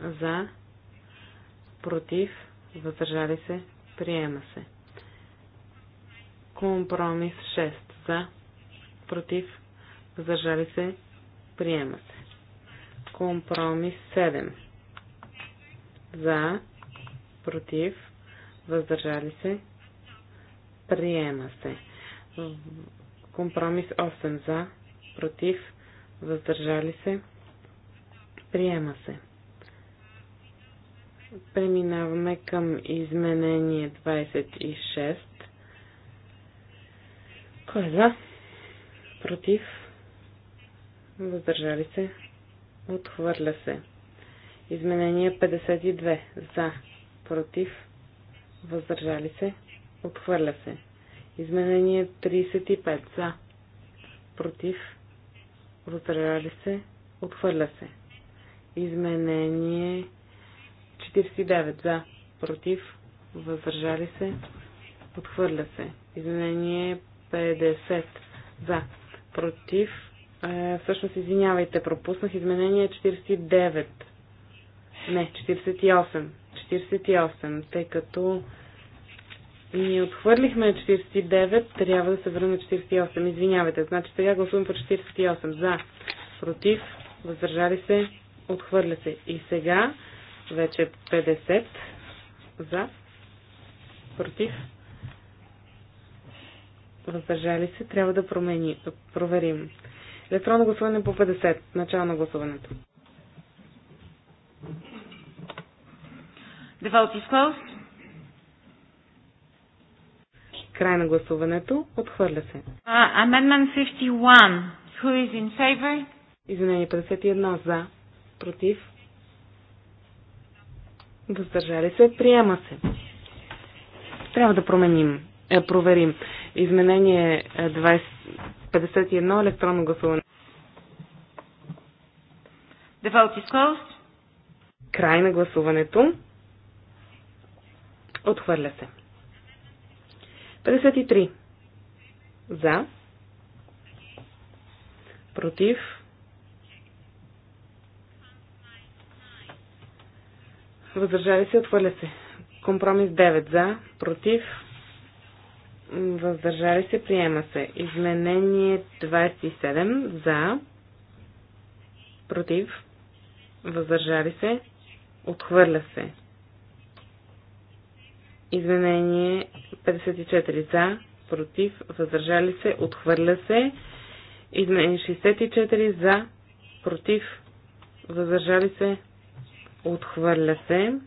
Speaker 4: За. Против. Въздържали се. Приема се. Компромис 6. За. Против. Въздържали се. Приема се. Компромис 7. За. Против. Въздържали се. Приема се. Компромис 8. За. Против. Въздържали се. Приема се. Преминаваме към изменение 26. Кой е за? Против? Въздържали се? Отхвърля се. Изменение 52. За. Против? Въздържали се? Отхвърля се. Изменение 35. За. Против? Въздържали се? Отхвърля се. Изменение 49 за, против, въздържали се, отхвърля се. Изменение 50 за, против, е, всъщност извинявайте, пропуснах изменение 49. Не, 48. 48, тъй като ние отхвърлихме 49, трябва да се върне 48. Извинявайте, значи сега гласуваме по 48. За, против, въздържали се, отхвърля се. И сега вече 50 е за, против, въздържали се. Трябва да промени, проверим. Електронно гласуване по 50. Начало на гласуването. The vote is closed. Край на гласуването. Отхвърля се.
Speaker 1: Uh, amendment 51. Who is in favor?
Speaker 4: Извинение 51 за. Против. Въздържали се. Приема се. Трябва да променим. Е, проверим. Изменение 20, е, 51 електронно гласуване.
Speaker 1: The vote is closed.
Speaker 4: Край на гласуването. Отхвърля се. 53. За. Против. въздържали се, отхвърля се. Компромис 9 за, против, въздържали се, приема се. Изменение 27 за, против, въздържали се, отхвърля се. Изменение 54 за, против, въздържали се, отхвърля се. Изменение 64 за, против, въздържали се, Отхвърля се.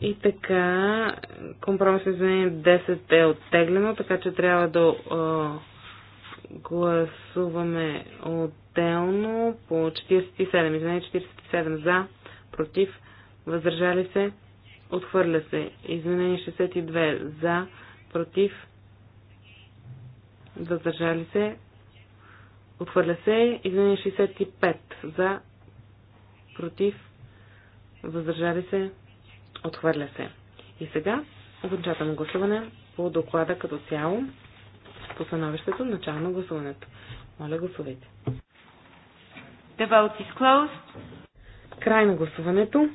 Speaker 4: И така, компромисно изменение 10 е оттеглено, така че трябва да а, гласуваме отделно по 47. Изменение 47 за, против, въздържали се, отхвърля се. Изменение 62 за, против, въздържали се, Отхвърля се. Изменение 65 за. Против. Въздържали се. Отхвърля се. И сега окончателно гласуване по доклада като цяло по становището начало на гласуването. Моля гласувайте. The
Speaker 1: vote is closed.
Speaker 4: Край на гласуването.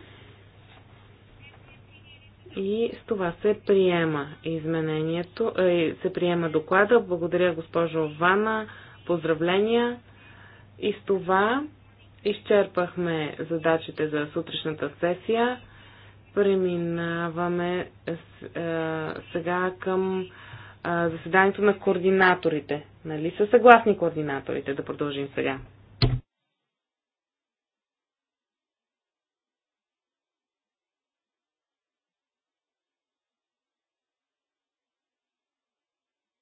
Speaker 4: И с това се приема изменението, е, се приема доклада. Благодаря госпожо Вана. Поздравления! И с това изчерпахме задачите за сутрешната сесия. Преминаваме е, сега към е, заседанието на координаторите. Нали са съгласни координаторите да продължим сега?